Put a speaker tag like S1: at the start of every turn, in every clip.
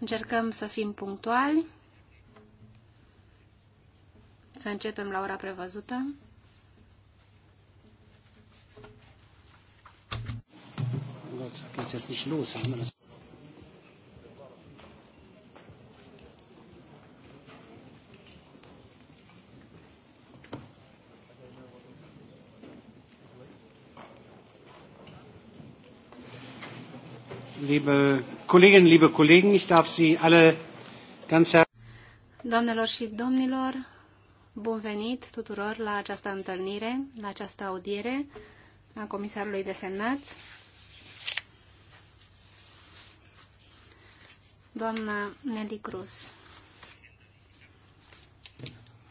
S1: Încercăm să fim punctuali, să începem la ora prevăzută.
S2: liebe Kolleginnen, liebe Kollegen, ich
S3: darf Sie alle ganz
S1: Doamnelor și domnilor, bun venit tuturor la această întâlnire, la această audiere a comisarului desemnat. Doamna Nelly Cruz.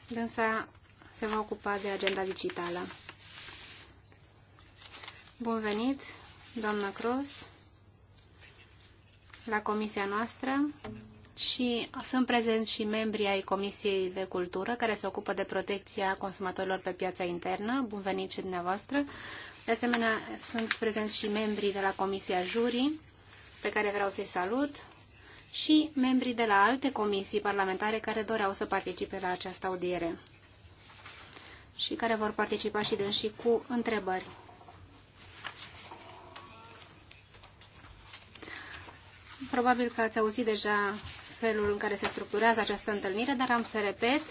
S1: Dânsa se va ocupa de agenda digitală. Bun venit, doamna Cruz la comisia noastră și sunt prezenți și membrii ai Comisiei de Cultură care se ocupă de protecția consumatorilor pe piața internă. Bun venit și dumneavoastră. De asemenea, sunt prezenți și membrii de la Comisia Jurii, pe care vreau să-i salut, și membrii de la alte comisii parlamentare care doreau să participe la această audiere și care vor participa și și cu întrebări. Probabil că ați auzit deja felul în care se structurează această întâlnire, dar am să repet.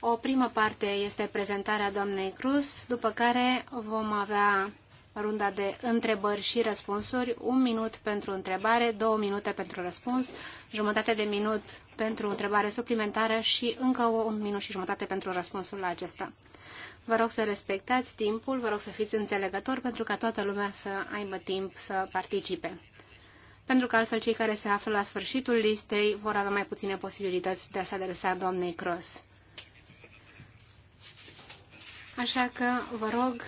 S1: O primă parte este prezentarea doamnei Cruz, după care vom avea runda de întrebări și răspunsuri, un minut pentru întrebare, două minute pentru răspuns, jumătate de minut pentru întrebare suplimentară și încă un minut și jumătate pentru răspunsul la acesta. Vă rog să respectați timpul, vă rog să fiți înțelegători pentru ca toată lumea să aibă timp să participe pentru că altfel cei care se află la sfârșitul listei vor avea mai puține posibilități de a se adresa doamnei Cross. Așa că vă rog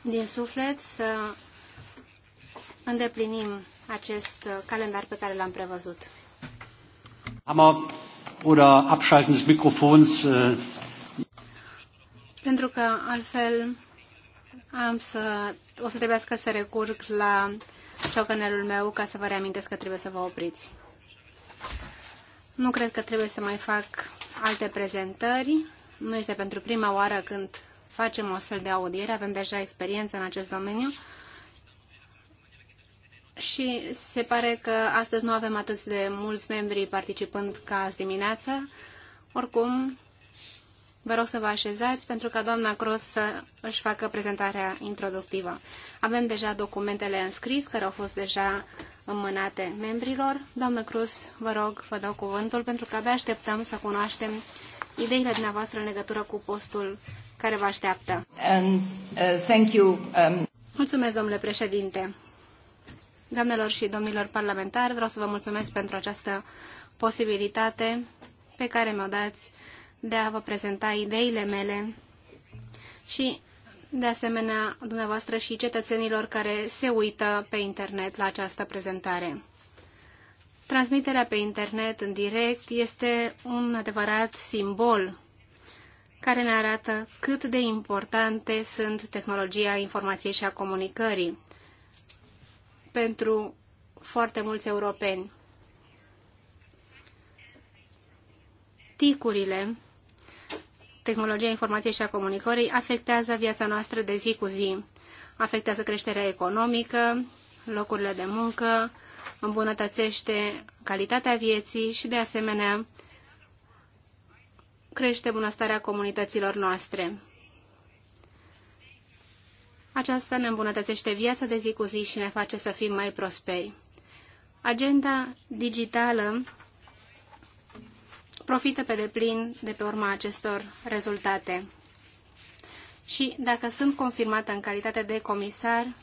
S1: din suflet să îndeplinim acest calendar pe care l-am prevăzut.
S2: Hammer oder Abschalten des Mikrofons. Äh,
S1: pentru că altfel am să, o să trebuiască să recurg la șocanelul meu ca să vă reamintesc că trebuie să vă opriți. Nu cred că trebuie să mai fac alte prezentări. Nu este pentru prima oară când facem o astfel de audiere, avem deja experiență în acest domeniu și se pare că astăzi nu avem atât de mulți membri participând ca azi dimineață. Oricum, Vă rog să vă așezați pentru ca doamna Cross să își facă prezentarea introductivă. Avem deja documentele înscris care au fost deja înmânate membrilor. Doamna Cruz, vă rog, vă dau cuvântul pentru că abia așteptăm să cunoaștem ideile dumneavoastră în legătură cu postul care vă așteaptă.
S3: And, uh, thank you, um...
S1: Mulțumesc, domnule președinte. Doamnelor și domnilor parlamentari, vreau să vă mulțumesc pentru această posibilitate pe care mi-o dați de a vă prezenta ideile mele și, de asemenea, dumneavoastră și cetățenilor care se uită pe internet la această prezentare. Transmiterea pe internet în direct este un adevărat simbol care ne arată cât de importante sunt tehnologia informației și a comunicării pentru foarte mulți europeni. Ticurile tehnologia informației și a comunicării afectează viața noastră de zi cu zi. Afectează creșterea economică, locurile de muncă, îmbunătățește calitatea vieții și, de asemenea, crește bunăstarea comunităților noastre. Aceasta ne îmbunătățește viața de zi cu zi și ne face să fim mai prosperi. Agenda digitală Profită pe deplin de pe urma acestor rezultate. Și dacă sunt confirmată în calitate de comisar,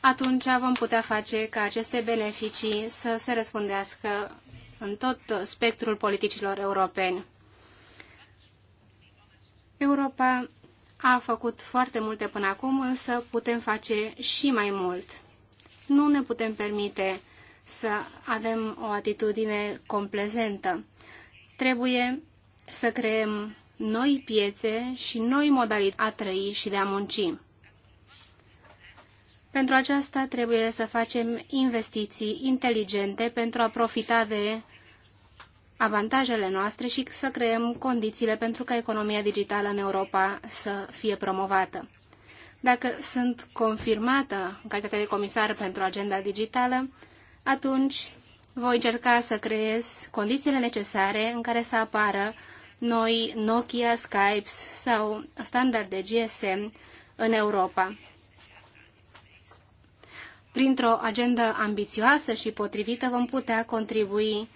S1: atunci vom putea face ca aceste beneficii să se răspundească în tot spectrul politicilor europeni. Europa a făcut foarte multe până acum, însă putem face și mai mult. Nu ne putem permite să avem o atitudine complezentă. Trebuie să creăm noi piețe și noi modalități a trăi și de a munci. Pentru aceasta trebuie să facem investiții inteligente pentru a profita de avantajele noastre și să creăm condițiile pentru ca economia digitală în Europa să fie promovată. Dacă sunt confirmată în calitate de comisar pentru agenda digitală, atunci voi încerca să creez condițiile necesare în care să apară noi Nokia, Skype sau standarde GSM în Europa. Printr-o agendă ambițioasă și potrivită vom putea contribui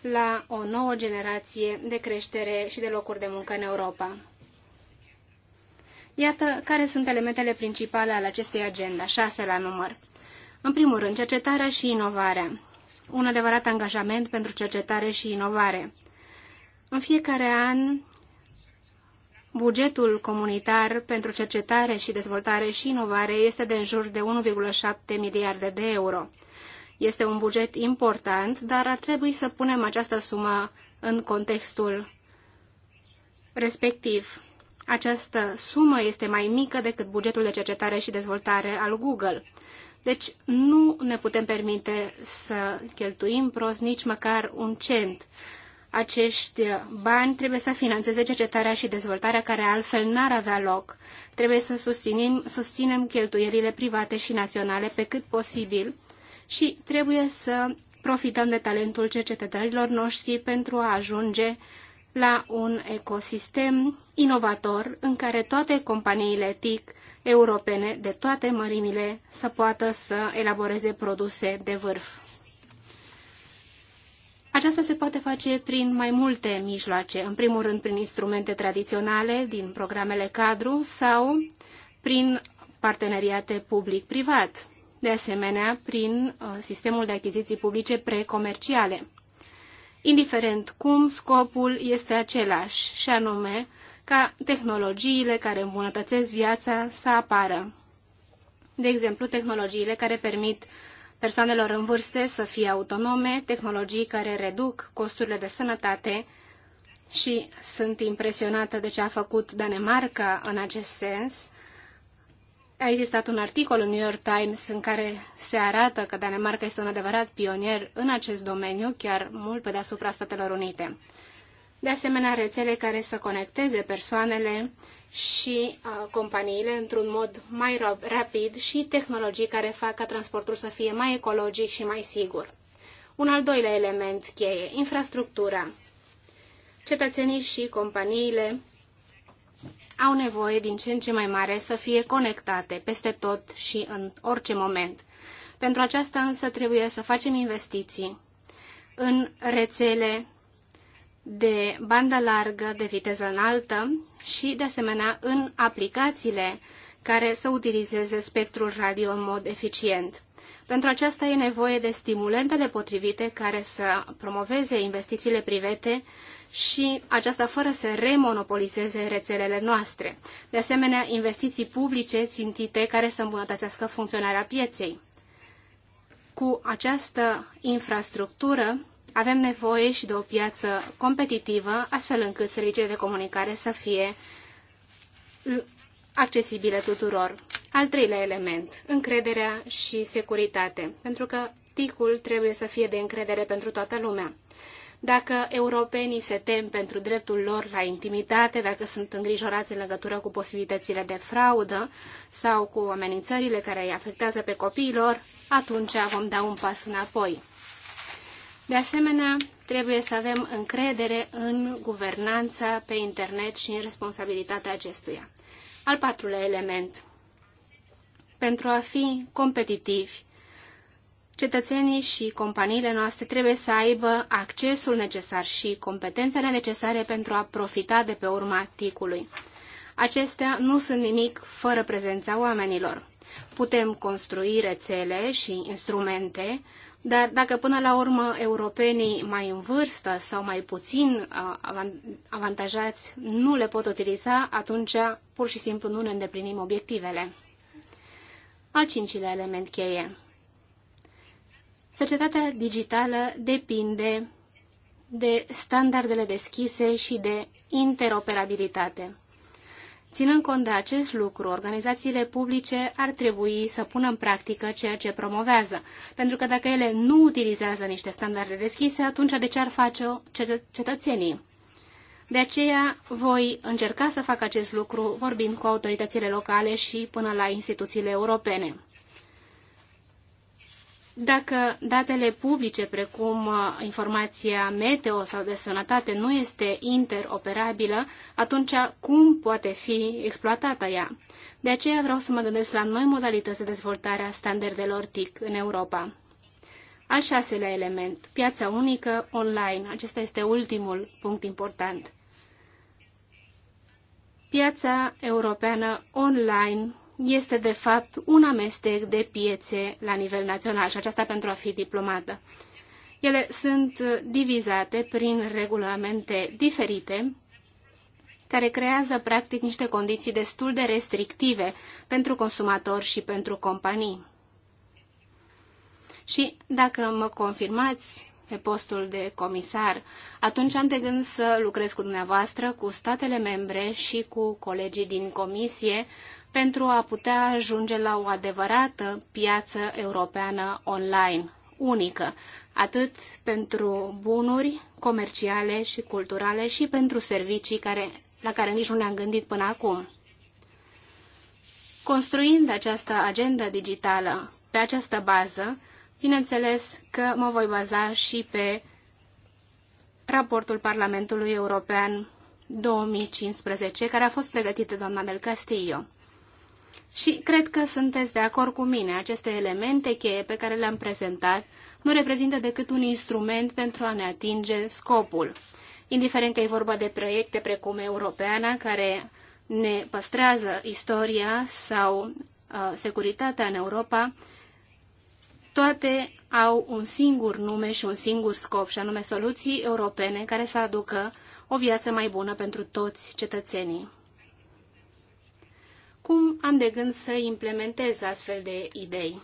S1: la o nouă generație de creștere și de locuri de muncă în Europa. Iată care sunt elementele principale ale acestei agenda, șase la număr. În primul rând, cercetarea și inovarea. Un adevărat angajament pentru cercetare și inovare. În fiecare an, bugetul comunitar pentru cercetare și dezvoltare și inovare este de în jur de 1,7 miliarde de euro. Este un buget important, dar ar trebui să punem această sumă în contextul respectiv. Această sumă este mai mică decât bugetul de cercetare și dezvoltare al Google. Deci nu ne putem permite să cheltuim prost nici măcar un cent. Acești bani trebuie să financeze cercetarea și dezvoltarea care altfel n-ar avea loc. Trebuie să susținem, susținem cheltuierile private și naționale pe cât posibil și trebuie să profităm de talentul cercetătorilor noștri pentru a ajunge la un ecosistem inovator în care toate companiile TIC europene de toate mărimile să poată să elaboreze produse de vârf. Aceasta se poate face prin mai multe mijloace, în primul rând prin instrumente tradiționale din programele cadru sau prin parteneriate public-privat, de asemenea prin uh, sistemul de achiziții publice precomerciale. Indiferent cum, scopul este același, și anume ca tehnologiile care îmbunătățesc viața să apară. De exemplu, tehnologiile care permit persoanelor în vârste să fie autonome, tehnologii care reduc costurile de sănătate și sunt impresionată de ce a făcut Danemarca în acest sens. A existat un articol în New York Times în care se arată că Danemarca este un adevărat pionier în acest domeniu, chiar mult pe deasupra Statelor Unite de asemenea rețele care să conecteze persoanele și uh, companiile într-un mod mai rapid și tehnologii care fac ca transportul să fie mai ecologic și mai sigur. Un al doilea element cheie, infrastructura. Cetățenii și companiile au nevoie din ce în ce mai mare să fie conectate peste tot și în orice moment. Pentru aceasta însă trebuie să facem investiții în rețele de bandă largă, de viteză înaltă și, de asemenea, în aplicațiile care să utilizeze spectrul radio în mod eficient. Pentru aceasta e nevoie de stimulentele potrivite care să promoveze investițiile private și aceasta fără să remonopolizeze rețelele noastre. De asemenea, investiții publice țintite care să îmbunătățească funcționarea pieței. Cu această infrastructură avem nevoie și de o piață competitivă, astfel încât serviciile de comunicare să fie accesibile tuturor. Al treilea element, încrederea și securitate, pentru că ticul trebuie să fie de încredere pentru toată lumea. Dacă europenii se tem pentru dreptul lor la intimitate, dacă sunt îngrijorați în legătură cu posibilitățile de fraudă sau cu amenințările care îi afectează pe copiilor, atunci vom da un pas înapoi. De asemenea, trebuie să avem încredere în guvernanța pe internet și în responsabilitatea acestuia. Al patrulea element. Pentru a fi competitivi, cetățenii și companiile noastre trebuie să aibă accesul necesar și competențele necesare pentru a profita de pe urma ticului. Acestea nu sunt nimic fără prezența oamenilor. Putem construi rețele și instrumente dar dacă până la urmă europenii mai în vârstă sau mai puțin uh, avantajați nu le pot utiliza, atunci pur și simplu nu ne îndeplinim obiectivele. Al cincilea element cheie. Societatea digitală depinde de standardele deschise și de interoperabilitate. Ținând cont de acest lucru, organizațiile publice ar trebui să pună în practică ceea ce promovează, pentru că dacă ele nu utilizează niște standarde deschise, atunci de ce ar face-o cetățenii? De aceea voi încerca să fac acest lucru vorbind cu autoritățile locale și până la instituțiile europene. Dacă datele publice, precum uh, informația meteo sau de sănătate, nu este interoperabilă, atunci cum poate fi exploatată ea? De aceea vreau să mă gândesc la noi modalități de dezvoltare a standardelor TIC în Europa. Al șaselea element, piața unică online. Acesta este ultimul punct important. Piața europeană online este de fapt un amestec de piețe la nivel național și aceasta pentru a fi diplomată. Ele sunt divizate prin regulamente diferite care creează practic niște condiții destul de restrictive pentru consumatori și pentru companii. Și dacă mă confirmați pe postul de comisar, atunci am de gând să lucrez cu dumneavoastră, cu statele membre și cu colegii din comisie pentru a putea ajunge la o adevărată piață europeană online, unică, atât pentru bunuri comerciale și culturale și pentru servicii care, la care nici nu ne-am gândit până acum. Construind această agendă digitală pe această bază, bineînțeles că mă voi baza și pe raportul Parlamentului European 2015, care a fost pregătit de doamna del Castillo. Și cred că sunteți de acord cu mine. Aceste elemente cheie pe care le-am prezentat nu reprezintă decât un instrument pentru a ne atinge scopul. Indiferent că e vorba de proiecte precum Europeana, care ne păstrează istoria sau uh, securitatea în Europa, toate au un singur nume și un singur scop, și anume soluții europene care să aducă o viață mai bună pentru toți cetățenii cum am de gând să implementez astfel de idei.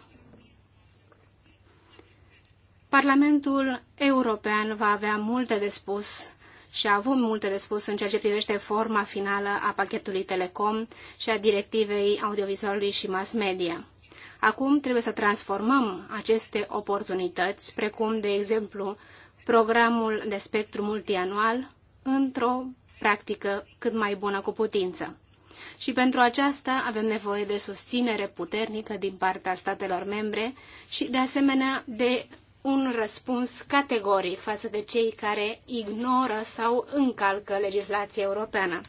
S1: Parlamentul European va avea multe de spus și a avut multe de spus în ceea ce privește forma finală a pachetului Telecom și a directivei audiovizualului și mass media. Acum trebuie să transformăm aceste oportunități, precum, de exemplu, programul de spectru multianual, într-o practică cât mai bună cu putință. Și pentru aceasta avem nevoie de susținere puternică din partea statelor membre și, de asemenea, de un răspuns categoric față de cei care ignoră sau încalcă legislația europeană.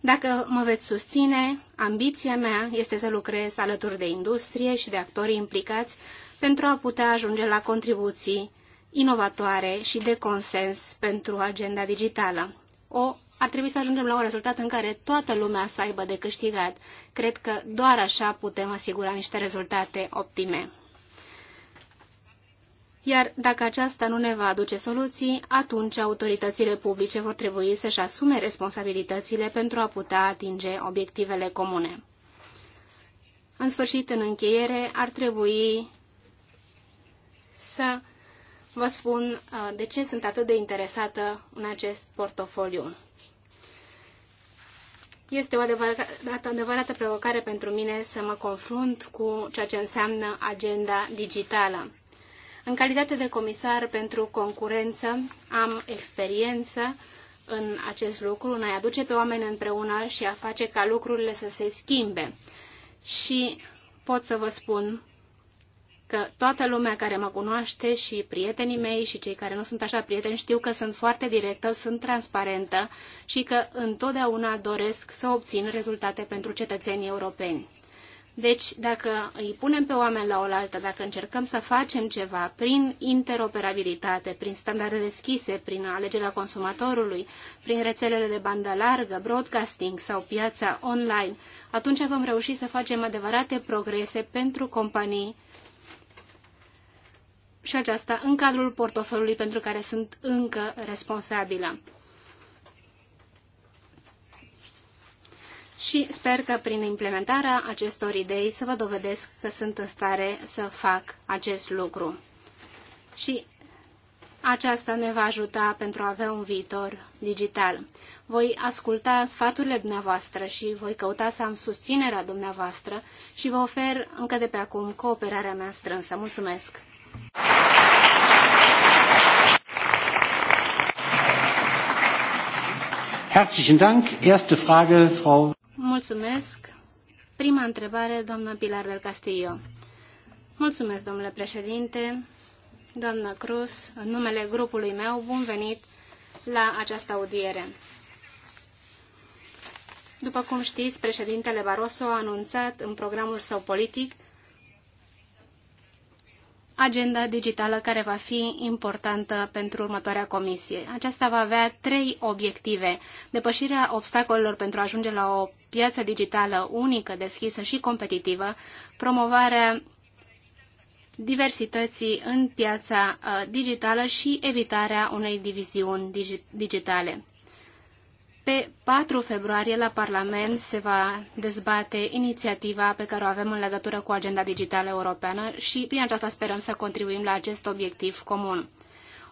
S1: Dacă mă veți susține, ambiția mea este să lucrez alături de industrie și de actorii implicați pentru a putea ajunge la contribuții inovatoare și de consens pentru agenda digitală, o ar trebui să ajungem la un rezultat în care toată lumea să aibă de câștigat. Cred că doar așa putem asigura niște rezultate optime. Iar dacă aceasta nu ne va aduce soluții, atunci autoritățile publice vor trebui să-și asume responsabilitățile pentru a putea atinge obiectivele comune. În sfârșit, în încheiere, ar trebui să vă spun uh, de ce sunt atât de interesată în acest portofoliu. Este o adevărată, adevărată provocare pentru mine să mă confrunt cu ceea ce înseamnă agenda digitală. În calitate de comisar pentru concurență, am experiență în acest lucru, în a aduce pe oameni împreună și a face ca lucrurile să se schimbe. Și pot să vă spun că toată lumea care mă cunoaște și prietenii mei și cei care nu sunt așa prieteni știu că sunt foarte directă, sunt transparentă și că întotdeauna doresc să obțin rezultate pentru cetățenii europeni. Deci, dacă îi punem pe oameni la oaltă, dacă încercăm să facem ceva prin interoperabilitate, prin standarde deschise, prin alegerea consumatorului, prin rețelele de bandă largă, broadcasting sau piața online, atunci vom reuși să facem adevărate progrese pentru companii și aceasta în cadrul portofoliului pentru care sunt încă responsabilă. și sper că prin implementarea acestor idei să vă dovedesc că sunt în stare să fac acest lucru. Și aceasta ne va ajuta pentru a avea un viitor digital. Voi asculta sfaturile dumneavoastră și voi căuta să am susținerea dumneavoastră și vă ofer încă de pe acum cooperarea mea strânsă. Mulțumesc!
S2: Herzlichen Dank. Erste Frage, Frau.
S1: Mulțumesc. Prima întrebare, doamna Pilar del Castillo. Mulțumesc, domnule președinte. Doamnă Cruz, în numele grupului meu, bun venit la această audiere. După cum știți, președintele Barroso a anunțat în programul său politic agenda digitală care va fi importantă pentru următoarea comisie. Aceasta va avea trei obiective. Depășirea obstacolelor pentru a ajunge la o piață digitală unică, deschisă și competitivă, promovarea diversității în piața uh, digitală și evitarea unei diviziuni digitale. Pe 4 februarie la Parlament se va dezbate inițiativa pe care o avem în legătură cu agenda digitală europeană și prin aceasta sperăm să contribuim la acest obiectiv comun.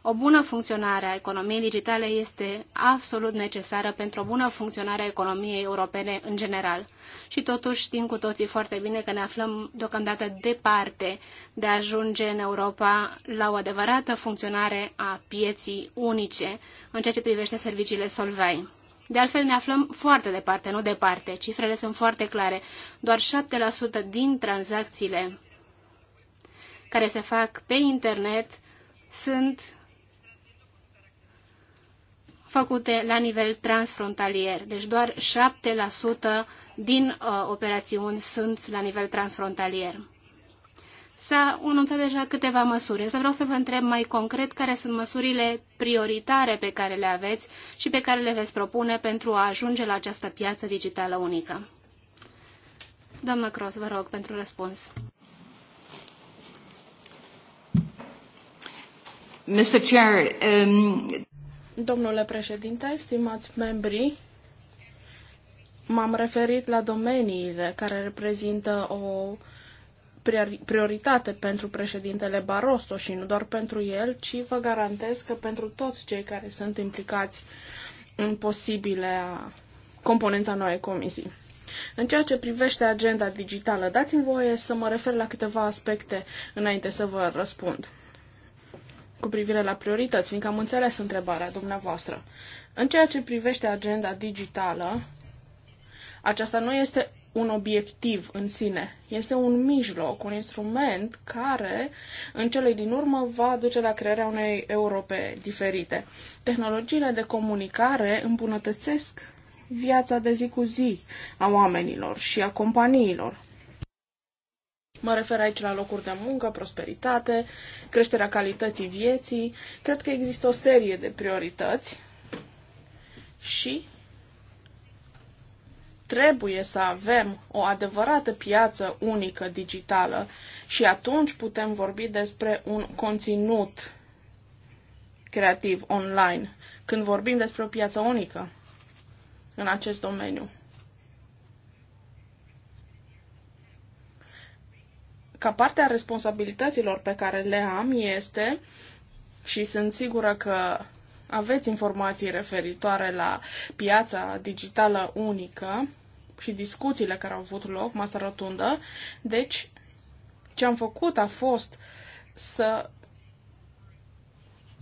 S1: O bună funcționare a economiei digitale este absolut necesară pentru o bună funcționare a economiei europene în general. Și totuși știm cu toții foarte bine că ne aflăm deocamdată departe de a ajunge în Europa la o adevărată funcționare a pieții unice în ceea ce privește serviciile solvai. De altfel, ne aflăm foarte departe, nu departe. Cifrele sunt foarte clare. Doar 7% din tranzacțiile care se fac pe internet sunt făcute la nivel transfrontalier. Deci doar 7% din uh, operațiuni sunt la nivel transfrontalier. S-a anunțat deja câteva măsuri, însă vreau să vă întreb mai concret care sunt măsurile prioritare pe care le aveți și pe care le veți propune pentru a ajunge la această piață digitală unică. Doamna Cross, vă rog pentru răspuns.
S3: Mr. Chair, um...
S4: Domnule președinte, stimați membri, m-am referit la domeniile care reprezintă o prioritate pentru președintele Barroso și nu doar pentru el, ci vă garantez că pentru toți cei care sunt implicați în posibile componența noii comisii. În ceea ce privește agenda digitală, dați-mi voie să mă refer la câteva aspecte înainte să vă răspund. Cu privire la priorități, fiindcă am înțeles întrebarea dumneavoastră. În ceea ce privește agenda digitală, aceasta nu este un obiectiv în sine. Este un mijloc, un instrument care, în cele din urmă, va duce la crearea unei Europe diferite. Tehnologiile de comunicare îmbunătățesc viața de zi cu zi a oamenilor și a companiilor. Mă refer aici la locuri de muncă, prosperitate, creșterea calității vieții. Cred că există o serie de priorități și Trebuie să avem o adevărată piață unică digitală și atunci putem vorbi despre un conținut creativ online, când vorbim despre o piață unică în acest domeniu. Ca parte a responsabilităților pe care le am este și sunt sigură că aveți informații referitoare la piața digitală unică și discuțiile care au avut loc, masa rotundă. Deci, ce am făcut a fost să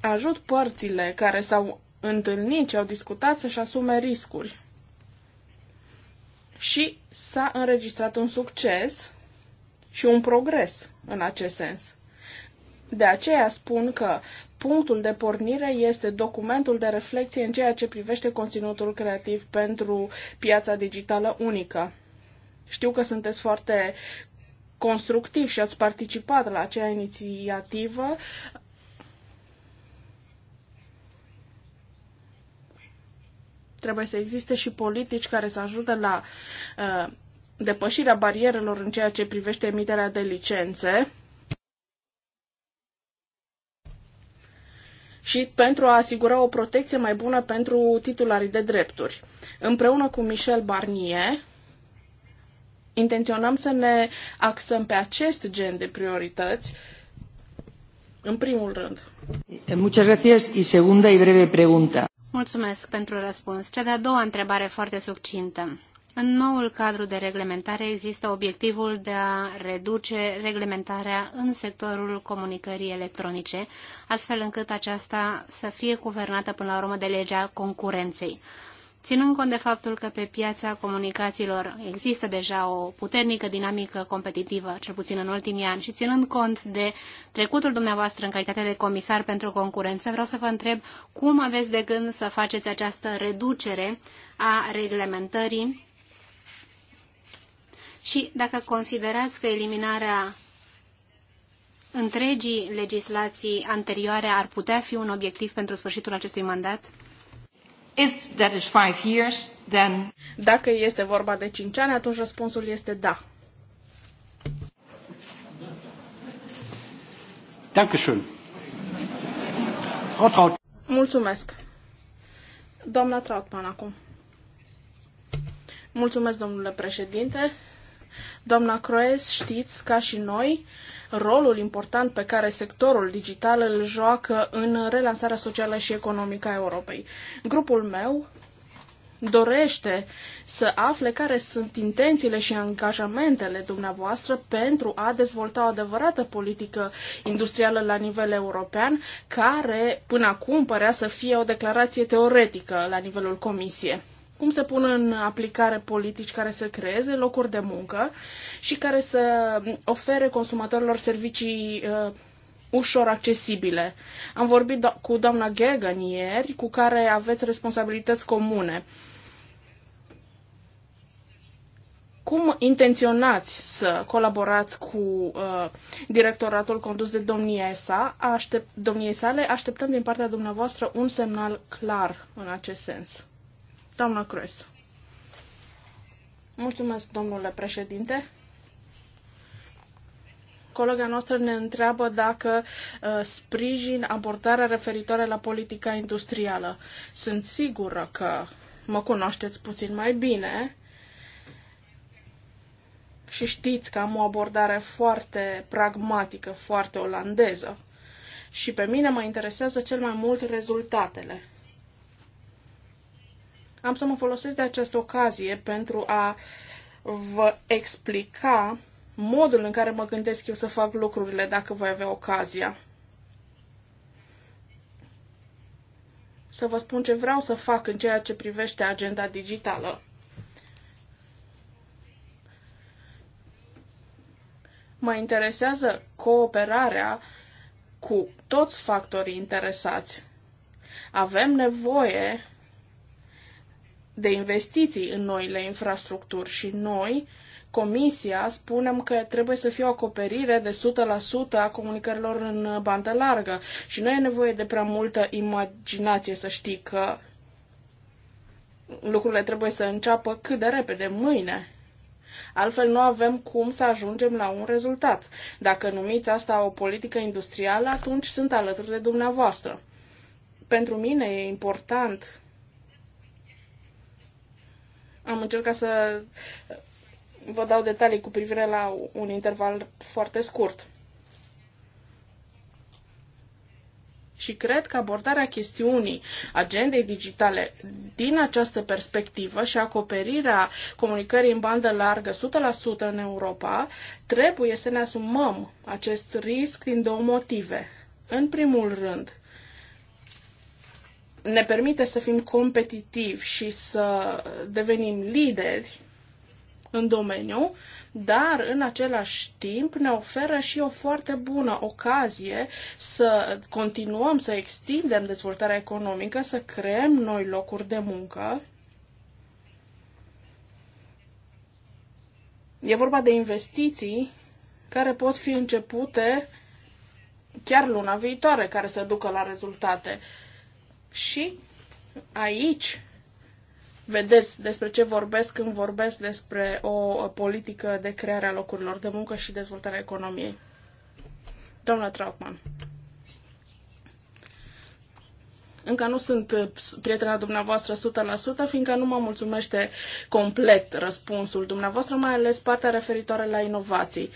S4: ajut părțile care s-au întâlnit și au discutat să-și asume riscuri. Și s-a înregistrat un succes și un progres în acest sens. De aceea spun că punctul de pornire este documentul de reflexie în ceea ce privește conținutul creativ pentru piața digitală unică. Știu că sunteți foarte constructiv și ați participat la acea inițiativă. Trebuie să existe și politici care să ajute la uh, depășirea barierelor în ceea ce privește emiterea de licențe și pentru a asigura o protecție mai bună pentru titularii de drepturi. Împreună cu Michel Barnier, intenționăm să ne axăm pe acest gen de priorități, în primul
S1: rând.
S3: Muchas gracias y segunda y breve pregunta.
S1: Mulțumesc pentru răspuns. Cea de-a doua întrebare foarte succintă. În noul cadru de reglementare există obiectivul de a reduce reglementarea în sectorul comunicării electronice, astfel încât aceasta să fie guvernată până la urmă de legea concurenței. Ținând cont de faptul că pe piața comunicațiilor există deja o puternică dinamică competitivă, cel puțin în ultimii ani, și ținând cont de trecutul dumneavoastră în calitate de comisar pentru concurență, vreau să vă întreb cum aveți de gând să faceți această reducere a reglementării și dacă considerați că eliminarea întregii legislații anterioare ar putea fi un obiectiv pentru sfârșitul acestui mandat? If that is five years, then... Dacă este vorba de cinci ani, atunci răspunsul este da.
S5: Dankeschön. Frau
S4: Mulțumesc. Doamna Trautmann acum. Mulțumesc, domnule președinte. Doamna Croes, știți, ca și noi, rolul important pe care sectorul digital îl joacă în relansarea socială și economică a Europei. Grupul meu dorește să afle care sunt intențiile și angajamentele dumneavoastră pentru a dezvolta o adevărată politică industrială la nivel european, care până acum părea să fie o declarație teoretică la nivelul Comisiei cum să pună în aplicare politici care să creeze locuri de muncă și care să ofere consumatorilor servicii uh, ușor accesibile. Am vorbit do- cu doamna Gagan ieri, cu care aveți responsabilități comune. Cum intenționați să colaborați cu uh, directoratul condus de domnia sa? Aștept, domniei sale? Așteptăm din partea dumneavoastră un semnal clar în acest sens. Doamna Croes. Mulțumesc, domnule președinte. Colega noastră ne întreabă dacă uh, sprijin abordarea referitoare la politica industrială. Sunt sigură că mă cunoașteți puțin mai bine și știți că am o abordare foarte pragmatică, foarte olandeză. Și pe mine mă interesează cel mai mult rezultatele. Am să mă folosesc de această ocazie pentru a vă explica modul în care mă gândesc eu să fac lucrurile dacă voi avea ocazia. Să vă spun ce vreau să fac în ceea ce privește agenda digitală. Mă interesează cooperarea cu toți factorii interesați. Avem nevoie de investiții în noile infrastructuri și noi, Comisia, spunem că trebuie să fie o acoperire de 100% a comunicărilor în bandă largă și nu e nevoie de prea multă imaginație să știi că lucrurile trebuie să înceapă cât de repede, mâine. Altfel nu avem cum să ajungem la un rezultat. Dacă numiți asta o politică industrială, atunci sunt alături de dumneavoastră. Pentru mine e important am încercat să vă dau detalii cu privire la un interval foarte scurt. Și cred că abordarea chestiunii agendei digitale din această perspectivă și acoperirea comunicării în bandă largă 100% în Europa, trebuie să ne asumăm acest risc din două motive. În primul rând, ne permite să fim competitivi și să devenim lideri în domeniu, dar în același timp ne oferă și o foarte bună ocazie să continuăm să extindem dezvoltarea economică, să creăm noi locuri de muncă. E vorba de investiții care pot fi începute chiar luna viitoare, care să ducă la rezultate. Uh, și aici vedeți despre ce vorbesc când vorbesc despre o politică de creare a locurilor de muncă și dezvoltarea economiei. Doamna Trautmann. Încă nu sunt uh, prietena dumneavoastră 100%, fiindcă nu mă mulțumește complet răspunsul dumneavoastră, mai ales partea referitoare la inovații.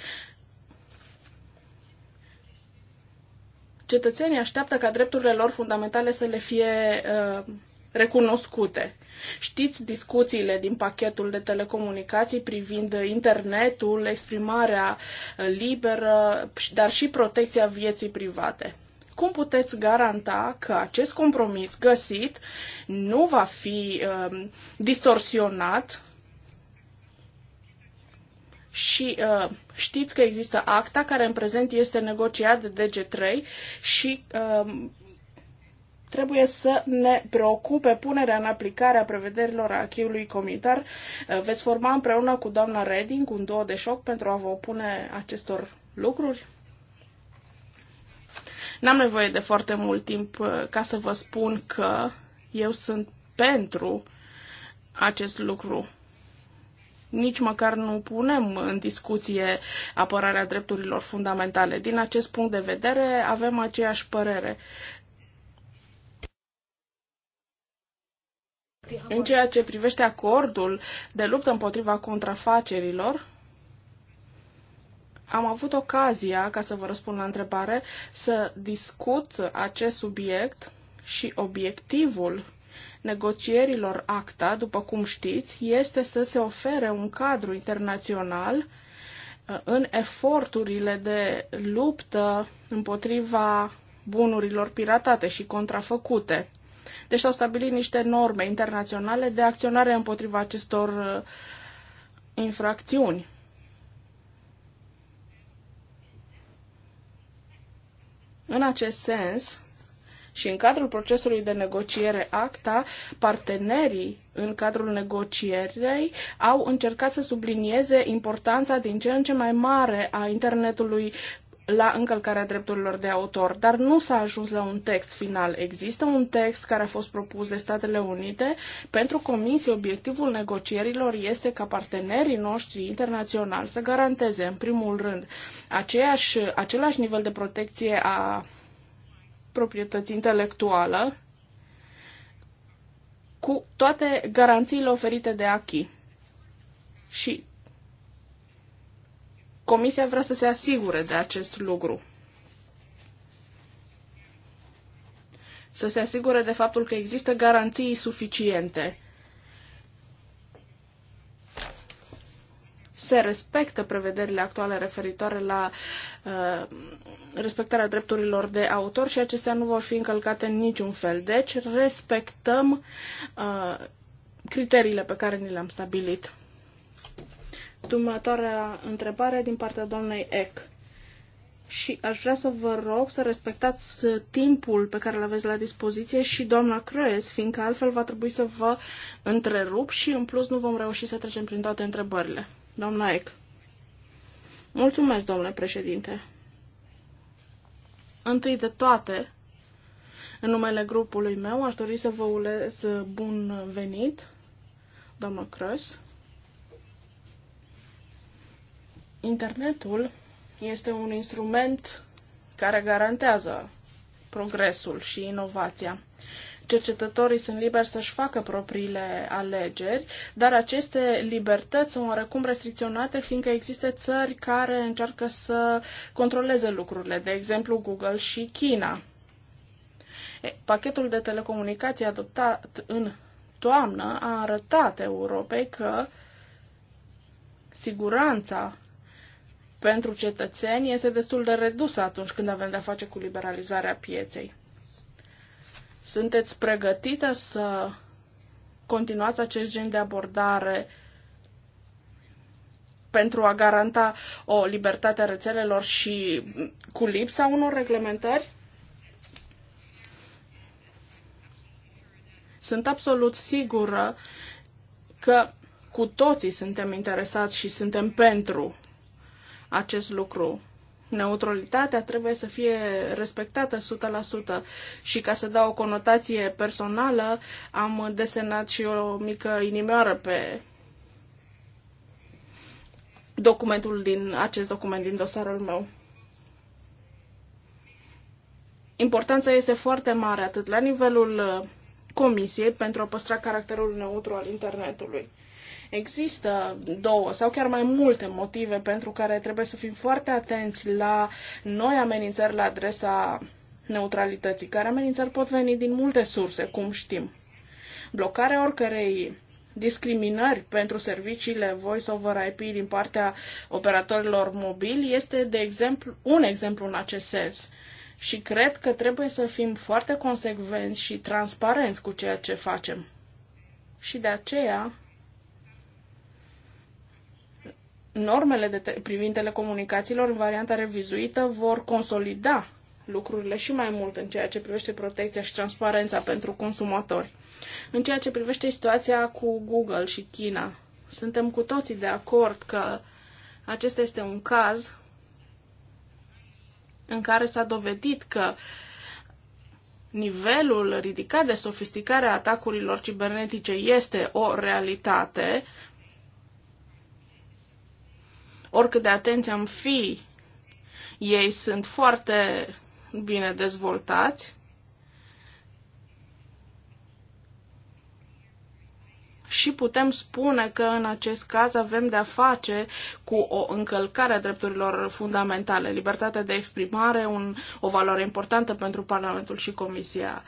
S4: cetățenii așteaptă ca drepturile lor fundamentale să le fie uh, recunoscute. Știți discuțiile din pachetul de telecomunicații privind internetul, exprimarea uh, liberă, dar și protecția vieții private. Cum puteți garanta că acest compromis găsit nu va fi uh, distorsionat și uh, știți că există acta care în prezent este negociat de DG3 și uh, trebuie să ne preocupe punerea în aplicare a prevederilor achiului comitar. Uh, veți forma împreună cu doamna Reding un duo de șoc pentru a vă opune acestor lucruri? N-am nevoie de foarte mult timp uh, ca să vă spun că eu sunt pentru acest lucru nici măcar nu punem în discuție apărarea drepturilor fundamentale. Din acest punct de vedere, avem aceeași părere. În ceea ce privește acordul de luptă împotriva contrafacerilor, am avut ocazia, ca să vă răspund la întrebare, să discut acest subiect și obiectivul negocierilor ACTA, după cum știți, este să se ofere un cadru internațional uh, în eforturile de luptă împotriva bunurilor piratate și contrafăcute. Deci s-au stabilit niște norme internaționale de acționare împotriva acestor uh, infracțiuni. În acest sens, și în cadrul procesului de negociere ACTA, partenerii în cadrul negocierei au încercat să sublinieze importanța din ce în ce mai mare a internetului la încălcarea drepturilor de autor, dar nu s-a ajuns la un text final. Există un text care a fost propus de Statele Unite. Pentru Comisie, obiectivul negocierilor este ca partenerii noștri internaționali să garanteze, în primul rând, aceeași, același nivel de protecție a proprietăți intelectuală cu toate garanțiile oferite de ACHI. Și Comisia vrea să se asigure de acest lucru. Să se asigure de faptul că există garanții suficiente se respectă prevederile actuale referitoare la uh, respectarea drepturilor de autor și acestea nu vor fi încălcate în niciun fel. Deci respectăm uh, criteriile pe care ni le-am stabilit. Următoarea întrebare din partea doamnei Eck și aș vrea să vă rog să respectați uh, timpul pe care îl aveți la dispoziție și doamna Crez, fiindcă altfel va trebui să vă întrerup și în plus nu vom reuși să trecem prin toate întrebările. Doamna Eck. Mulțumesc, domnule președinte. Întâi de toate, în numele grupului meu, aș dori să vă urez bun venit, doamnă Crăs. Internetul este un instrument care garantează progresul și inovația cercetătorii sunt liberi să-și facă propriile alegeri, dar aceste libertăți sunt oarecum restricționate, fiindcă există țări care încearcă să controleze lucrurile, de exemplu Google și China. Pachetul de telecomunicații adoptat în toamnă a arătat Europei că siguranța pentru cetățeni este destul de redusă atunci când avem de-a face cu liberalizarea pieței. Sunteți pregătită să continuați acest gen de abordare pentru a garanta o libertate a rețelelor și cu lipsa unor reglementări? Sunt absolut sigură că cu toții suntem interesați și suntem pentru acest lucru. Neutralitatea trebuie să fie respectată 100% și ca să dau o conotație personală, am desenat și o mică inimioară pe documentul din acest document din dosarul meu. Importanța este foarte mare atât la nivelul uh, comisiei pentru a păstra caracterul neutru al internetului. Există două sau chiar mai multe motive pentru care trebuie să fim foarte atenți la noi amenințări la adresa neutralității, care amenințări pot veni din multe surse, cum știm. Blocarea oricărei discriminări pentru serviciile Voice over IP din partea operatorilor mobili este, de exemplu, un exemplu în acest sens. Și cred că trebuie să fim foarte consecvenți și transparenți cu ceea ce facem. Și de aceea normele de te- privind telecomunicațiilor în varianta revizuită vor consolida lucrurile și mai mult în ceea ce privește protecția și transparența pentru consumatori. În ceea ce privește situația cu Google și China, suntem cu toții de acord că acesta este un caz în care s-a dovedit că nivelul ridicat de sofisticare a atacurilor cibernetice este o realitate oricât de atenți am fi, ei sunt foarte bine dezvoltați și putem spune că în acest caz avem de-a face cu o încălcare a drepturilor fundamentale, libertatea de exprimare, un, o valoare importantă pentru Parlamentul și Comisia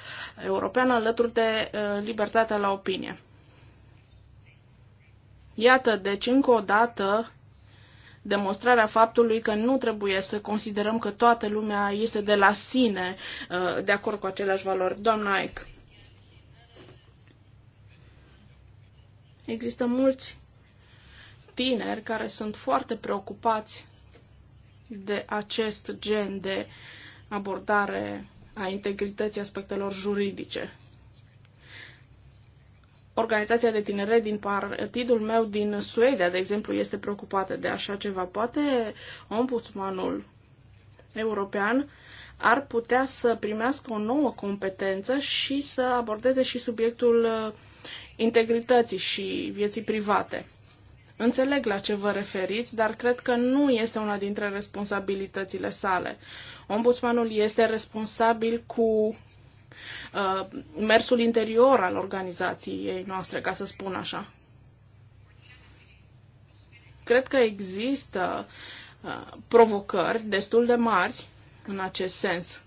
S4: Europeană, alături de uh, libertatea la opinie. Iată, deci, încă o dată, demonstrarea faptului că nu trebuie să considerăm că toată lumea este de la sine uh, de acord cu aceleași valori. Doamna Aic. Există mulți tineri care sunt foarte preocupați de acest gen de abordare a integrității aspectelor juridice Organizația de tineret din partidul meu din Suedia, de exemplu, este preocupată de așa ceva. Poate ombudsmanul european ar putea să primească o nouă competență și să abordeze și subiectul uh, integrității și vieții private. Înțeleg la ce vă referiți, dar cred că nu este una dintre responsabilitățile sale. Ombudsmanul este responsabil cu Uh, mersul interior al organizației noastre, ca să spun așa. Cred că există uh, provocări destul de mari în acest sens.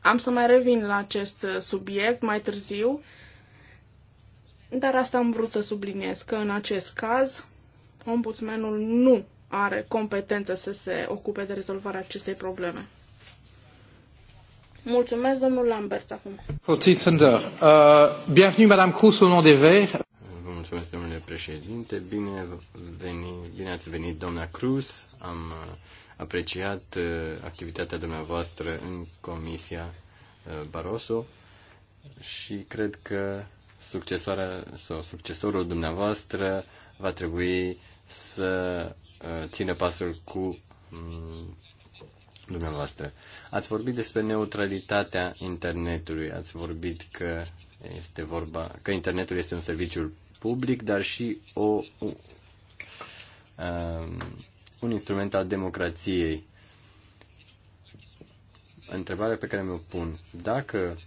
S4: Am să mai revin la acest subiect mai târziu, dar asta am vrut să subliniez, că în acest caz ombudsmanul nu are competență să se ocupe de rezolvarea acestei probleme. Mulțumesc, domnul Lambert, acum.
S3: Eh, bienvenue, Madame Cruz, au nom des Verts.
S5: Vă mulțumesc, domnule președinte. Bine, veni, bine ați venit, doamna Cruz. Am eh, apreciat eh, activitatea dumneavoastră în Comisia Barroso și cred că succesoarea sau succesorul dumneavoastră va trebui să țină pasul cu mm, dumneavoastră. Ați vorbit despre neutralitatea internetului, ați vorbit că este vorba că internetul este un serviciu public, dar și o, o um, un instrument al democrației. Întrebarea pe care mi-o pun, dacă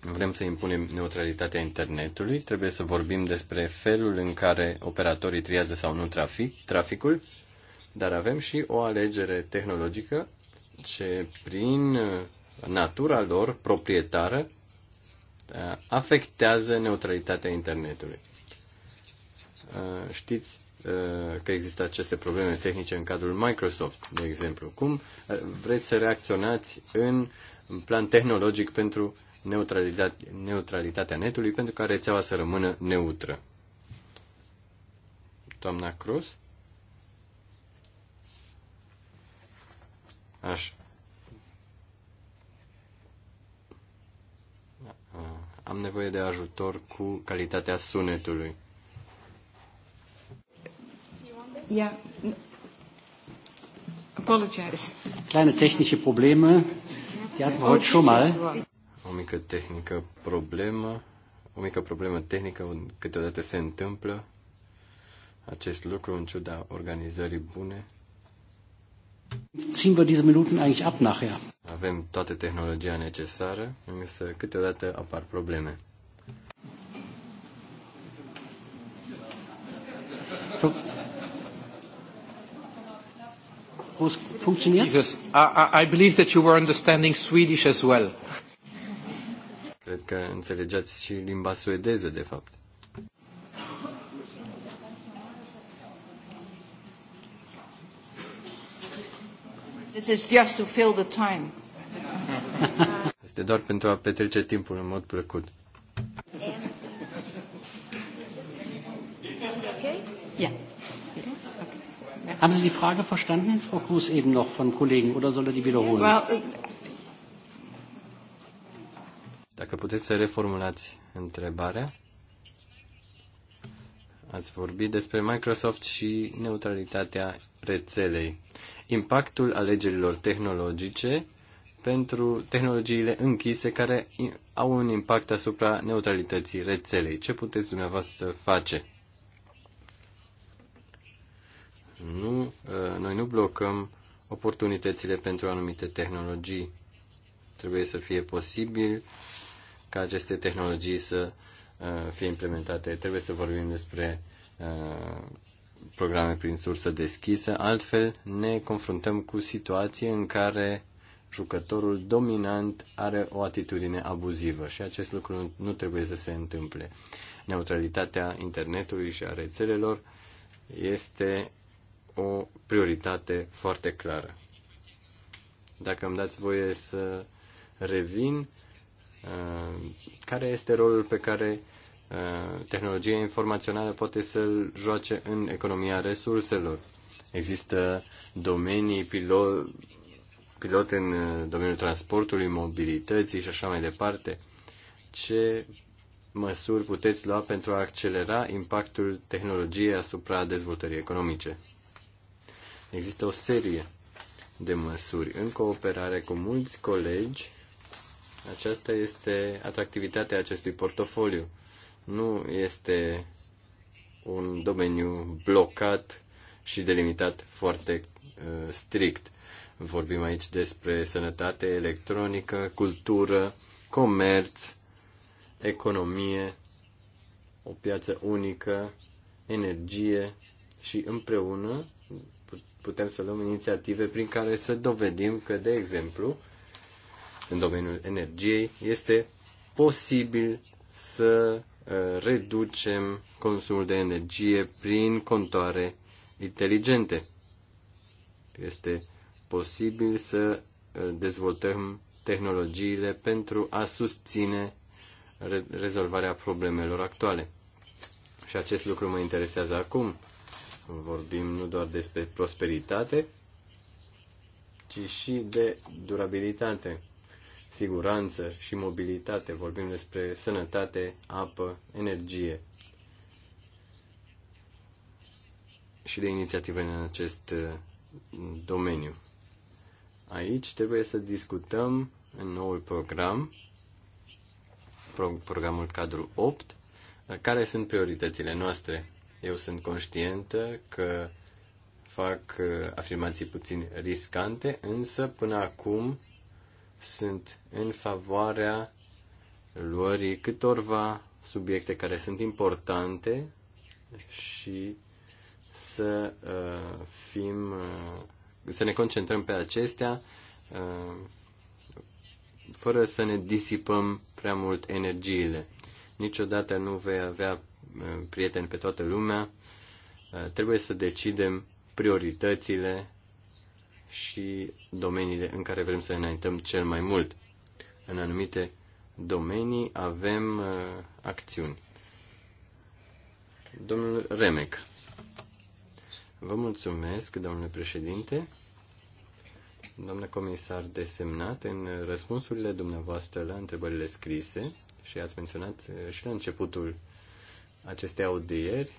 S5: vrem să impunem neutralitatea internetului, trebuie să vorbim despre felul în care operatorii triază sau nu trafic, traficul, dar avem și o alegere tehnologică ce prin uh, natura lor proprietară uh, afectează neutralitatea internetului. Uh, știți că există aceste probleme tehnice în cadrul Microsoft, de exemplu. Cum vreți să reacționați în plan tehnologic pentru neutralitatea netului, pentru ca rețeaua să rămână neutră? Doamna Cruz? Așa. am nevoie de ajutor cu calitatea sunetului.
S3: Yeah. Apologize.
S2: Kleine technische
S5: Probleme, die hatten wir heute schon mal. O mică tehnică problemă, o mică problemă tehnică, câteodată se întâmplă acest lucru în ciuda organizării bune.
S3: Ziehen wir diese Minuten eigentlich ab
S5: nachher. Avem toată tehnologia necesară, însă câteodată apar probleme.
S3: Funcționează?
S5: I, I believe that you were understanding Swedish as well. Cred că înțelegeați și limba suedeză, de fapt.
S3: This is just to fill the time.
S5: Este doar pentru a petrece timpul în mod plăcut.
S3: Haben Sie die Frage verstanden, Frau Kruse, eben noch von Kollegen, oder soll er die wiederholen? Well, uh,
S5: Dacă puteți să reformulați întrebarea. Ați vorbit despre Microsoft și neutralitatea rețelei. Impactul alegerilor tehnologice pentru tehnologiile închise care au un impact asupra neutralității rețelei. Ce puteți dumneavoastră face? Nu, ă, noi nu blocăm oportunitățile pentru anumite tehnologii. Trebuie să fie posibil ca aceste tehnologii să ă, fie implementate. Trebuie să vorbim despre ă, programe prin sursă deschisă, altfel ne confruntăm cu situații în care jucătorul dominant are o atitudine abuzivă și acest lucru nu trebuie să se întâmple. Neutralitatea internetului și a rețelelor este o prioritate foarte clară. Dacă îmi dați voie să revin, uh, care este rolul pe care Eh, tehnologia informațională poate să joace în economia resurselor. Există domenii pilot, pilot în eh, domeniul transportului, mobilității și așa mai departe. Ce măsuri puteți lua pentru a accelera impactul tehnologiei asupra dezvoltării economice? Există o serie de măsuri în cooperare cu mulți colegi. Aceasta este atractivitatea acestui portofoliu nu este un domeniu blocat și delimitat foarte uh, strict. Vorbim aici despre sănătate electronică, cultură, comerț, economie, o piață unică, energie și împreună putem să luăm inițiative prin care să dovedim că, de exemplu, în domeniul energiei este posibil să Eh, reducem consumul de energie prin contoare inteligente. Este posibil să eh, dezvoltăm tehnologiile pentru a susține rezolvarea problemelor actuale. Și acest lucru mă interesează acum. Vorbim nu doar despre prosperitate, ci și de durabilitate siguranță și mobilitate, vorbim despre sănătate, apă, energie și de inițiative în acest uh, domeniu. Aici trebuie să discutăm în noul program, programul cadru 8, uh, care sunt prioritățile noastre. Eu sunt conștientă că fac uh, afirmații puțin riscante, însă până acum sunt în favoarea luării câtorva subiecte care sunt importante și să uh, fim, uh, să ne concentrăm pe acestea uh, fără să ne disipăm prea mult energiile. Niciodată nu vei avea uh, prieteni pe toată lumea. Uh, trebuie să decidem prioritățile și domeniile în care vrem să înaintăm cel mai mult. În anumite domenii avem uh, acțiuni. Domnul Remec. Vă mulțumesc, domnule președinte. Domnule comisar desemnat, în răspunsurile dumneavoastră la întrebările scrise, și ați menționat uh, și la începutul acestei audieri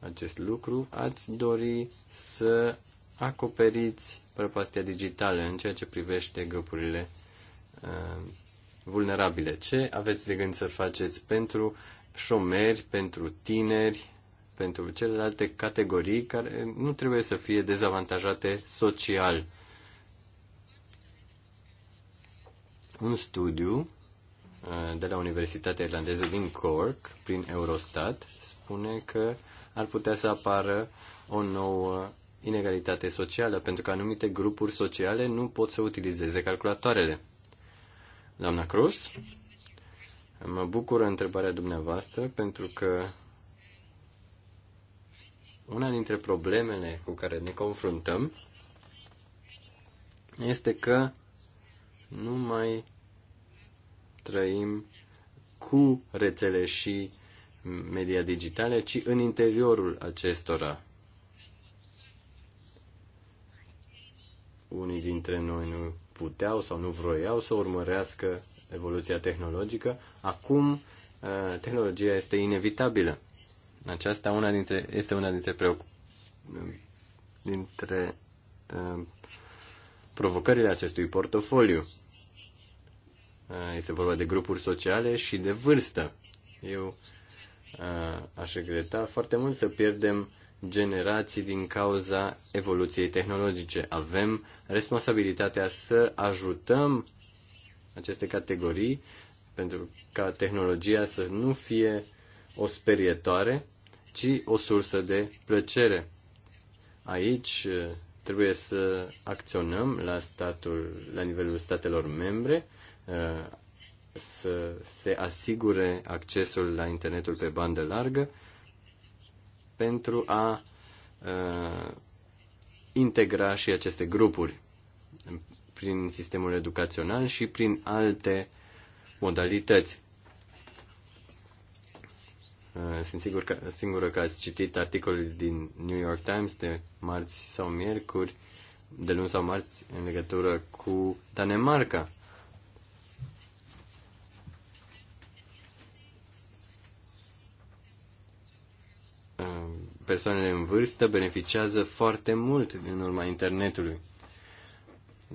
S5: acest lucru, ați dori să acoperiți prăpastia digitală în ceea ce privește grupurile uh, vulnerabile. Ce aveți de gând să faceți pentru șomeri, pentru tineri, pentru celelalte categorii care nu trebuie să fie dezavantajate social? Un studiu uh, de la Universitatea Irlandeză din Cork, prin Eurostat, spune că ar putea să apară o nouă inegalitate socială, pentru că anumite grupuri sociale nu pot să utilizeze calculatoarele. Doamna Cruz, mă bucură întrebarea dumneavoastră pentru că una dintre problemele cu care ne confruntăm este că nu mai trăim cu rețele și media digitale, ci în interiorul acestora. unii dintre noi nu puteau sau nu vroiau să urmărească evoluția tehnologică. Acum uh, tehnologia este inevitabilă. Aceasta una dintre, este una dintre, preocup, dintre uh, provocările acestui portofoliu. Uh, este vorba de grupuri sociale și de vârstă. Eu aș regreta foarte mult să pierdem generații din cauza evoluției tehnologice. Avem responsabilitatea să ajutăm aceste categorii pentru ca tehnologia să nu fie o sperietoare, ci o sursă de plăcere. Aici eh, trebuie să acționăm la, statul, la nivelul statelor membre, eh, să se asigure accesul la internetul pe bandă largă pentru a eh, integra și aceste grupuri prin sistemul educațional și prin alte modalități. Uh, sunt sigur că, singură că ați citit articolul din New York Times de marți sau miercuri, de luni sau marți, în legătură cu Danemarca. Um, persoanele în vârstă beneficiază foarte mult din urma internetului.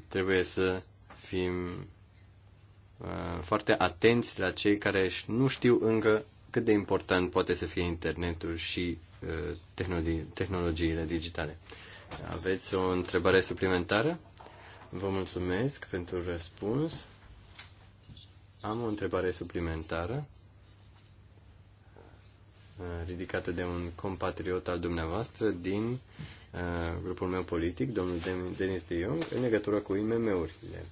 S5: Trebuie să fim uh, foarte atenți la cei care nu știu încă cât de important poate să fie internetul și uh, tehnologiile digitale. Aveți o întrebare suplimentară? Vă mulțumesc pentru răspuns. Am o întrebare suplimentară ridicată de un compatriot al dumneavoastră din grupul meu politic, domnul Denis de Jong, în legătură cu IMM-urile.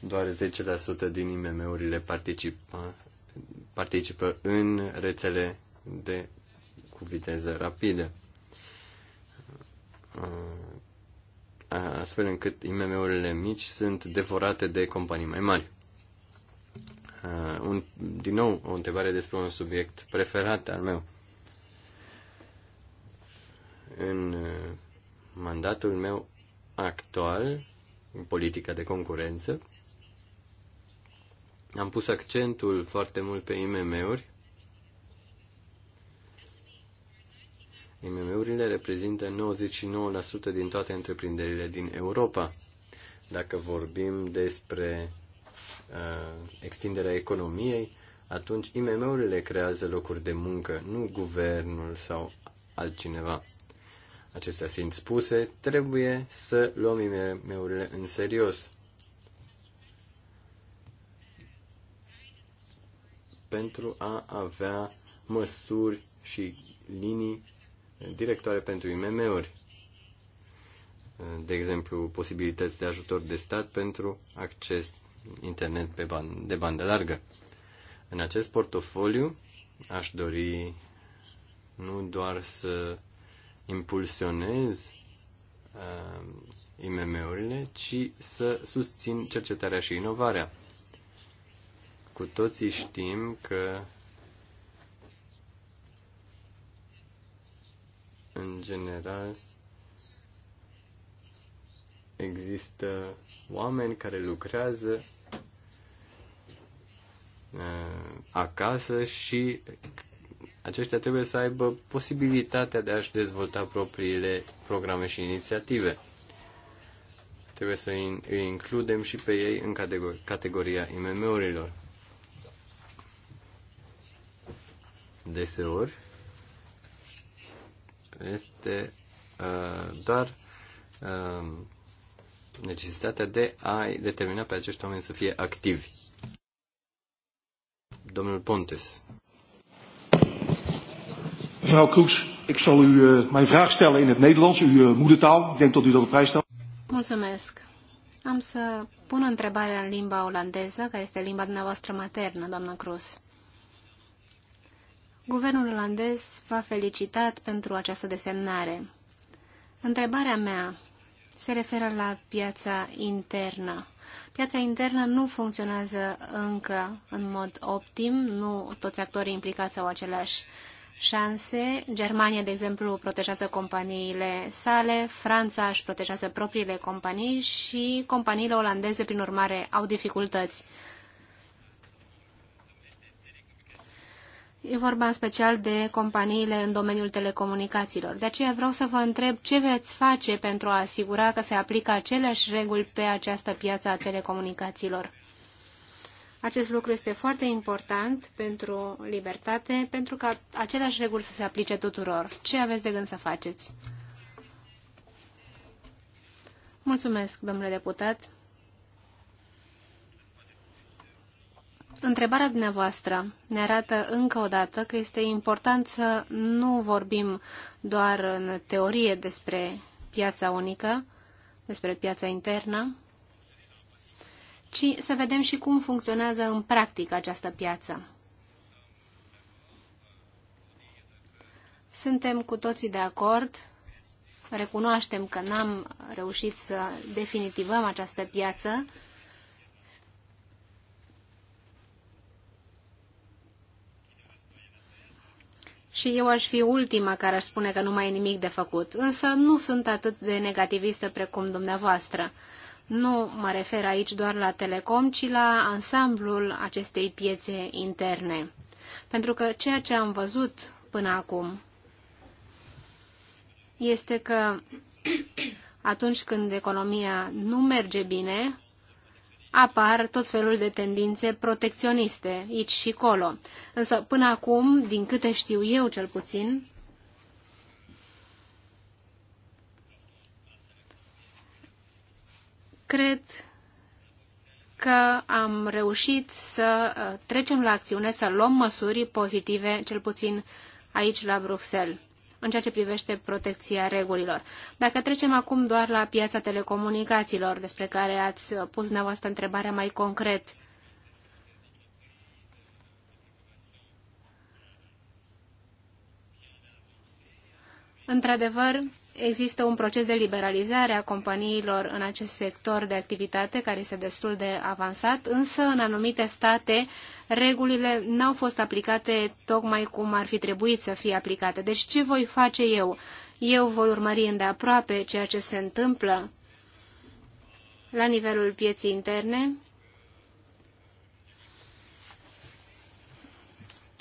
S5: Doar 10% din IMM-urile participă, participă în rețele de cu viteză rapidă astfel încât IMM-urile mici sunt devorate de companii mai mari. Uh, un, din nou o întrebare despre un subiect preferat al meu. În uh, mandatul meu actual, în politica de concurență, am pus accentul foarte mult pe IMM-uri. IMM-urile reprezintă 99% din toate întreprinderile din Europa. Dacă vorbim despre Uh, extinderea economiei, atunci IMM-urile creează locuri de muncă, nu guvernul sau altcineva. Acestea fiind spuse, trebuie să luăm IMM-urile în serios. Pentru a avea măsuri și linii directoare pentru IMM-uri. De exemplu, posibilități de ajutor de stat pentru acces internet pe ban- de bandă largă. În acest portofoliu aș dori nu doar să impulsionez uh, IMM-urile, ci să susțin cercetarea și inovarea. Cu toții știm că în general Există oameni care lucrează uh, acasă și aceștia trebuie să aibă posibilitatea de a-și dezvolta propriile programe și inițiative. Trebuie să îi includem și pe ei în categoria IMM-urilor. Deseori este uh, doar uh, necesitatea de a determina pe acești oameni să fie activi. Domnul Pontes.
S2: Mevrouw Kroes, ik zal u uh, mijn vraag stellen in het Nederlands, uw uh, moedertaal. Ik denk dat u dat op prijs stelt.
S1: Mulțumesc. Am să pun întrebarea în limba olandeză, care este limba dumneavoastră maternă, doamna Cruz. Guvernul olandez v-a felicitat pentru această desemnare. Întrebarea mea se referă la piața internă. Piața internă nu funcționează încă în mod optim, nu toți actorii implicați au aceleași șanse. Germania, de exemplu, protejează companiile sale, Franța își protejează propriile companii și companiile olandeze, prin urmare, au dificultăți E vorba în special de companiile în domeniul telecomunicațiilor. De aceea vreau să vă întreb ce veți face pentru a asigura că se aplică aceleași reguli pe această piață a telecomunicațiilor. Acest lucru este foarte important pentru libertate, pentru ca aceleași reguli să se aplice tuturor. Ce aveți de gând să faceți? Mulțumesc, domnule deputat. întrebarea dumneavoastră ne arată încă o dată că este important să nu vorbim doar în teorie despre piața unică, despre piața internă, ci să vedem și cum funcționează în practică această piață. Suntem cu toții de acord, recunoaștem că n-am reușit să definitivăm această piață, și eu aș fi ultima care aș spune că nu mai e nimic de făcut, însă nu sunt atât de negativistă precum dumneavoastră. Nu mă refer aici doar la Telecom, ci la ansamblul acestei piețe interne. Pentru că ceea ce am văzut până acum este că atunci când economia nu merge bine, apar tot felul de tendințe protecționiste, aici și colo. Însă, până acum, din câte știu eu cel puțin, cred că am reușit să uh, trecem la acțiune, să luăm măsuri pozitive, cel puțin aici la Bruxelles în ceea ce privește protecția regulilor. Dacă trecem acum doar la piața telecomunicațiilor, despre care ați pus dumneavoastră întrebarea mai concret, Într-adevăr, există un proces de liberalizare a companiilor în acest sector de activitate care este destul de avansat, însă în anumite state regulile n-au fost aplicate tocmai cum ar fi trebuit să fie aplicate. Deci ce voi face eu? Eu voi urmări îndeaproape ceea ce se întâmplă la nivelul pieții interne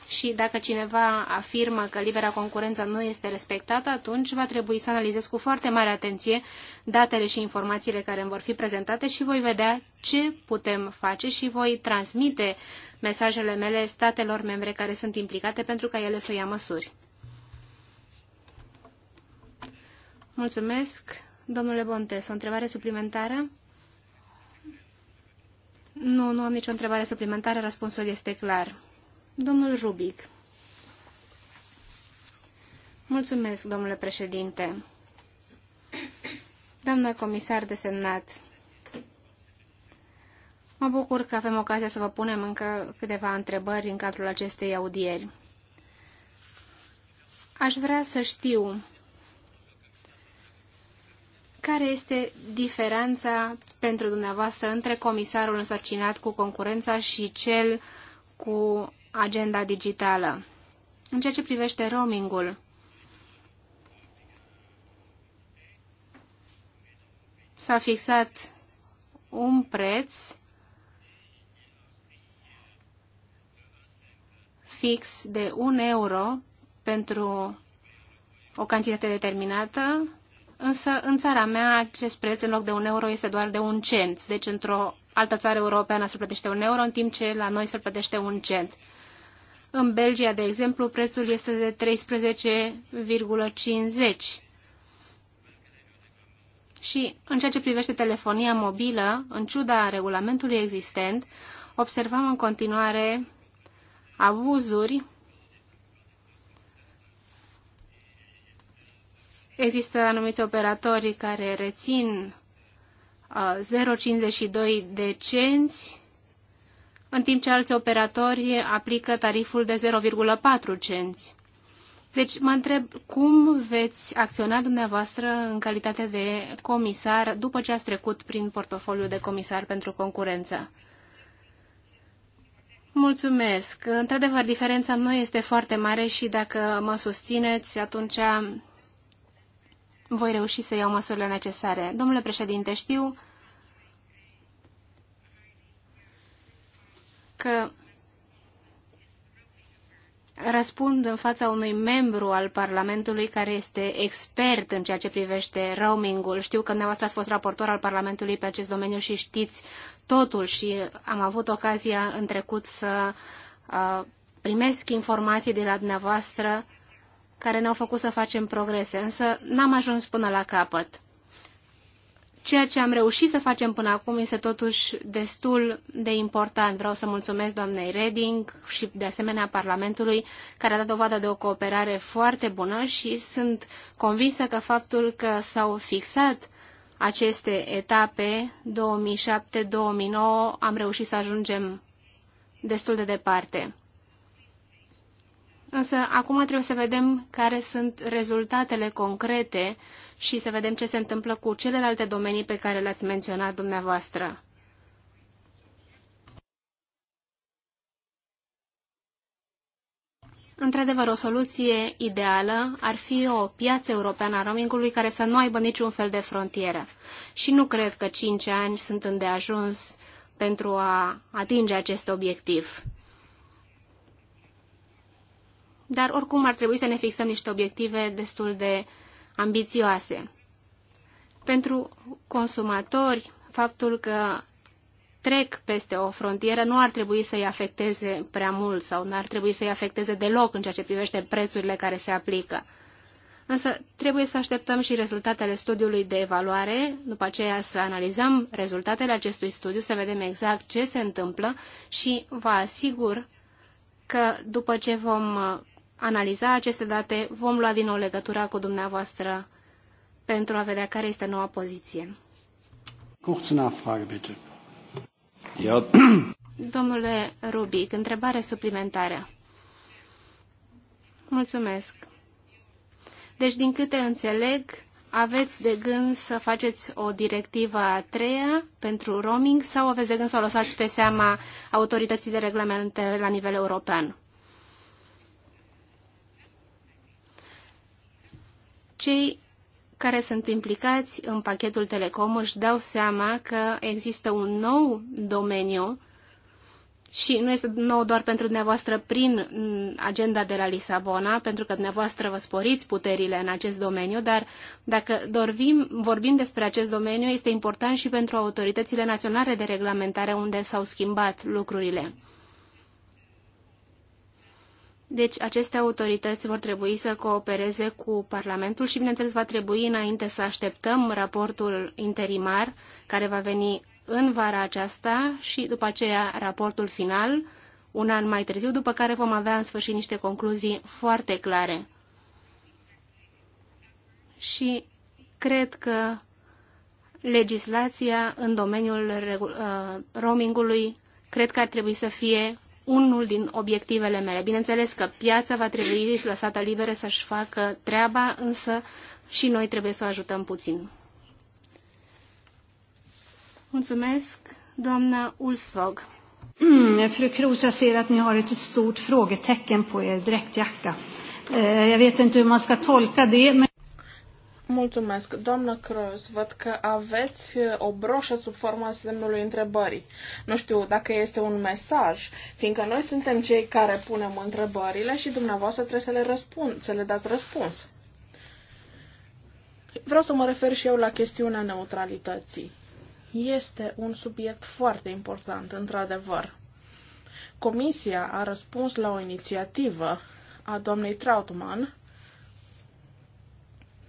S1: și dacă cineva afirmă că libera concurență nu este respectată, atunci va trebui să analizez cu foarte mare atenție datele și informațiile care îmi vor fi prezentate și voi vedea ce putem face și voi transmite mesajele mele statelor membre care sunt implicate pentru ca ele să ia măsuri. Mulțumesc. Domnule Bontes, o întrebare suplimentară? Nu, nu am nicio întrebare suplimentară, răspunsul este clar. Domnul Rubic. Mulțumesc, domnule președinte. Doamnă comisar desemnat, mă bucur că avem ocazia să vă punem încă câteva întrebări în cadrul acestei audieri. Aș vrea să știu care este diferența pentru dumneavoastră între comisarul însărcinat cu concurența și cel cu agenda digitală. În ceea ce privește roamingul, s-a fixat un preț fix de 1 euro pentru o cantitate determinată, însă în țara mea acest preț în loc de 1 euro este doar de 1 cent. Deci într-o altă țară europeană se plătește 1 euro, în timp ce la noi se plătește 1 cent. În Belgia, de exemplu, prețul este de 13,50. Și în ceea ce privește telefonia mobilă, în ciuda regulamentului existent, observăm în continuare abuzuri. Există anumiți operatori care rețin 0,52 uh, de cenți în timp ce alți operatori aplică tariful de 0,4 cenți. Deci mă întreb cum veți acționa dumneavoastră în calitate de comisar după ce ați trecut prin portofoliul de comisar pentru concurență. Mulțumesc. Într-adevăr, diferența nu este foarte mare și dacă mă susțineți, atunci voi reuși să iau măsurile necesare. Domnule președinte, știu că răspund în fața unui membru al Parlamentului care este expert în ceea ce privește roamingul. Știu că dumneavoastră ați fost raportor al Parlamentului pe acest domeniu și știți totul și am avut ocazia în trecut să uh, primesc informații de la dumneavoastră care ne-au făcut să facem progrese, însă n-am ajuns până la capăt. Ceea ce am reușit să facem până acum este totuși destul de important. Vreau să mulțumesc doamnei Reding și de asemenea Parlamentului care a dat dovadă de o cooperare foarte bună și sunt convinsă că faptul că s-au fixat aceste etape 2007-2009 am reușit să ajungem destul de departe. Însă acum trebuie să vedem care sunt rezultatele concrete și să vedem ce se întâmplă cu celelalte domenii pe care le-ați menționat dumneavoastră. Într-adevăr, o soluție ideală ar fi o piață europeană a roamingului care să nu aibă niciun fel de frontieră. Și nu cred că 5 ani sunt îndeajuns pentru a atinge acest obiectiv dar oricum ar trebui să ne fixăm niște obiective destul de ambițioase. Pentru consumatori, faptul că trec peste o frontieră nu ar trebui să-i afecteze prea mult sau nu ar trebui să-i afecteze deloc în ceea ce privește prețurile care se aplică. Însă trebuie să așteptăm și rezultatele studiului de evaluare, după aceea să analizăm rezultatele acestui studiu, să vedem exact ce se întâmplă și vă asigur că după ce vom analiza aceste date, vom lua din nou legătura cu dumneavoastră pentru a vedea care este noua poziție.
S2: Kurze Nachfrage, bitte. Ja.
S1: Domnule Rubic, întrebare suplimentară. Mulțumesc. Deci, din câte înțeleg, aveți de gând să faceți o directivă a treia pentru roaming sau aveți de gând să o lăsați pe seama autorității de reglementare la nivel european? Cei care sunt implicați în pachetul Telecom își dau seama că există un nou domeniu și nu este nou doar pentru dumneavoastră prin agenda de la Lisabona, pentru că dumneavoastră vă sporiți puterile în acest domeniu, dar dacă dorvim, vorbim despre acest domeniu, este important și pentru autoritățile naționale de reglementare unde s-au schimbat lucrurile. Deci aceste autorități vor trebui să coopereze cu Parlamentul și, bineînțeles, va trebui înainte să așteptăm raportul interimar care va veni în vara aceasta și după aceea raportul final, un an mai târziu, după care vom avea în sfârșit niște concluzii foarte clare. Și cred că legislația în domeniul uh, roamingului cred că ar trebui să fie unul din obiectivele mele. Bineînțeles că piața va trebui lăsată liberă să-și facă treaba, însă și noi trebuie să o ajutăm puțin. Mulțumesc, doamna
S2: Ulsvog. Mm, fru Cruz, jag ser att ni har ett stort frågetecken på er dräktjacka. Eh, jag vet inte hur man ska tolka det. Men... Mulțumesc.
S4: Doamnă Cruz, văd că aveți uh, o broșă sub forma semnului întrebării. Nu știu dacă este un mesaj, fiindcă noi suntem cei care punem întrebările și dumneavoastră trebuie să le, răspund, să le dați răspuns. Vreau să mă refer și eu la chestiunea neutralității. Este un subiect foarte important, într-adevăr. Comisia a răspuns la o inițiativă a doamnei Trautmann,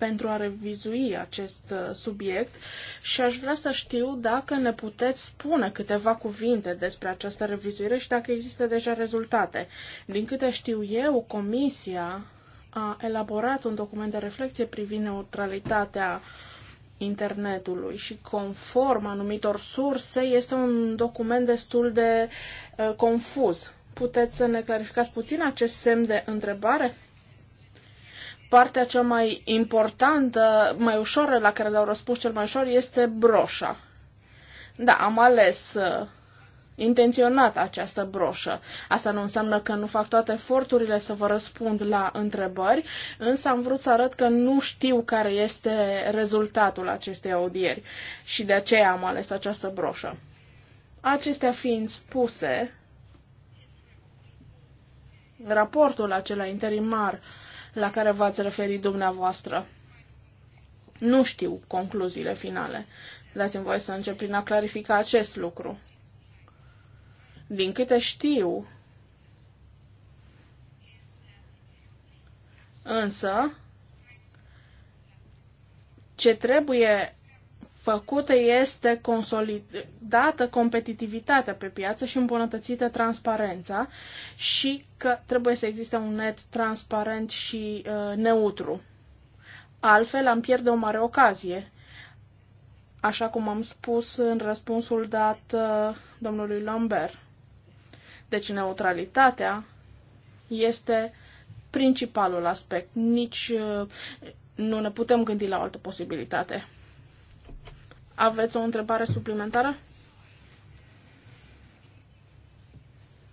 S4: pentru a revizui acest uh, subiect și aș vrea să știu dacă ne puteți spune câteva cuvinte despre această revizuire și dacă există deja rezultate. Din câte știu eu, Comisia a elaborat un document de reflexie privind neutralitatea internetului și conform anumitor surse este un document destul de uh, confuz. Puteți să ne clarificați puțin acest semn de întrebare? Partea cea mai importantă, mai ușoară, la care dau răspuns cel mai ușor, este broșa. Da, am ales uh, intenționat această broșă. Asta nu înseamnă că nu fac toate eforturile să vă răspund la întrebări, însă am vrut să arăt că nu știu care este rezultatul acestei audieri și de aceea am ales această broșă. Acestea fiind spuse, raportul acela interimar la care v-ați referit dumneavoastră. Nu știu concluziile finale. Dați-mi voie să încep prin a clarifica acest lucru. Din câte știu, însă, ce trebuie făcută este consolidată competitivitatea pe piață și îmbunătățită transparența și că trebuie să existe un net transparent și uh, neutru. Altfel am pierde o mare ocazie. Așa cum am spus în răspunsul dat uh, domnului Lambert. Deci neutralitatea este principalul aspect. Nici uh, nu ne putem gândi la o altă posibilitate. Aveți o întrebare suplimentară?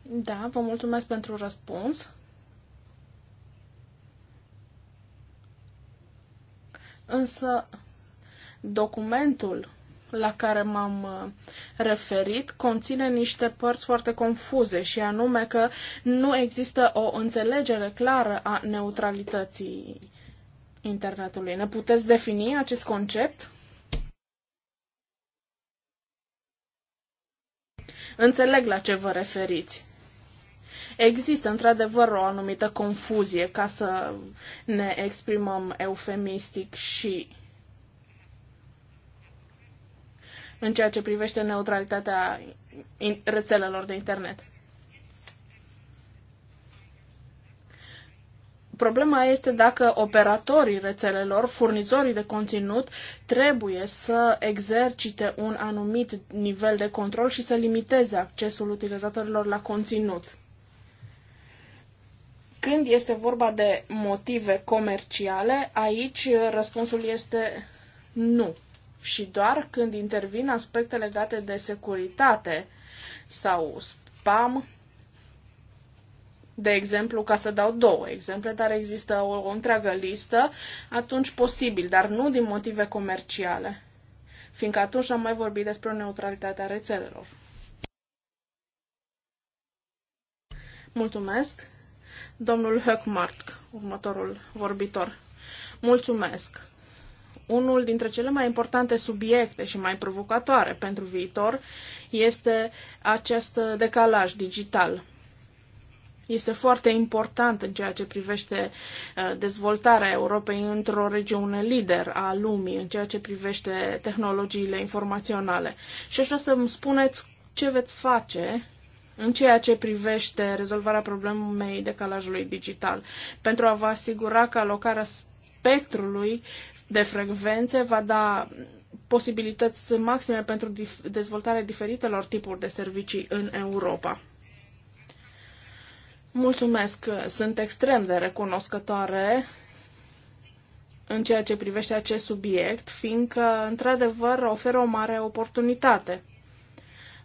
S4: Da, vă mulțumesc pentru răspuns. Însă, documentul la care m-am uh, referit conține niște părți foarte confuze și anume că nu există o înțelegere clară a neutralității internetului. Ne puteți defini acest concept? Înțeleg la ce vă referiți. Există într-adevăr o anumită confuzie, ca să ne exprimăm eufemistic și în ceea ce privește neutralitatea rețelelor de internet. Problema este dacă operatorii rețelelor, furnizorii de conținut, trebuie să exercite un anumit nivel de control și să limiteze accesul utilizatorilor la conținut. Când este vorba de motive comerciale, aici răspunsul este nu. Și doar când intervin aspecte legate de securitate sau spam, de exemplu, ca să dau două exemple, dar există o, o întreagă listă, atunci posibil, dar nu din motive comerciale, fiindcă atunci am mai vorbit despre neutralitatea rețelelor. Mulțumesc. Domnul Höckmark, următorul vorbitor. Mulțumesc. Unul dintre cele mai importante subiecte și mai provocatoare pentru viitor este acest decalaj digital este foarte important în ceea ce privește uh, dezvoltarea Europei într-o regiune lider a lumii, în ceea ce privește tehnologiile informaționale. Și aș vrea să-mi spuneți ce veți face în ceea ce privește rezolvarea problemei decalajului digital, pentru a vă asigura că alocarea spectrului de frecvențe va da posibilități maxime pentru dezvoltarea diferitelor tipuri de servicii în Europa. Mulțumesc, sunt extrem de recunoscătoare în ceea ce privește acest subiect, fiindcă, într-adevăr, oferă o mare oportunitate.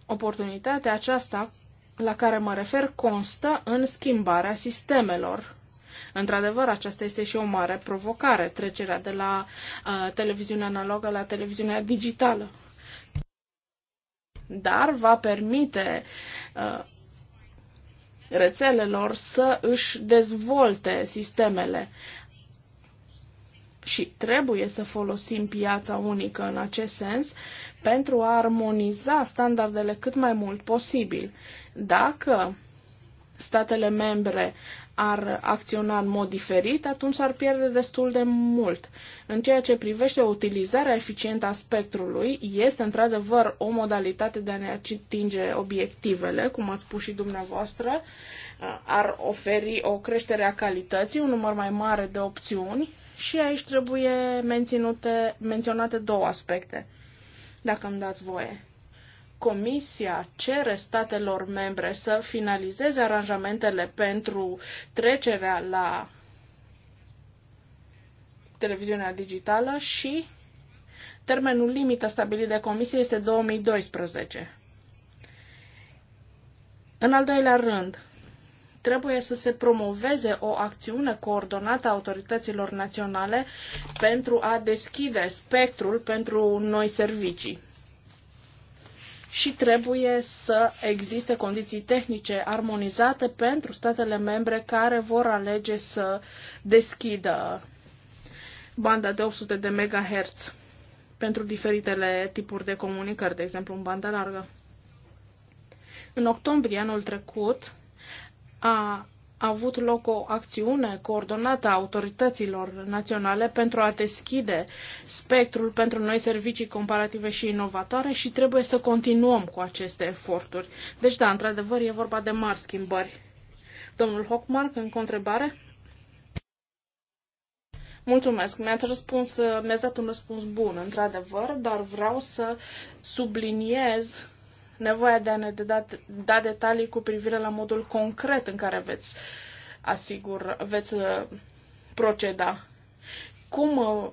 S4: Oportunitatea aceasta la care mă refer constă în schimbarea sistemelor. Într-adevăr, aceasta este și o mare provocare, trecerea de la uh, televiziunea analogă la televiziunea digitală. Dar va permite uh, rețelelor să își dezvolte sistemele. Și trebuie să folosim piața unică în acest sens pentru a armoniza standardele cât mai mult posibil. Dacă statele membre ar acționa în mod diferit, atunci ar pierde destul de mult. În ceea ce privește utilizarea eficientă a spectrului, este într-adevăr o modalitate de a ne atinge obiectivele, cum ați spus și dumneavoastră, ar oferi o creștere a calității, un număr mai mare de opțiuni și aici trebuie menționate două aspecte, dacă îmi dați voie. Comisia cere statelor membre să finalizeze aranjamentele pentru trecerea la televiziunea digitală și termenul limită stabilit de Comisie este 2012. În al doilea rând, trebuie să se promoveze o acțiune coordonată a autorităților naționale pentru a deschide spectrul pentru noi servicii și trebuie să existe condiții tehnice armonizate pentru statele membre care vor alege să deschidă banda de 800 de MHz pentru diferitele tipuri de comunicări, de exemplu în bandă largă. În octombrie anul trecut a a avut loc o acțiune coordonată a autorităților naționale pentru a deschide spectrul pentru noi servicii comparative și inovatoare și trebuie să continuăm cu aceste eforturi. Deci, da, într-adevăr, e vorba de mari schimbări. Domnul Hockmark, în întrebare? Mulțumesc, mi-ați răspuns, mi-ați dat un răspuns bun, într-adevăr, dar vreau să subliniez nevoia de a ne da, da detalii cu privire la modul concret în care veți asigur, veți uh, proceda. Cum uh,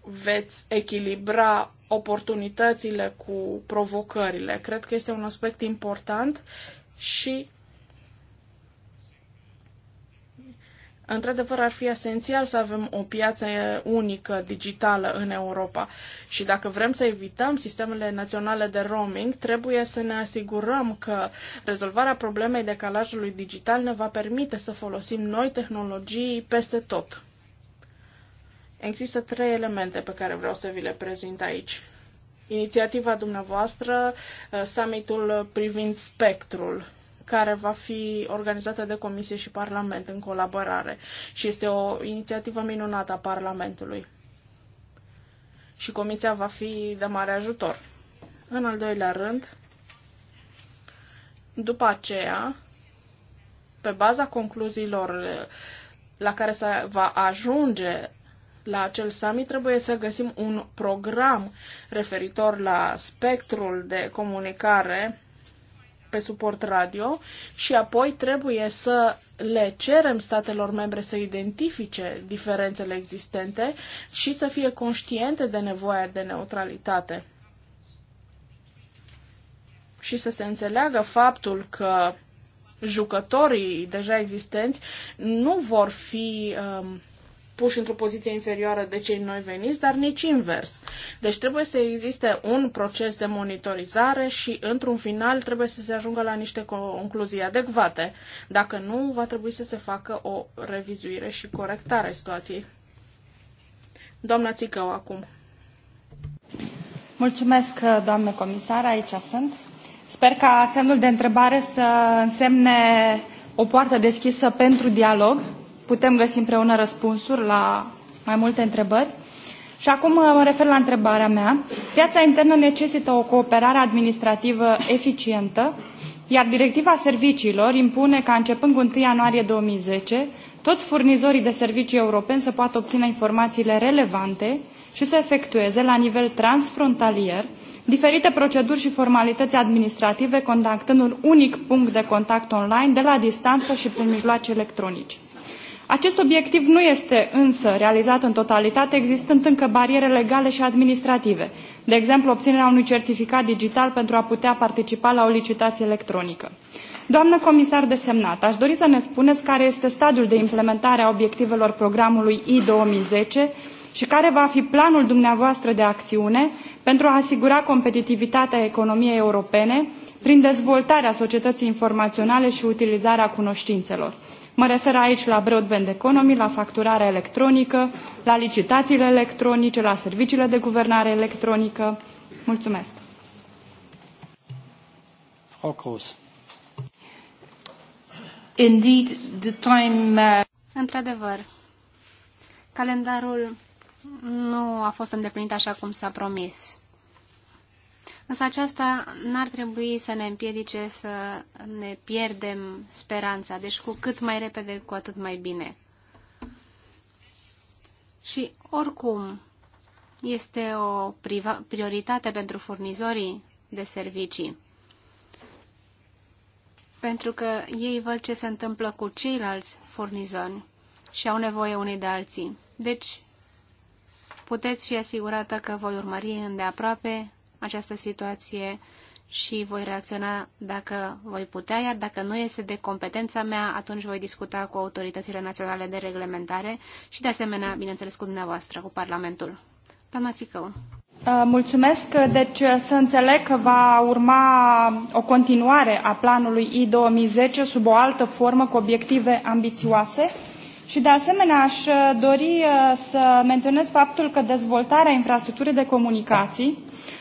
S4: veți echilibra oportunitățile cu provocările? Cred că este un aspect important și Într-adevăr, ar fi esențial să avem o piață unică digitală în Europa și dacă vrem să evităm sistemele naționale de roaming, trebuie să ne asigurăm că rezolvarea problemei decalajului digital ne va permite să folosim noi tehnologii peste tot. Există trei elemente pe care vreau să vi le prezint aici. Inițiativa dumneavoastră, uh, summitul privind spectrul care va fi organizată de Comisie și Parlament în colaborare și este o inițiativă minunată a Parlamentului. Și Comisia va fi de mare ajutor. În al doilea rând, după aceea, pe baza concluziilor la care se va ajunge la acel summit, trebuie să găsim un program referitor la spectrul de comunicare pe suport radio și apoi trebuie să le cerem statelor membre să identifice diferențele existente și să fie conștiente de nevoia de neutralitate. Și să se înțeleagă faptul că jucătorii deja existenți nu vor fi um, puși într-o poziție inferioară de cei noi veniți, dar nici invers. Deci trebuie să existe un proces de monitorizare și, într-un final, trebuie să se ajungă la niște concluzii adecvate. Dacă nu, va trebui să se facă o revizuire și corectare a situației. Doamna Țicău, acum.
S2: Mulțumesc, doamnă comisar, aici sunt. Sper ca semnul de întrebare să însemne o poartă deschisă pentru dialog putem găsi împreună răspunsuri la mai multe întrebări. Și acum uh, mă refer la întrebarea mea. Piața internă necesită o cooperare administrativă eficientă, iar directiva serviciilor impune ca începând cu 1 ianuarie 2010, toți furnizorii de servicii europeni să poată obține informațiile relevante și să efectueze la nivel transfrontalier diferite proceduri și formalități administrative contactând un unic punct de contact online de la distanță și prin mijloace electronice. Acest obiectiv nu este însă realizat în totalitate, existând încă bariere legale și administrative, de exemplu obținerea unui certificat digital pentru a putea participa la o licitație electronică. Doamnă comisar desemnat, aș dori să ne spuneți care este stadiul de implementare a obiectivelor programului I-2010 și care va fi planul dumneavoastră de acțiune pentru a asigura competitivitatea economiei europene prin dezvoltarea societății informaționale și utilizarea cunoștințelor. Mă refer aici la broadband economy, la facturarea electronică, la licitațiile electronice, la serviciile de guvernare electronică. Mulțumesc! Frau Groß. Indeed, the
S1: time... Uh, Într-adevăr, calendarul nu a fost îndeplinit așa cum s-a promis. Însă aceasta n-ar trebui să ne împiedice să ne pierdem speranța, deci cu cât mai repede, cu atât mai bine. Și oricum este o prioritate pentru furnizorii de servicii, pentru că ei văd ce se întâmplă cu ceilalți furnizori și au nevoie unii de alții. Deci, puteți fi asigurată că voi urmări îndeaproape această situație și voi reacționa dacă voi putea, iar dacă nu este de competența mea, atunci voi discuta cu autoritățile naționale de reglementare și, de asemenea, bineînțeles, cu dumneavoastră, cu Parlamentul. Doamna Țicău.
S2: Uh, mulțumesc. Deci uh, să înțeleg că va urma uh, o continuare a planului I-2010 sub o altă formă cu obiective ambițioase. Și de asemenea aș dori să menționez faptul că dezvoltarea infrastructurii de comunicații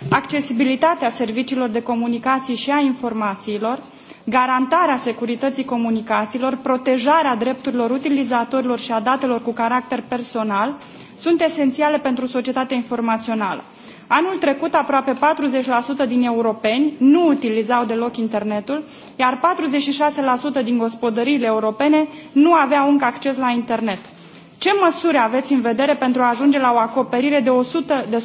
S2: accesibilitatea serviciilor de comunicații și a informațiilor, garantarea securității comunicațiilor, protejarea drepturilor utilizatorilor și a datelor cu caracter personal sunt esențiale pentru societatea informațională. Anul trecut, aproape 40% din europeni nu utilizau deloc internetul, iar 46% din gospodăriile europene nu aveau încă acces la internet ce măsuri aveți în vedere pentru a ajunge la o acoperire de, 100, de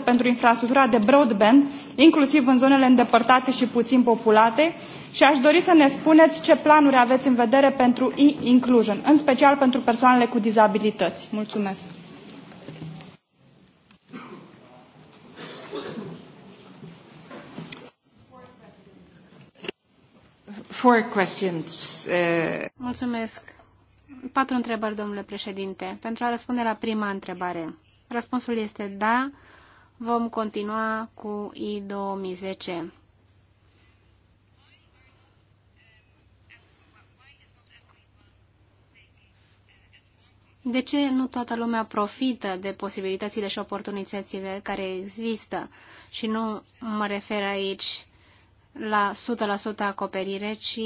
S2: 100% pentru infrastructura de broadband, inclusiv în zonele îndepărtate și puțin populate? Și aș dori să ne spuneți ce planuri aveți în vedere pentru e-inclusion, în special pentru persoanele cu dizabilități. Mulțumesc!
S3: Four questions. Uh...
S1: Mulțumesc patru întrebări, domnule președinte, pentru a răspunde la prima întrebare. Răspunsul este da, vom continua cu I-2010. De ce nu toată lumea profită de posibilitățile și oportunitățile care există? Și nu mă refer aici la 100% acoperire, ci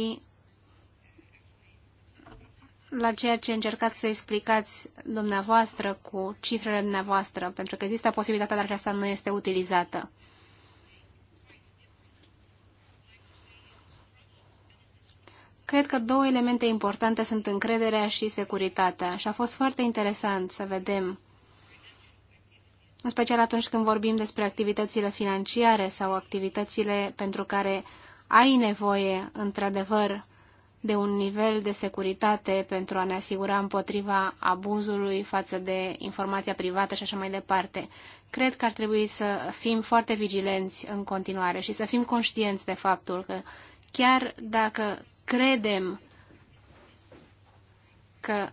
S1: la ceea ce încercați să explicați dumneavoastră cu cifrele dumneavoastră, pentru că există posibilitatea, dar aceasta nu este utilizată. Cred că două elemente importante sunt încrederea și securitatea și a fost foarte interesant să vedem, în special atunci când vorbim despre activitățile financiare sau activitățile pentru care ai nevoie, într-adevăr, de un nivel de securitate pentru a ne asigura împotriva abuzului față de informația privată și așa mai departe. Cred că ar trebui să fim foarte vigilenți în continuare și să fim conștienți de faptul că chiar dacă credem că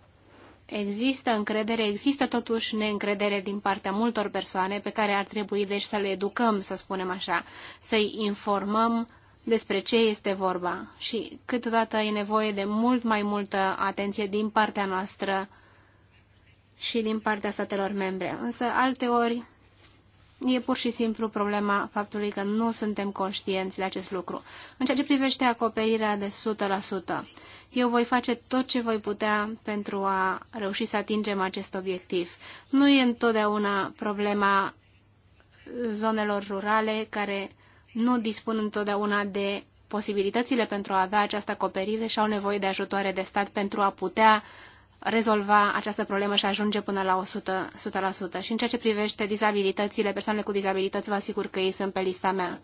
S1: există încredere, există totuși neîncredere din partea multor persoane pe care ar trebui deci să le educăm, să spunem așa, să-i informăm despre ce este vorba și câteodată e nevoie de mult mai multă atenție din partea noastră și din partea statelor membre. Însă, alte ori, e pur și simplu problema faptului că nu suntem conștienți de acest lucru. În ceea ce privește acoperirea de 100%, eu voi face tot ce voi putea pentru a reuși să atingem acest obiectiv. Nu e întotdeauna problema zonelor rurale care nu dispun întotdeauna de posibilitățile pentru a avea această acoperire și au nevoie de ajutoare de stat pentru a putea rezolva această problemă și ajunge până la 100%. 100%. Și în ceea ce privește dizabilitățile, persoanele cu dizabilități, vă asigur că ei sunt pe lista mea.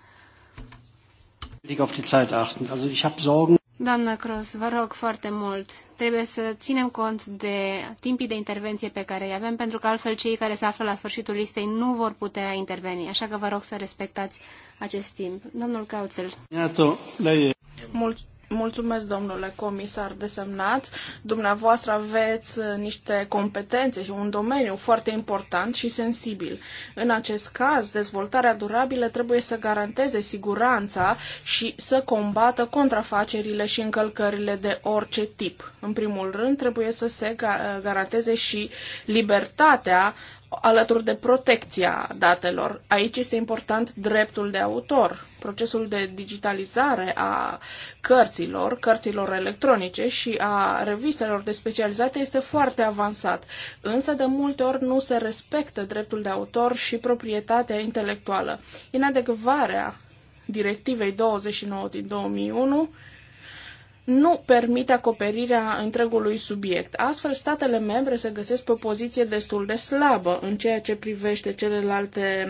S1: Doamna Cross, vă rog foarte mult, trebuie să ținem cont de timpii de intervenție pe care îi avem, pentru că altfel cei care se află la sfârșitul listei nu vor putea interveni, așa că vă rog să respectați acest timp. Domnul Cauțel. Mulțumesc. Mulțumesc, domnule comisar desemnat. Dumneavoastră
S4: aveți uh, niște competențe și un domeniu foarte important și sensibil. În acest caz, dezvoltarea durabilă trebuie să garanteze siguranța și să combată contrafacerile și încălcările de orice tip. În primul rând, trebuie să se garanteze și libertatea alături de protecția datelor. Aici este important dreptul de autor, procesul de digitalizare a cărților, cărților electronice și a revistelor de specializate este foarte avansat, însă de multe ori nu se respectă dreptul de autor și proprietatea intelectuală. Inadecvarea directivei 29 din 2001 nu permite acoperirea întregului subiect. Astfel, statele membre se găsesc pe o poziție destul de slabă în ceea ce privește celelalte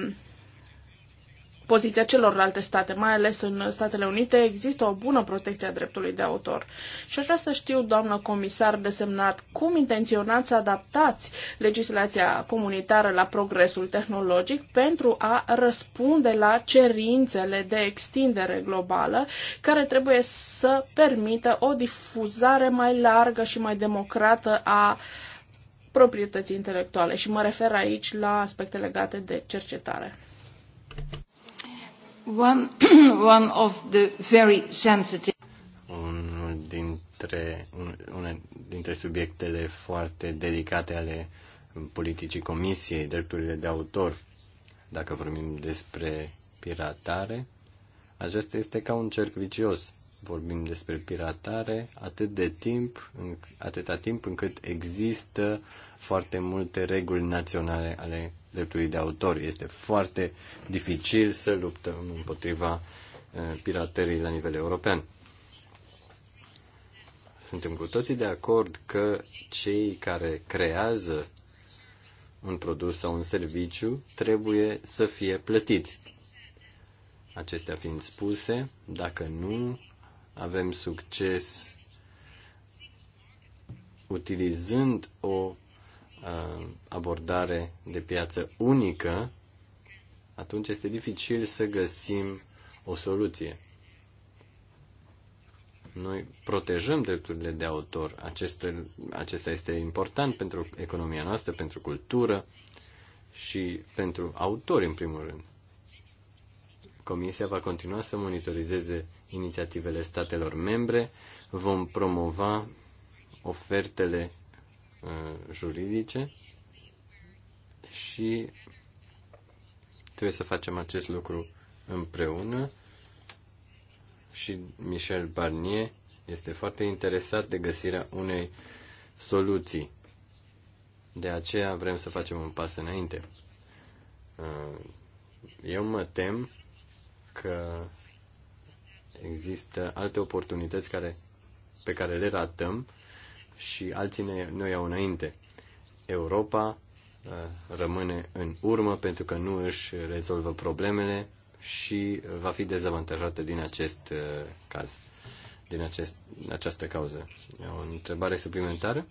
S4: poziția celorlalte state, mai ales în Statele Unite, există o bună protecție a dreptului de autor. Și aș vrea să știu, doamnă comisar desemnat, cum intenționați să adaptați legislația comunitară la progresul tehnologic pentru a răspunde la cerințele de extindere globală care trebuie să permită o difuzare mai largă și mai democrată a proprietății intelectuale și mă refer aici la aspecte legate
S3: de cercetare. One, of the very sensitive...
S5: Unul dintre, dintre subiectele foarte delicate ale politicii Comisiei, drepturile de autor, dacă vorbim despre piratare, acesta este ca un cerc vicios. Vorbim despre piratare atât de timp, atâta timp încât există foarte multe reguli naționale ale dreptului de autor. Este foarte dificil să luptăm împotriva uh, piraterii la nivel european. Suntem cu toții de acord că cei care creează un produs sau un serviciu trebuie să fie plătiți. Acestea fiind spuse, dacă nu avem succes utilizând o abordare de piață unică, atunci este dificil să găsim o soluție. Noi protejăm drepturile de autor. Aceste, acesta este important pentru economia noastră, pentru cultură și pentru autori, în primul rând. Comisia va continua să monitorizeze inițiativele statelor membre, vom promova ofertele Uh, juridice și trebuie să facem acest lucru împreună și Michel Barnier este foarte interesat de găsirea unei soluții. De aceea vrem să facem un pas înainte. Uh, eu mă tem că există alte oportunități care, pe care le ratăm și alții ne, ne iau înainte. Europa uh, rămâne în urmă pentru că nu își rezolvă problemele și va fi dezavantajată din acest uh, caz, din acest, această cauză. O întrebare suplimentară?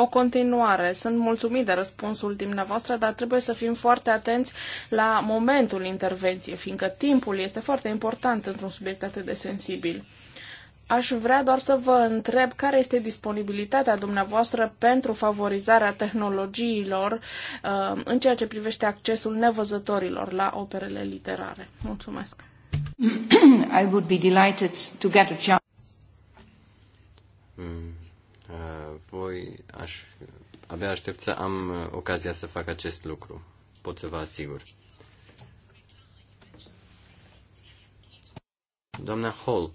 S4: O continuare. Sunt mulțumit de răspunsul dumneavoastră, dar trebuie să fim foarte atenți la momentul intervenției, fiindcă timpul este foarte important într-un subiect atât de sensibil. Aș vrea doar să vă întreb care este disponibilitatea dumneavoastră pentru favorizarea tehnologiilor uh, în ceea ce privește accesul nevăzătorilor la operele literare. Mulțumesc.
S3: I would be delighted to get a chance.
S5: Mm, uh, voi aș abia aștept să am uh, ocazia să fac acest lucru. Pot să vă asigur. Doamna Hall,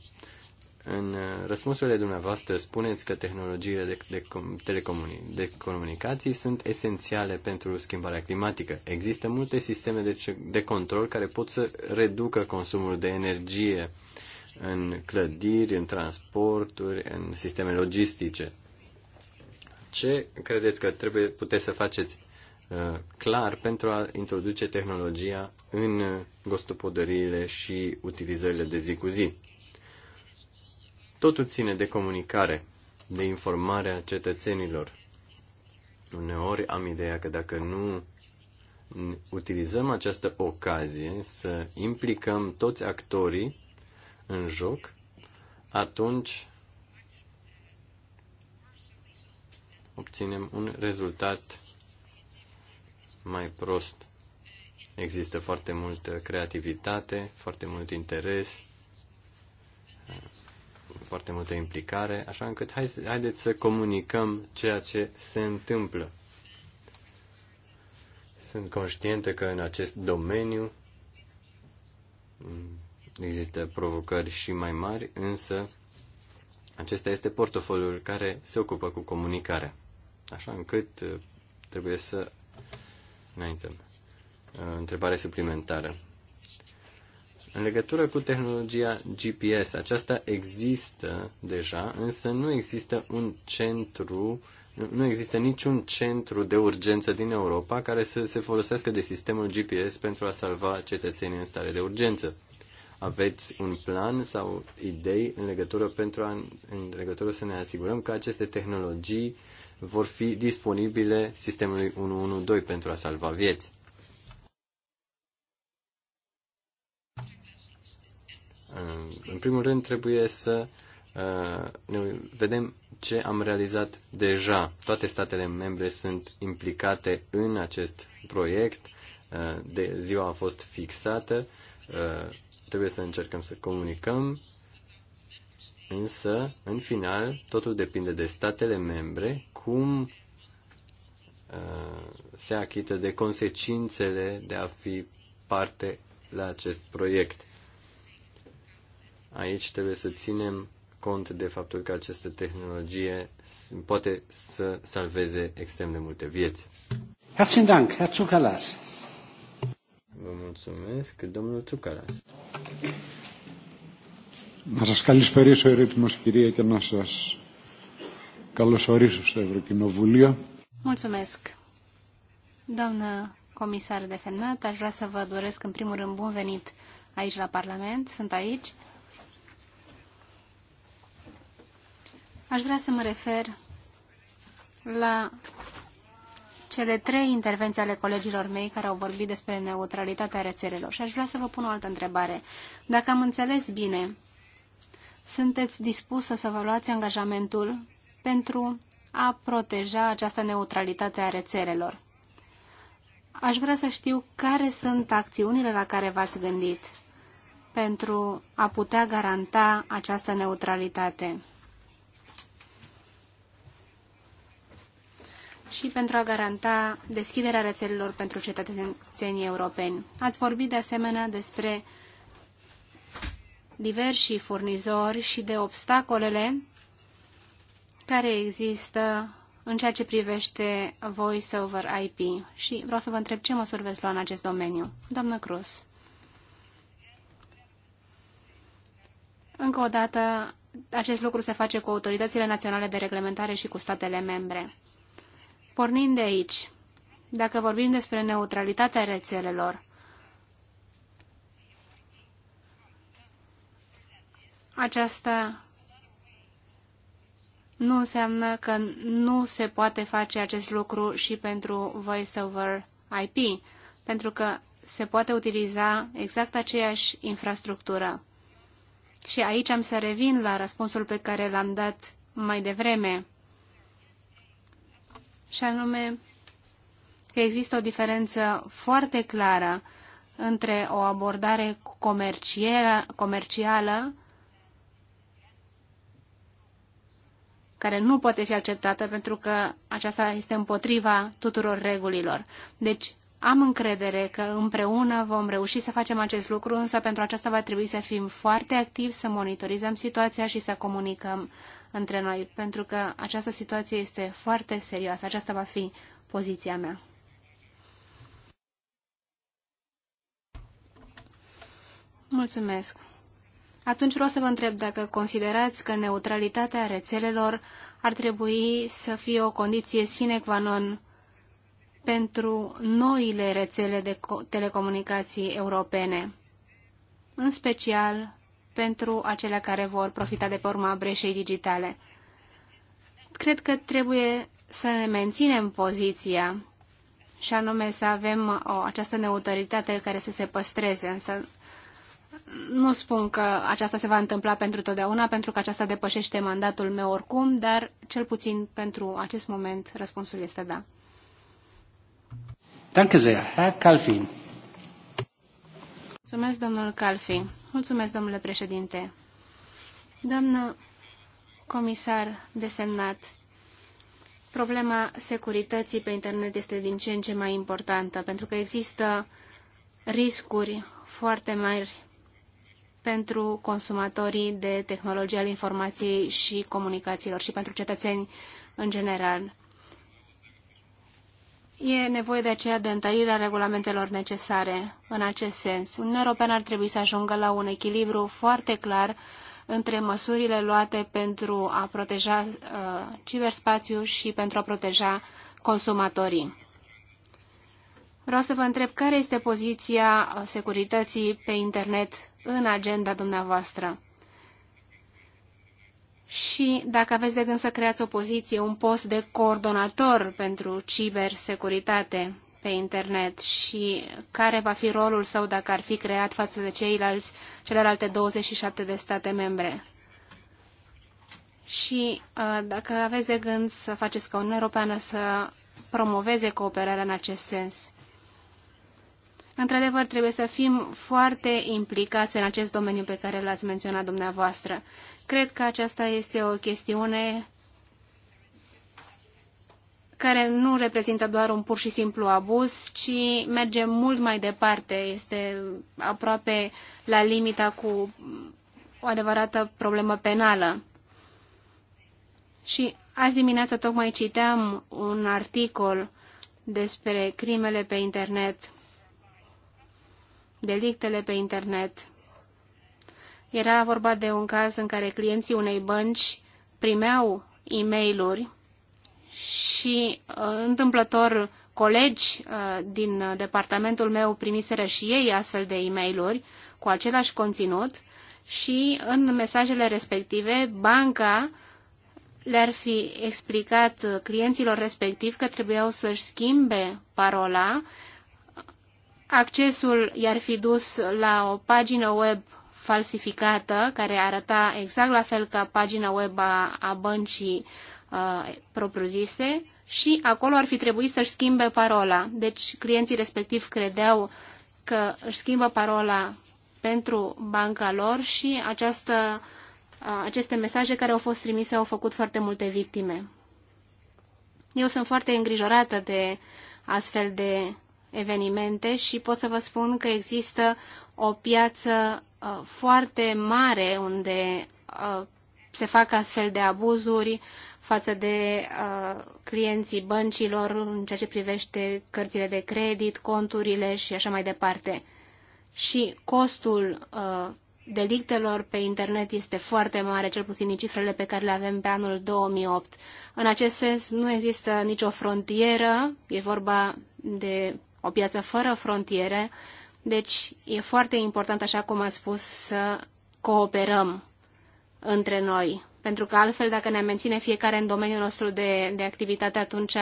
S5: în uh, răspunsurile dumneavoastră spuneți că tehnologiile de, de, telecomuni- de comunicații sunt esențiale pentru schimbarea climatică. Există multe sisteme de, de control care pot să reducă consumul de energie în clădiri, în transporturi, în sisteme logistice. Ce credeți că trebuie puteți să faceți uh, clar pentru a introduce tehnologia în gospodăriile și utilizările de zi cu zi? Totul ține de comunicare, de informarea cetățenilor. Uneori am ideea că dacă nu utilizăm această ocazie să implicăm toți actorii în joc, atunci obținem un rezultat mai prost. Există foarte multă creativitate, foarte mult interes, foarte multă implicare, așa încât hai, haideți să comunicăm ceea ce se întâmplă. Sunt conștientă că în acest domeniu există provocări și mai mari, însă acesta este portofoliul care se ocupă cu comunicarea. Așa încât uh, trebuie să înaintăm. Uh, întrebare suplimentară. În legătură cu tehnologia GPS, aceasta există deja, însă nu există un centru, nu există niciun centru de urgență din Europa care să se folosească de sistemul GPS pentru a salva cetățenii în stare de urgență. Aveți un plan sau idei în legătură pentru a, în legătură să ne asigurăm că aceste tehnologii vor fi disponibile sistemului 112 pentru a salva vieți. Uh, în primul rând, trebuie să uh, ne vedem ce am realizat deja. Toate statele membre sunt implicate în acest proiect. Uh, de ziua a fost fixată. Trebuie să încercăm să comunicăm. Însă, în final, totul depinde de statele membre, cum se achită de consecințele de a fi parte la acest proiect. Aici trebuie să ținem cont de faptul că această tehnologie poate să salveze extrem de multe vieți. Herzlichen Dank, Herr Tsoukalas. Vă mulțumesc, domnul Zucalas.
S2: Να σας καλησπερίσω ερήτημος κυρία και να σας καλωσορίσω στο Ευρωκοινοβουλίο.
S1: Mulțumesc. Doamnă comisar desemnat, aș vrea să vă doresc în primul rând bun venit aici la Parlament. Sunt aici Aș vrea să mă refer la cele trei intervenții ale colegilor mei care au vorbit despre neutralitatea rețelelor și aș vrea să vă pun o altă întrebare. Dacă am înțeles bine, sunteți dispusă să vă luați angajamentul pentru a proteja această neutralitate a rețelelor? Aș vrea să știu care sunt acțiunile la care v-ați gândit pentru a putea garanta această neutralitate. și pentru a garanta deschiderea rețelelor pentru cetățenii europeni. Ați vorbit de asemenea despre diversii furnizori și de obstacolele care există în ceea ce privește Voice over IP și vreau să vă întreb ce măsuri veți lua în acest domeniu. Doamnă Cruz. Încă o dată, acest lucru se face cu autoritățile naționale de reglementare și cu statele membre. Pornind de aici, dacă vorbim despre neutralitatea rețelelor, aceasta nu înseamnă că nu se poate face acest lucru și pentru VoiceOver IP, pentru că se poate utiliza exact aceeași infrastructură. Și aici am să revin la răspunsul pe care l-am dat mai devreme și anume că există o diferență foarte clară între o abordare comercială, comercială care nu poate fi acceptată pentru că aceasta este împotriva tuturor regulilor. Deci am încredere că împreună vom reuși să facem acest lucru, însă pentru aceasta va trebui să fim foarte activi, să monitorizăm situația și să comunicăm între noi, pentru că această situație este foarte serioasă. Aceasta va fi poziția mea. Mulțumesc. Atunci vreau să vă întreb dacă considerați că neutralitatea rețelelor ar trebui să fie o condiție sine qua non pentru noile rețele de telecomunicații europene, în special pentru acele care vor profita de pe urma breșei digitale. Cred că trebuie să ne menținem poziția și anume să avem o, această neutralitate care să se păstreze, însă nu spun că aceasta se va întâmpla pentru totdeauna, pentru că aceasta depășește mandatul meu oricum, dar cel puțin pentru acest moment răspunsul este da.
S5: Danke sehr, Herr Calvin.
S1: Mulțumesc, domnul Calfi. Mulțumesc, domnule președinte. Doamnă comisar desemnat, problema securității pe internet este din ce în ce mai importantă, pentru că există riscuri foarte mari pentru consumatorii de tehnologie al informației și comunicațiilor și pentru cetățeni în general. E nevoie de aceea de întărirea regulamentelor necesare în acest sens. Uniunea Europeană ar trebui să ajungă la un echilibru foarte clar între măsurile luate pentru a proteja uh, ciberspațiu și pentru a proteja consumatorii. Vreau să vă întreb care este poziția uh, securității pe internet în agenda dumneavoastră și dacă aveți de gând să creați o poziție, un post de coordonator pentru cibersecuritate pe internet și care va fi rolul său dacă ar fi creat față de ceilalți, celelalte 27 de state membre. Și uh, dacă aveți de gând să faceți ca Uniunea Europeană să promoveze cooperarea în acest sens. Într-adevăr, trebuie să fim foarte implicați în acest domeniu pe care l-ați menționat dumneavoastră. Cred că aceasta este o chestiune care nu reprezintă doar un pur și simplu abuz, ci merge mult mai departe, este aproape la limita cu o adevărată problemă penală. Și azi dimineață tocmai citeam un articol despre crimele pe internet, delictele pe internet. Era vorba de un caz în care clienții unei bănci primeau e mail și uh, întâmplător colegi uh, din departamentul meu primiseră și ei astfel de e mail cu același conținut și în mesajele respective banca le-ar fi explicat clienților respectiv că trebuiau să-și schimbe parola, accesul i-ar fi dus la o pagină web falsificată, care arăta exact la fel ca pagina web a, a băncii uh, propriu-zise și acolo ar fi trebuit să-și schimbe parola. Deci clienții respectiv credeau că își schimbă parola pentru banca lor și această, uh, aceste mesaje care au fost trimise au făcut foarte multe victime. Eu sunt foarte îngrijorată de astfel de evenimente și pot să vă spun că există o piață Uh, foarte mare unde uh, se fac astfel de abuzuri față de uh, clienții băncilor în ceea ce privește cărțile de credit, conturile și așa mai departe. Și costul delictelor pe internet este foarte mare, cel puțin din cifrele pe care le avem pe anul 2008. În acest sens, nu există nicio frontieră, e vorba de o piață fără frontiere deci e foarte important, așa cum a spus, să cooperăm între noi. Pentru că altfel, dacă ne menține fiecare în domeniul nostru de, de activitate, atunci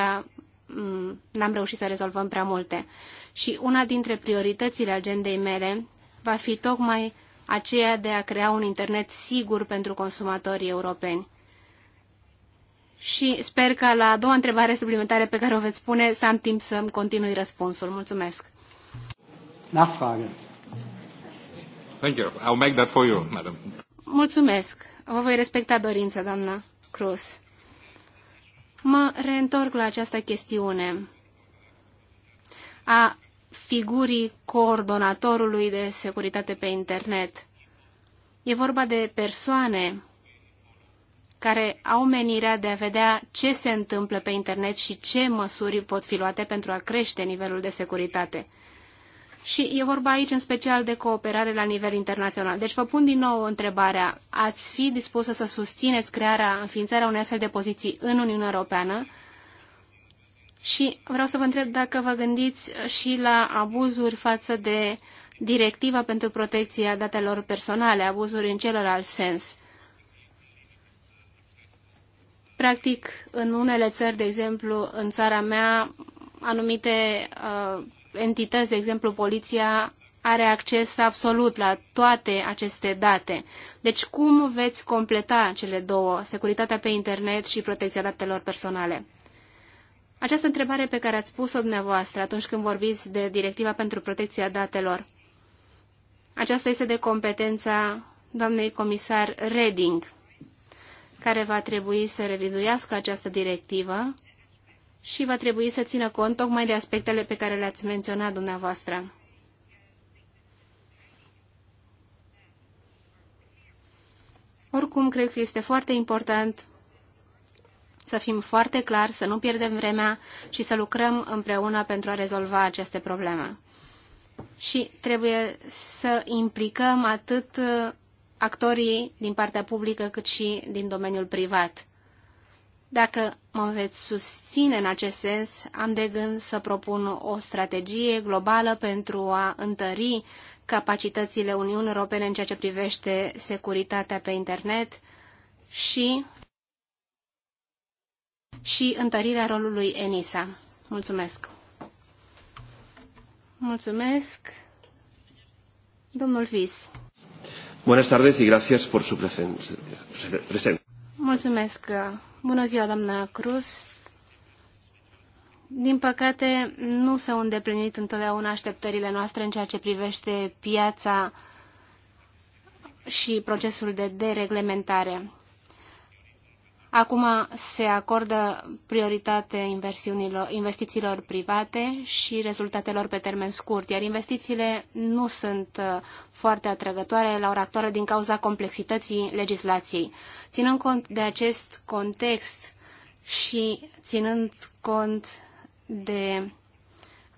S1: mm, n-am reușit să rezolvăm prea multe. Și una dintre prioritățile agendei mele va fi tocmai aceea de a crea un internet sigur pentru consumatorii europeni. Și sper că la a doua întrebare suplimentare pe care o veți pune să am timp să-mi continui răspunsul. Mulțumesc!
S5: Nachfrage. Thank you. I'll make that for you, madam.
S1: Mulțumesc. Vă voi respecta dorința, doamna Cruz. Mă reîntorc la această chestiune a figurii coordonatorului de securitate pe internet. E vorba de persoane care au menirea de a vedea ce se întâmplă pe internet și ce măsuri pot fi luate pentru a crește nivelul de securitate. Și e vorba aici în special de cooperare la nivel internațional. Deci vă pun din nou întrebarea, ați fi dispusă să susțineți crearea, înființarea unei astfel de poziții în Uniunea Europeană? Și vreau să vă întreb dacă vă gândiți și la abuzuri față de directiva pentru protecția datelor personale, abuzuri în celălalt sens. Practic, în unele țări, de exemplu, în țara mea, anumite uh, entități, de exemplu poliția, are acces absolut la toate aceste date. Deci cum veți completa cele două, securitatea pe internet și protecția datelor personale? Această întrebare pe care ați pus-o dumneavoastră atunci când vorbiți de Directiva pentru protecția datelor, aceasta este de competența doamnei comisar Reding, care va trebui să revizuiască această directivă și va trebui să țină cont tocmai de aspectele pe care le-ați menționat dumneavoastră. Oricum, cred că este foarte important să fim foarte clari, să nu pierdem vremea și să lucrăm împreună pentru a rezolva aceste probleme. Și trebuie să implicăm atât actorii din partea publică cât și din domeniul privat. Dacă mă veți susține în acest sens, am de gând să propun o strategie globală pentru a întări capacitățile Uniunii Europene în ceea ce privește securitatea pe internet și, și întărirea rolului ENISA. Mulțumesc! Mulțumesc, domnul Vis.
S5: Buenas tardes y gracias por su presencia.
S1: Mulțumesc Bună ziua, doamna Cruz. Din păcate, nu s-au îndeplinit întotdeauna așteptările noastre în ceea ce privește piața și procesul de dereglementare. Acum se acordă prioritate investițiilor private și rezultatelor pe termen scurt, iar investițiile nu sunt uh, foarte atrăgătoare la ora actuală din cauza complexității legislației. Ținând cont de acest context și ținând cont de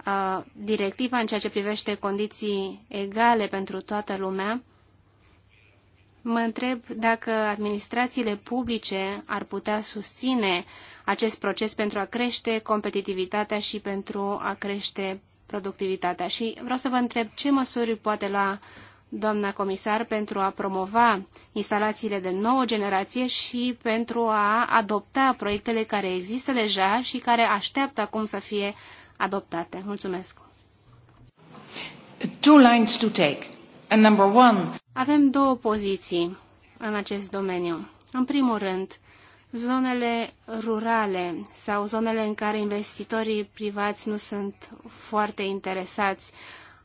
S1: uh, directiva în ceea ce privește condiții egale pentru toată lumea, Mă întreb dacă administrațiile publice ar putea susține acest proces pentru a crește competitivitatea și pentru a crește productivitatea. Și vreau să vă întreb ce măsuri poate lua doamna comisar pentru a promova instalațiile de nouă generație și pentru a adopta proiectele care există deja și care așteaptă acum să fie adoptate. Mulțumesc.
S3: Two lines to take.
S1: Avem două poziții în acest domeniu. În primul rând, zonele rurale sau zonele în care investitorii privați nu sunt foarte interesați,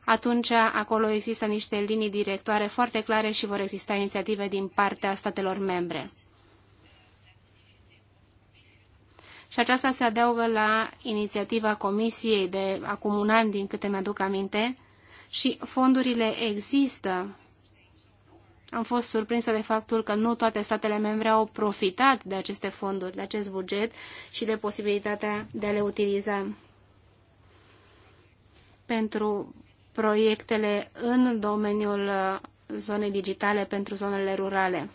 S1: atunci acolo există niște linii directoare foarte clare și vor exista inițiative din partea statelor membre. Și aceasta se adaugă la inițiativa Comisiei de acum un an, din câte mi-aduc aminte, și fondurile există. Am fost surprinsă de faptul că nu toate statele membre au profitat de aceste fonduri, de acest buget și de posibilitatea de a le utiliza pentru proiectele în domeniul uh, zonei digitale pentru zonele rurale.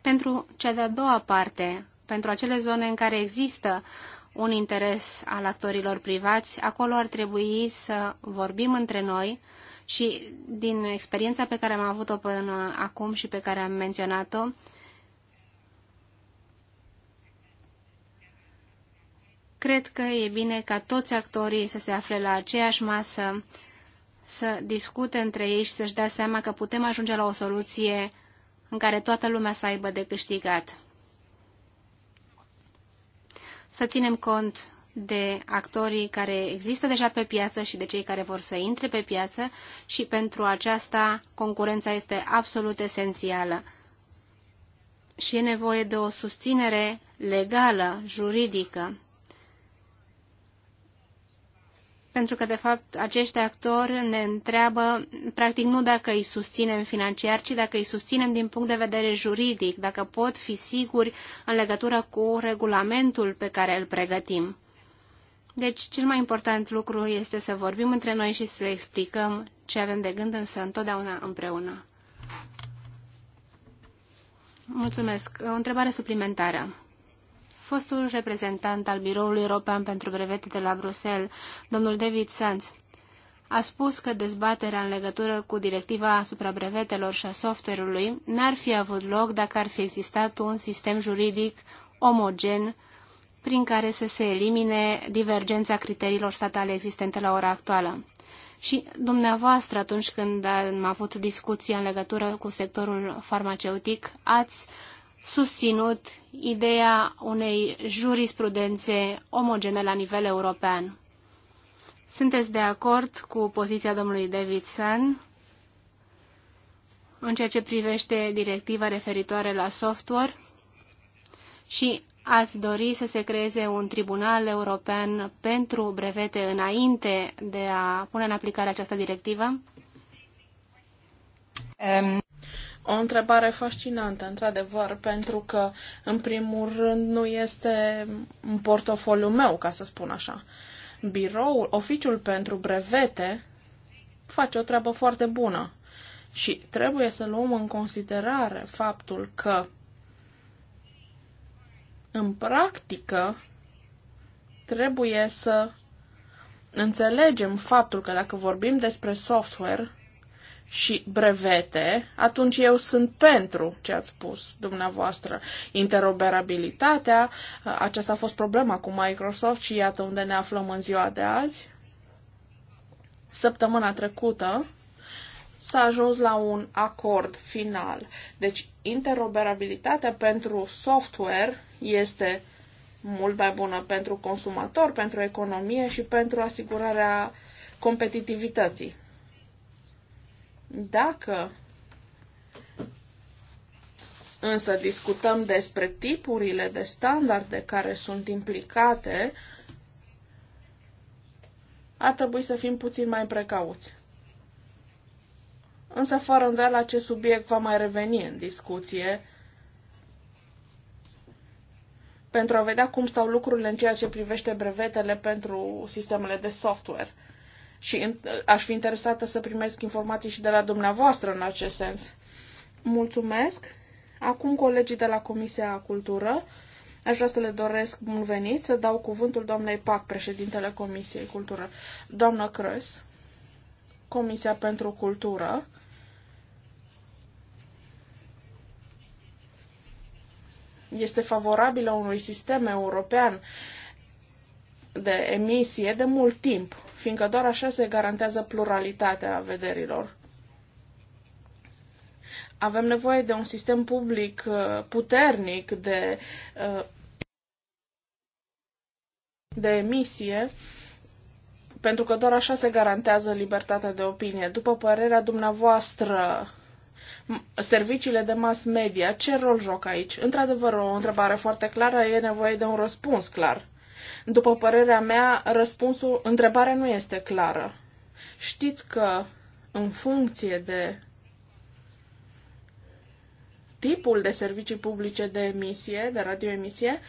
S1: Pentru cea de-a doua parte, pentru acele zone în care există un interes al actorilor privați, acolo ar trebui să vorbim între noi și din experiența pe care am avut-o până acum și pe care am menționat-o, cred că e bine ca toți actorii să se afle la aceeași masă, să discute între ei și să-și dea seama că putem ajunge la o soluție în care toată lumea să aibă de câștigat să ținem cont de actorii care există deja pe piață și de cei care vor să intre pe piață și pentru aceasta concurența este absolut esențială. Și e nevoie de o susținere legală, juridică, pentru că, de fapt, acești actori ne întreabă, practic, nu dacă îi susținem financiar, ci dacă îi susținem din punct de vedere juridic, dacă pot fi siguri în legătură cu regulamentul pe care îl pregătim. Deci, cel mai important lucru este să vorbim între noi și să explicăm ce avem de gând, însă întotdeauna împreună. Mulțumesc. O întrebare suplimentară fostul reprezentant al Biroului European pentru Brevete de la Bruxelles, domnul David Sands, a spus că dezbaterea în legătură cu directiva asupra brevetelor și a software-ului n-ar fi avut loc dacă ar fi existat un sistem juridic omogen prin care să se elimine divergența criteriilor statale existente la ora actuală. Și dumneavoastră, atunci când am avut discuții în legătură cu sectorul farmaceutic, ați susținut ideea unei jurisprudențe omogene la nivel european. Sunteți de acord cu poziția domnului Davidson în ceea ce privește directiva referitoare la software și ați dori să se creeze un tribunal european pentru brevete înainte de a pune în aplicare această directivă? Um, o întrebare fascinantă, într-adevăr,
S4: pentru că, în primul rând, nu este în portofoliu meu, ca să spun așa. Biroul, oficiul pentru brevete, face o treabă foarte bună și trebuie să luăm în considerare faptul că, în practică, trebuie să înțelegem faptul că dacă vorbim despre software, și brevete, atunci eu sunt pentru ce ați spus dumneavoastră. Interoperabilitatea, uh, aceasta a fost problema cu Microsoft și iată unde ne aflăm în ziua de azi. Săptămâna trecută s-a ajuns la un acord final. Deci interoperabilitatea pentru software este mult mai bună pentru consumator, pentru economie și pentru asigurarea competitivității. Dacă însă discutăm despre tipurile de standarde care sunt implicate, ar trebui să fim puțin mai precauți. Însă, fără îndoială, acest subiect va mai reveni în discuție pentru a vedea cum stau lucrurile în ceea ce privește brevetele pentru sistemele de software și aș fi interesată să primesc informații și de la dumneavoastră în acest sens. Mulțumesc! Acum colegii de la Comisia Cultură, aș vrea să le doresc bun venit, să dau cuvântul doamnei PAC, președintele Comisiei Cultură. Doamnă Crăs, Comisia pentru Cultură, este favorabilă unui sistem european de emisie de mult timp, fiindcă doar așa se garantează pluralitatea vederilor. Avem nevoie de un sistem public uh, puternic de, uh, de emisie, pentru că doar așa se garantează libertatea de opinie. După părerea dumneavoastră, serviciile de mass media, ce rol joc aici? Într-adevăr, o întrebare foarte clară, e nevoie de un răspuns clar. După părerea mea, răspunsul, întrebarea nu este clară. Știți că în funcție de tipul de servicii publice de emisie, de radioemisie,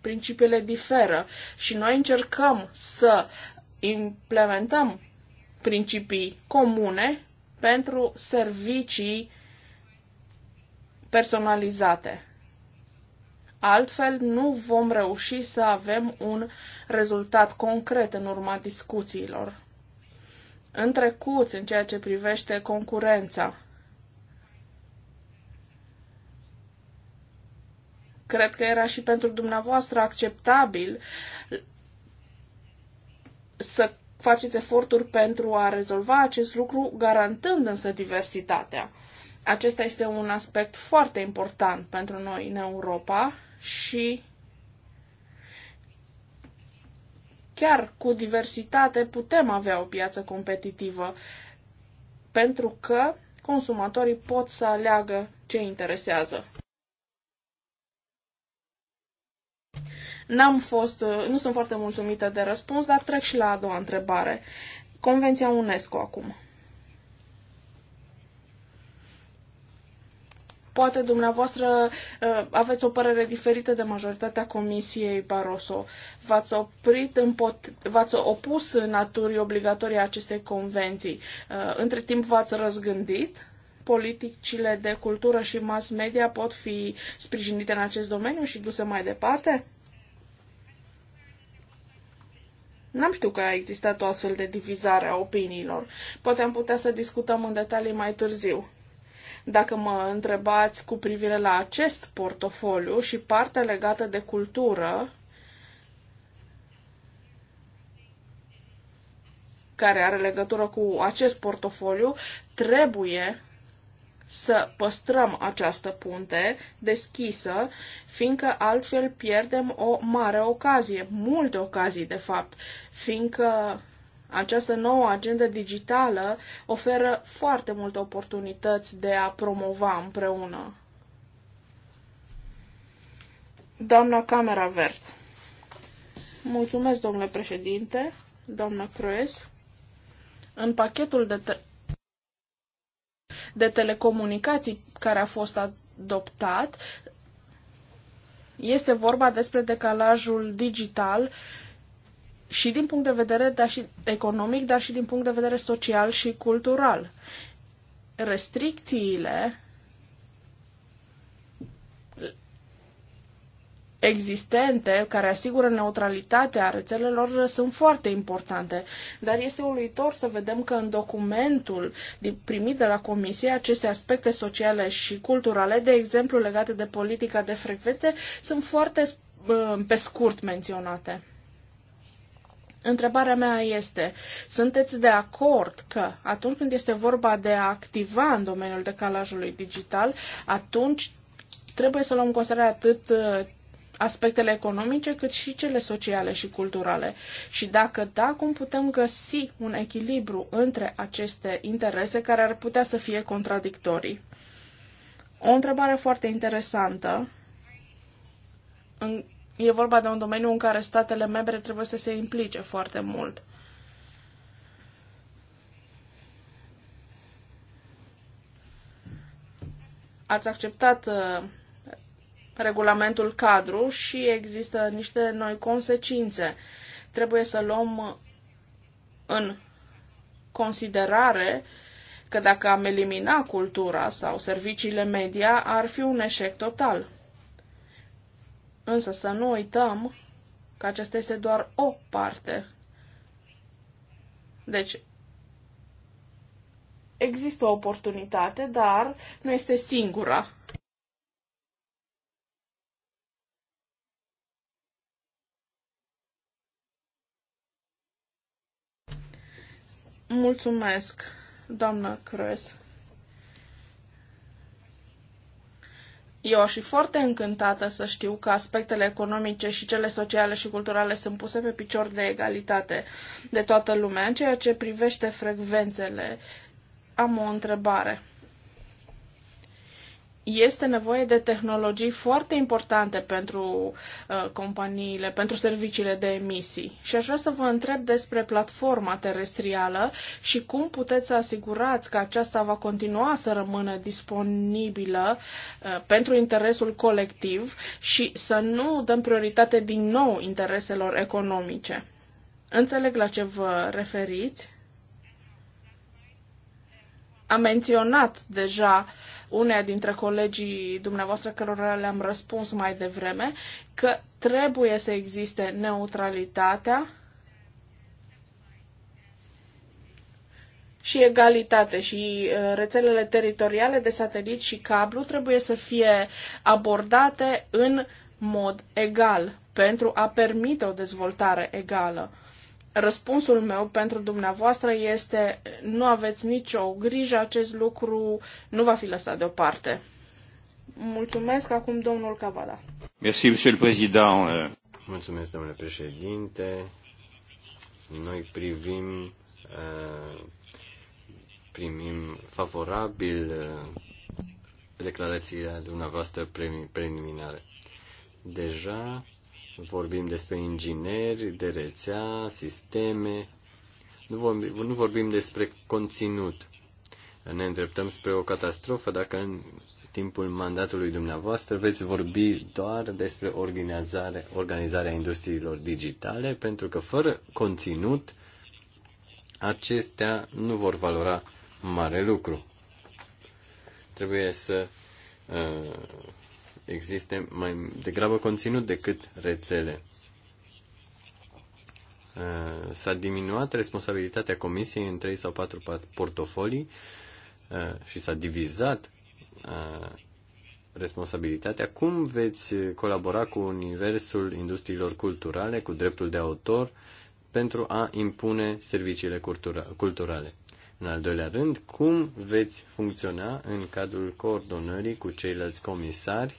S4: principiile diferă și noi încercăm să implementăm principii comune pentru servicii personalizate. Altfel, nu vom reuși să avem un rezultat concret în urma discuțiilor. În trecut, în ceea ce privește concurența, cred că era și pentru dumneavoastră acceptabil să faceți eforturi pentru a rezolva acest lucru, garantând însă diversitatea. Acesta este un aspect foarte important pentru noi în Europa și chiar cu diversitate putem avea o piață competitivă, pentru că consumatorii pot să aleagă ce interesează. N-am fost, nu sunt foarte mulțumită de răspuns, dar trec și la a doua întrebare. Convenția UNESCO acum. Poate dumneavoastră uh, aveți o părere diferită de majoritatea Comisiei Barroso. V-ați oprit împot- v-ați opus naturii obligatorii acestei convenții. Uh, între timp v-ați răzgândit? Politicile de cultură și mass media pot fi sprijinite în acest domeniu și duse mai departe? N-am știut că a existat o astfel de divizare a opiniilor. Poate am putea să discutăm în detalii mai târziu. Dacă mă întrebați cu privire la acest portofoliu și partea legată de cultură, care are legătură cu acest portofoliu, trebuie să păstrăm această punte deschisă, fiindcă altfel pierdem o mare ocazie, multe ocazii de fapt, fiindcă această nouă agendă digitală oferă foarte multe oportunități de a promova împreună. Doamna Camera Vert. Mulțumesc, domnule președinte, doamna Croes. În pachetul de, te- de telecomunicații care a fost adoptat, este vorba despre decalajul digital uh, și din punct de vedere dar și economic, dar și din punct de vedere social și cultural. Restricțiile existente care asigură neutralitatea rețelelor sunt foarte importante, dar este uluitor să vedem că în documentul primit de la Comisie aceste aspecte sociale și culturale, de exemplu legate de politica de frecvențe, sunt foarte uh, pe scurt menționate. Întrebarea mea este, sunteți de acord că atunci când este vorba de a activa în domeniul decalajului digital, atunci trebuie să luăm în considerare atât uh, aspectele economice, cât și cele sociale și culturale. Și dacă da, cum putem găsi un echilibru între aceste interese care ar putea să fie contradictorii? O întrebare foarte interesantă în E vorba de un domeniu în care statele membre trebuie să se implice foarte mult. Ați acceptat uh, regulamentul cadru și există niște noi consecințe. Trebuie să luăm în considerare că dacă am elimina cultura sau serviciile media, ar fi un eșec total. Însă să nu uităm că aceasta este doar o parte. Deci, există o oportunitate, dar nu este singura. Mulțumesc, doamnă Crăs. Eu aș fi foarte încântată să știu că aspectele economice și cele sociale și culturale sunt puse pe picior de egalitate de toată lumea. În ceea ce privește frecvențele, am o întrebare este nevoie de tehnologii foarte importante pentru uh, companiile, pentru serviciile de emisii. Și aș vrea să vă întreb despre platforma terestrială și cum puteți să asigurați că aceasta va continua să rămână disponibilă uh, pentru interesul colectiv și să nu dăm prioritate din nou intereselor economice. Înțeleg la ce vă referiți. Am menționat deja uh, unea dintre colegii dumneavoastră cărora le-am răspuns mai devreme, că trebuie să existe neutralitatea și egalitate și uh, rețelele teritoriale de satelit și cablu trebuie să fie abordate în mod egal pentru a permite o dezvoltare egală. Răspunsul meu pentru dumneavoastră este nu aveți nicio grijă, acest lucru nu va fi lăsat deoparte. Mulțumesc acum domnul Cavada.
S5: Merci, monsieur le président. Mulțumesc, domnule președinte. Noi privim, uh, primim favorabil uh, declarațiile dumneavoastră preliminare. Deja Vorbim despre ingineri, de rețea, sisteme. Nu vorbim, nu vorbim despre conținut. Ne îndreptăm spre o catastrofă dacă în timpul mandatului dumneavoastră veți vorbi doar despre organizare, organizarea industriilor digitale, pentru că fără conținut acestea nu vor valora mare lucru. Trebuie să uh, existe mai degrabă conținut decât rețele. Uh, s-a diminuat responsabilitatea comisiei în 3 sau 4 portofolii uh, și s-a divizat uh, responsabilitatea. Cum veți colabora cu universul industriilor culturale, cu dreptul de autor, pentru a impune serviciile cultura- culturale? În al doilea rând, cum veți funcționa în cadrul coordonării cu ceilalți comisari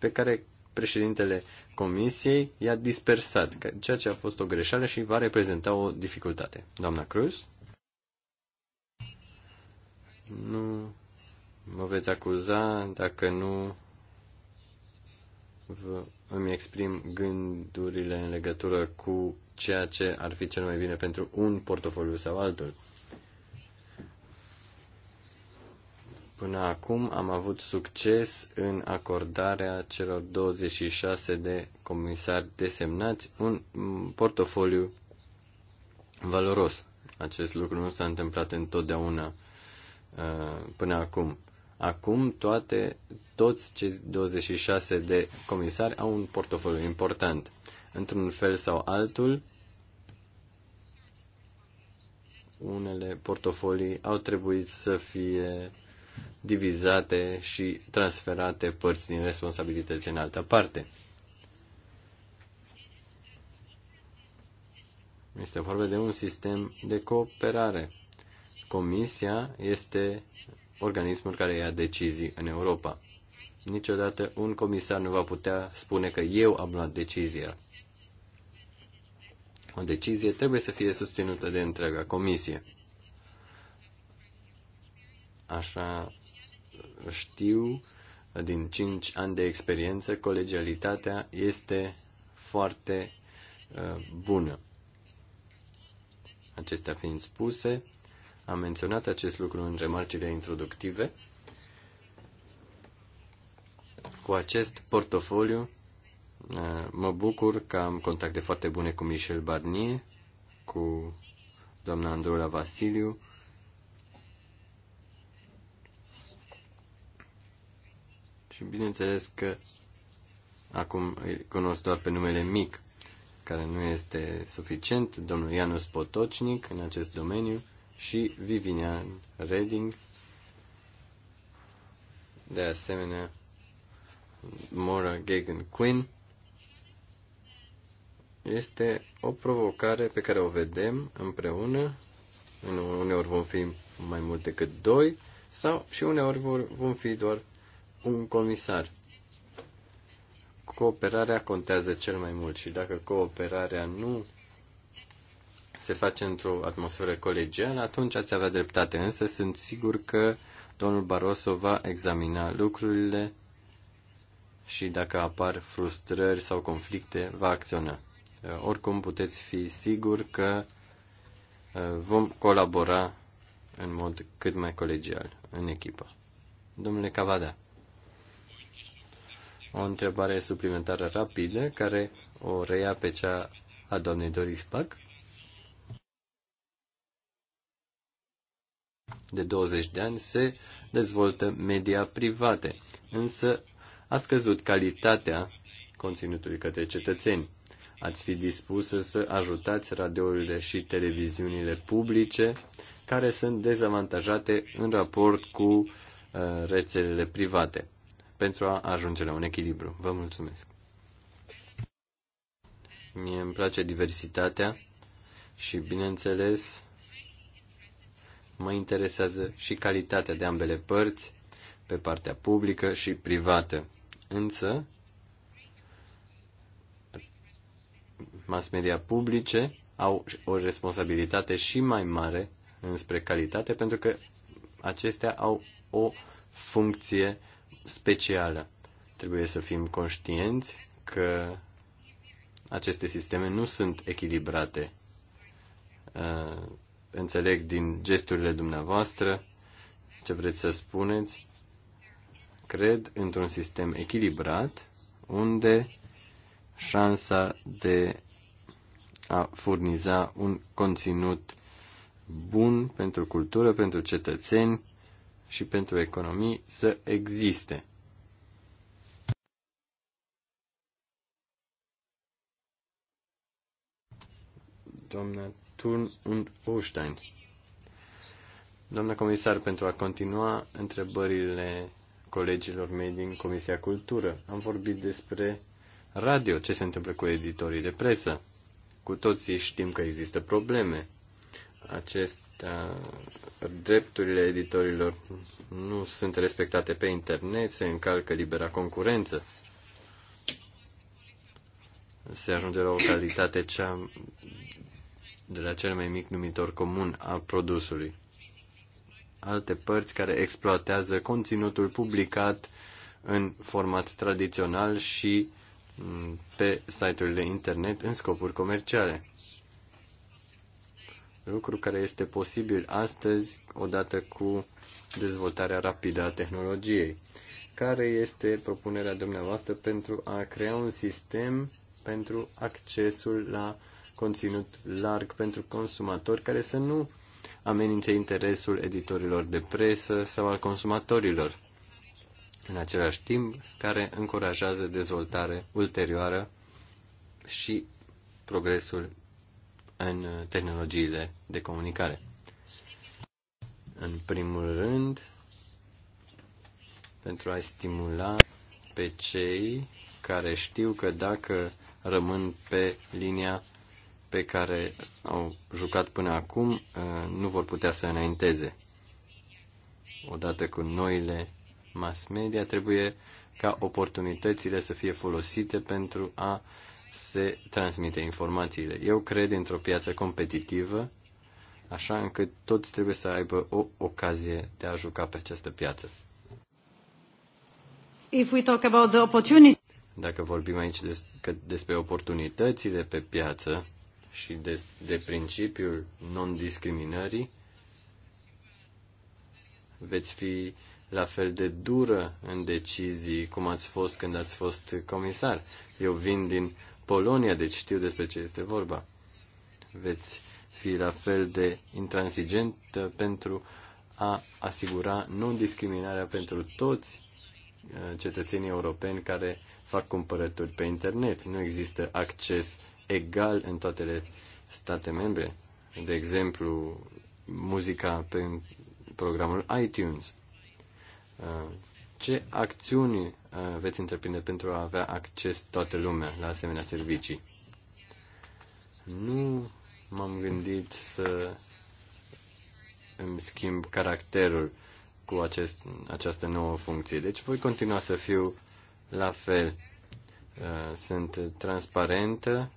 S5: pe care președintele comisiei i-a dispersat, ceea ce a fost o greșeală și va reprezenta o dificultate. Doamna Cruz? Nu mă veți acuza dacă nu vă, îmi exprim gândurile în legătură cu ceea ce ar fi cel mai bine pentru un portofoliu sau altul. Până acum am avut succes în acordarea celor 26 de comisari desemnați un portofoliu valoros. Acest lucru nu s-a întâmplat întotdeauna uh, până acum. Acum toate, toți cei 26 de comisari au un portofoliu important. Într-un fel sau altul, unele portofolii au trebuit să fie divizate și transferate părți din responsabilități în altă parte. Este vorba de un sistem de cooperare. Comisia este organismul care ia decizii în Europa. Niciodată un comisar nu va putea spune că eu am luat decizia. O decizie trebuie să fie susținută de întreaga comisie. Așa știu din 5 ani de experiență, colegialitatea este foarte uh, bună. Acestea fiind spuse, am menționat acest lucru în remarcile introductive. Cu acest portofoliu uh, mă bucur că am contacte foarte bune cu Michel Barnier, cu doamna Andrula Vasiliu, Și bineînțeles că acum îl cunosc doar pe numele mic, care nu este suficient, domnul Ianus Potocnic în acest domeniu și Vivian Reding. De asemenea, Mora Gagan Quinn este o provocare pe care o vedem împreună. Uneori vom fi mai mult decât doi sau și uneori vor, vom fi doar un comisar. Cooperarea contează cel mai mult și dacă cooperarea nu se face într-o atmosferă colegială, atunci ați avea dreptate. Însă sunt sigur că domnul Barroso va examina lucrurile și dacă apar frustrări sau conflicte, va acționa. Uh, oricum puteți fi sigur că uh, vom colabora în mod cât mai colegial, în echipă. Domnule Cavada o întrebare suplimentară rapidă care o reia pe cea a doamnei Doris Pac. De 20 de ani se dezvoltă media private, însă a scăzut calitatea conținutului către cetățeni. Ați fi dispusă să ajutați radiourile și televiziunile publice care sunt dezavantajate în raport cu uh, rețelele private pentru a ajunge la un echilibru. Vă mulțumesc. Mie îmi place diversitatea și, bineînțeles, mă interesează și calitatea de ambele părți, pe partea publică și privată. Însă, mass media publice au o responsabilitate și mai mare înspre calitate, pentru că acestea au o funcție specială. Trebuie să fim conștienți că aceste sisteme nu sunt echilibrate. Uh, înțeleg din gesturile dumneavoastră ce vreți să spuneți. Cred într-un sistem echilibrat unde șansa de a furniza un conținut bun pentru cultură, pentru cetățeni, și pentru economii să existe. Doamna Turn und Ostein. Doamna comisar, pentru a continua întrebările colegilor mei din Comisia Cultură, am vorbit despre radio, ce se întâmplă cu editorii de presă. Cu toții știm că există probleme acestea, drepturile editorilor nu sunt respectate pe internet, se încalcă libera concurență, se ajunge la o calitate cea de la cel mai mic numitor comun a produsului. Alte părți care exploatează conținutul publicat în format tradițional și mm, pe site-urile internet în scopuri comerciale lucru care este posibil astăzi odată cu dezvoltarea rapidă a tehnologiei. Care este propunerea dumneavoastră pentru a crea un sistem pentru accesul la conținut larg pentru consumatori care să nu amenințe interesul editorilor de presă sau al consumatorilor, în același timp care încurajează dezvoltare ulterioară și progresul în tehnologiile de comunicare. În primul rând, pentru a stimula pe cei care știu că dacă rămân pe linia pe care au jucat până acum, uh, nu vor putea să înainteze. Odată cu noile mass media, trebuie ca oportunitățile să fie folosite pentru a uh, se transmite informațiile. Eu cred într-o piață competitivă, așa încât toți trebuie să aibă o ocazie de a juca pe această piață.
S2: If we talk about the opportunity...
S5: Dacă vorbim aici des, că despre oportunitățile pe piață și de, de principiul non-discriminării, veți fi la fel de dură în decizii cum ați fost când ați fost comisar. Eu vin din Polonia, deci știu despre ce este vorba. Veți fi la fel de intransigent uh, pentru a asigura non-discriminarea pentru toți uh, cetățenii europeni care fac cumpărături pe internet. Nu există acces egal în toate state membre. De exemplu, muzica pe programul iTunes. Uh, ce acțiuni veți întreprinde pentru a avea acces toată lumea la asemenea servicii? Nu m-am gândit să îmi schimb caracterul cu acest, această nouă funcție. Deci voi continua să fiu la fel. Uh, sunt transparentă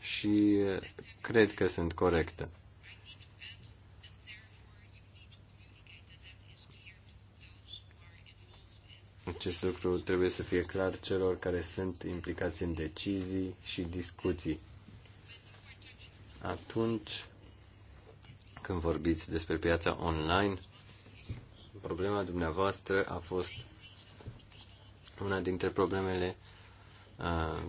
S5: și cred că sunt corectă. Acest lucru trebuie să fie clar celor care sunt implicați în decizii și discuții. Atunci când vorbiți despre piața online, problema dumneavoastră a fost una dintre problemele uh,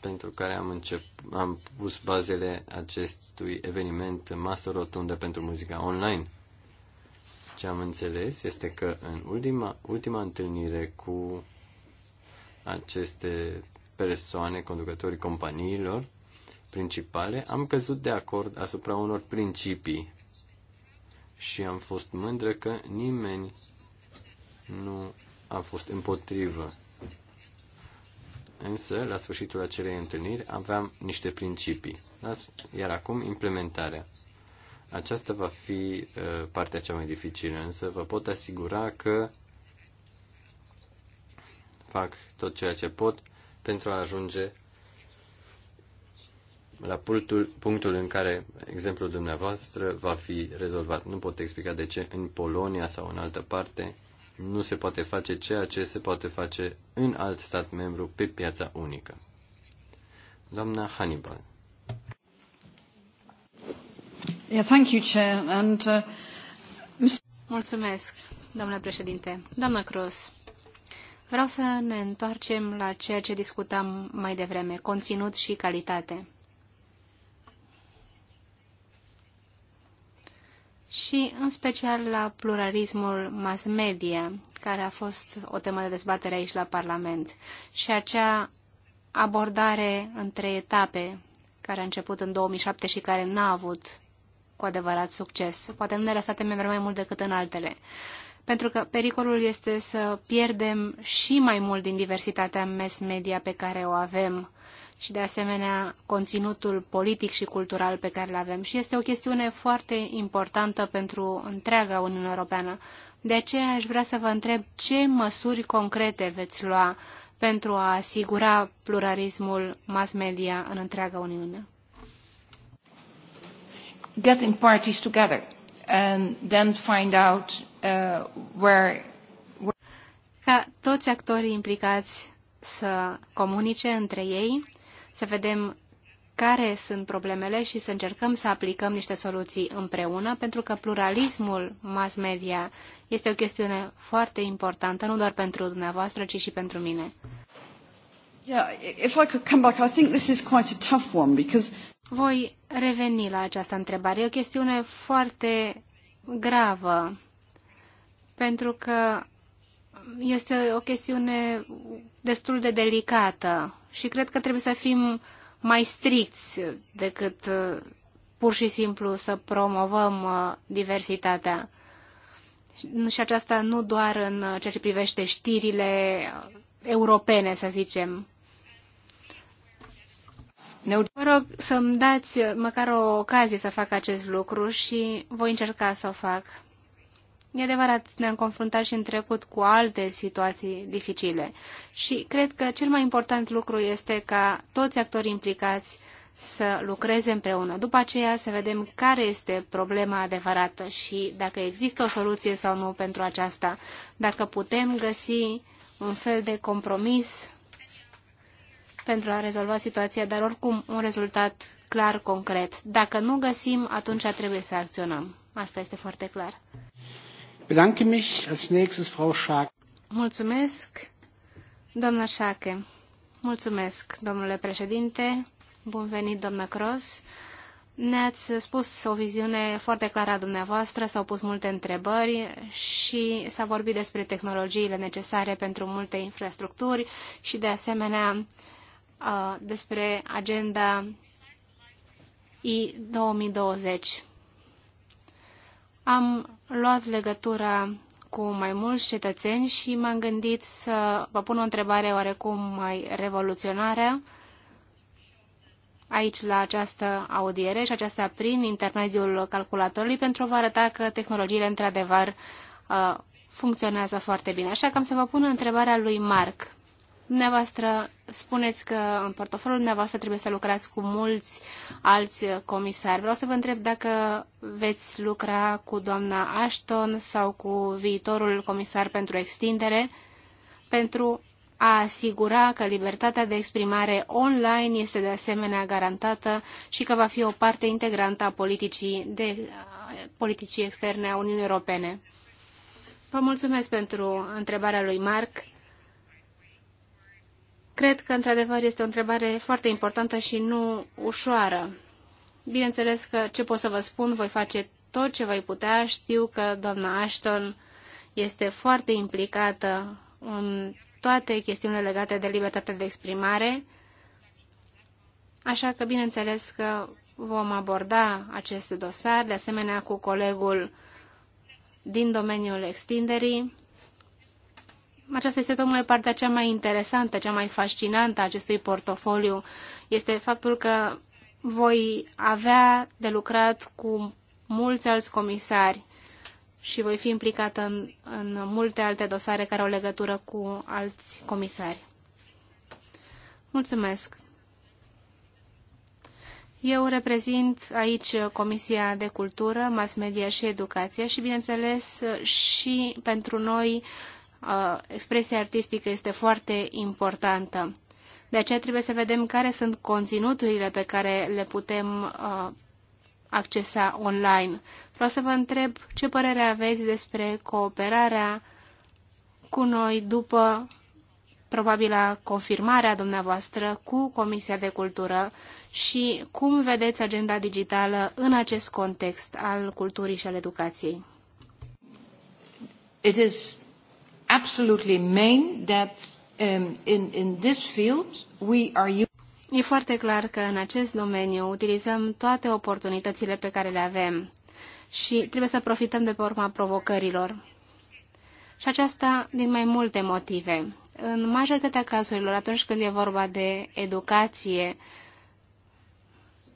S5: pentru care am, încep- am pus bazele acestui eveniment masă rotundă pentru muzica online. Ce am înțeles este că în ultima, ultima întâlnire cu aceste persoane, conducătorii companiilor principale, am căzut de acord asupra unor principii și am fost mândră că nimeni nu a fost împotrivă. Însă, la sfârșitul acelei întâlniri, aveam niște principii, iar acum implementarea. Aceasta va fi partea cea mai dificilă, însă vă pot asigura că fac tot ceea ce pot pentru a ajunge la punctul, punctul în care exemplul dumneavoastră va fi rezolvat. Nu pot explica de ce în Polonia sau în altă parte nu se poate face ceea ce se poate face în alt stat membru pe piața unică. Doamna Hannibal.
S1: Uh, Mulțumesc, domnule președinte. doamnă kroes vreau să ne întoarcem la ceea ce discutam mai devreme, conținut și calitate. și în special la pluralismul mass media, care a fost o temă de dezbatere aici la Parlament, și acea abordare în trei etape, care a început în 2007 și care n-a avut cu adevărat succes, poate în unele state membre mai mult decât în altele. Pentru că pericolul este să pierdem și mai mult din diversitatea mass media pe care o avem și de asemenea conținutul politic și cultural pe care îl avem. Și este o chestiune foarte importantă pentru întreaga Uniune Europeană. De aceea aș vrea să vă întreb ce măsuri concrete veți lua pentru a asigura pluralismul mass media în întreaga Uniune
S3: getting parties together
S1: and then find out uh, where, where ca toți actorii implicați să comunice între ei, să vedem care sunt problemele și să încercăm să aplicăm niște soluții împreună, pentru că pluralismul mass media este o chestiune foarte importantă, nu doar pentru dumneavoastră, ci și pentru mine.
S2: Yeah, if I could come back, I think this is quite a tough one because
S1: voi reveni la această întrebare. E o chestiune foarte gravă, pentru că este o chestiune destul de delicată și cred că trebuie să fim mai stricți decât uh, pur și simplu să promovăm uh, diversitatea. Și aceasta nu doar în uh, ceea ce privește știrile europene, să zicem. Vă rog să-mi dați măcar o ocazie să fac acest lucru și voi încerca să o fac. E adevărat, ne-am confruntat și în trecut cu alte situații dificile și cred că cel mai important lucru este ca toți actorii implicați să lucreze împreună. După aceea să vedem care este problema adevărată și dacă există o soluție sau nu pentru aceasta, dacă putem găsi un fel de compromis pentru a rezolva situația, dar oricum un rezultat clar, concret. Dacă nu găsim, atunci trebuie să acționăm. Asta este foarte clar.
S3: mich als nächstes Frau
S1: Mulțumesc, doamna Șache. Mulțumesc, domnule președinte. Bun venit, doamna Cross. Ne-ați spus o viziune foarte clară a dumneavoastră, s-au pus multe întrebări și s-a vorbit despre tehnologiile necesare pentru multe infrastructuri și, de asemenea, uh, despre agenda I 2020. Am luat legătura cu mai mulți cetățeni și m-am gândit să vă pun o întrebare oarecum mai revoluționară aici la această audiere și aceasta prin intermediul calculatorului pentru a vă arăta că tehnologiile într-adevăr funcționează foarte bine. Așa că am să vă pun întrebarea lui Marc. Dumneavoastră spuneți că în portofolul dumneavoastră trebuie să lucrați cu mulți alți comisari. Vreau să vă întreb dacă veți lucra cu doamna Ashton sau cu viitorul comisar pentru extindere pentru a asigura că libertatea de exprimare online este de asemenea garantată și că va fi o parte integrantă a politicii, de, politicii externe a Uniunii Europene. Vă mulțumesc pentru întrebarea lui Marc. Cred că, într-adevăr, este o întrebare foarte importantă și nu ușoară. Bineînțeles că ce pot să vă spun, voi face tot ce voi putea. Știu că doamna Ashton este foarte implicată în toate chestiunile legate de libertatea de exprimare, așa că, bineînțeles că vom aborda acest dosar, de asemenea cu colegul din domeniul extinderii aceasta este tocmai partea cea mai interesantă, cea mai fascinantă a acestui portofoliu. Este faptul că voi avea de lucrat cu mulți alți comisari și voi fi implicată în, în multe alte dosare care au legătură cu alți comisari. Mulțumesc! Eu reprezint aici Comisia de Cultură, Mass Media și Educație și, bineînțeles, și pentru noi uh, expresia artistică este foarte importantă. De aceea trebuie să vedem care sunt conținuturile pe care le putem accesa online. Vreau să vă întreb ce părere aveți despre cooperarea cu noi după probabila confirmarea dumneavoastră cu Comisia de Cultură și cum vedeți agenda digitală în acest context al culturii și al educației.
S3: It is absolutely main
S1: that um, in, in this field we are E foarte clar că în acest domeniu utilizăm toate oportunitățile pe care le avem și trebuie să profităm de pe urma provocărilor. Și aceasta din mai multe motive. În majoritatea cazurilor, atunci când e vorba de educație,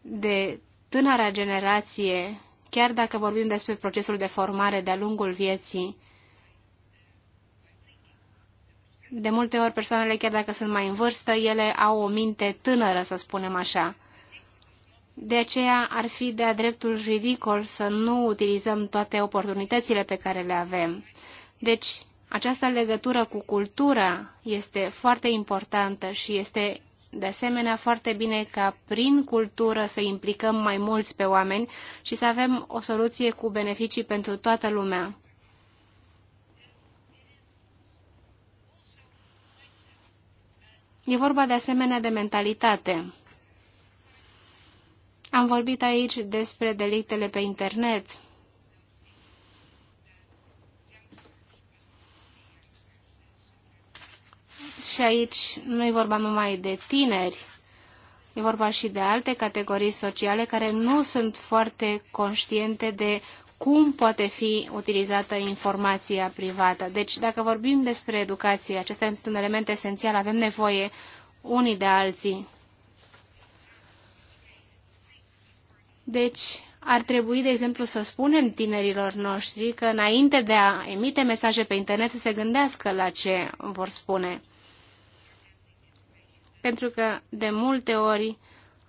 S1: de tânăra generație, chiar dacă vorbim despre procesul de formare de-a lungul vieții, de multe ori persoanele, chiar dacă sunt mai în vârstă, ele au o minte tânără, să spunem așa. De aceea ar fi de-a dreptul ridicol să nu utilizăm toate oportunitățile pe care le avem. Deci, această legătură cu cultura este foarte importantă și este de asemenea foarte bine ca prin cultură să implicăm mai mulți pe oameni și să avem o soluție cu beneficii pentru toată lumea. E vorba de asemenea de mentalitate. Am vorbit aici despre delictele pe internet. Și aici nu e vorba numai de tineri, e vorba și de alte categorii sociale care nu sunt foarte conștiente de cum poate fi utilizată informația privată. Deci, dacă vorbim despre educație, acesta este un element esențial, avem nevoie unii de alții. Deci, ar trebui, de exemplu, să spunem tinerilor noștri că înainte de a emite mesaje pe internet să se gândească la ce vor spune. Pentru că, de multe ori,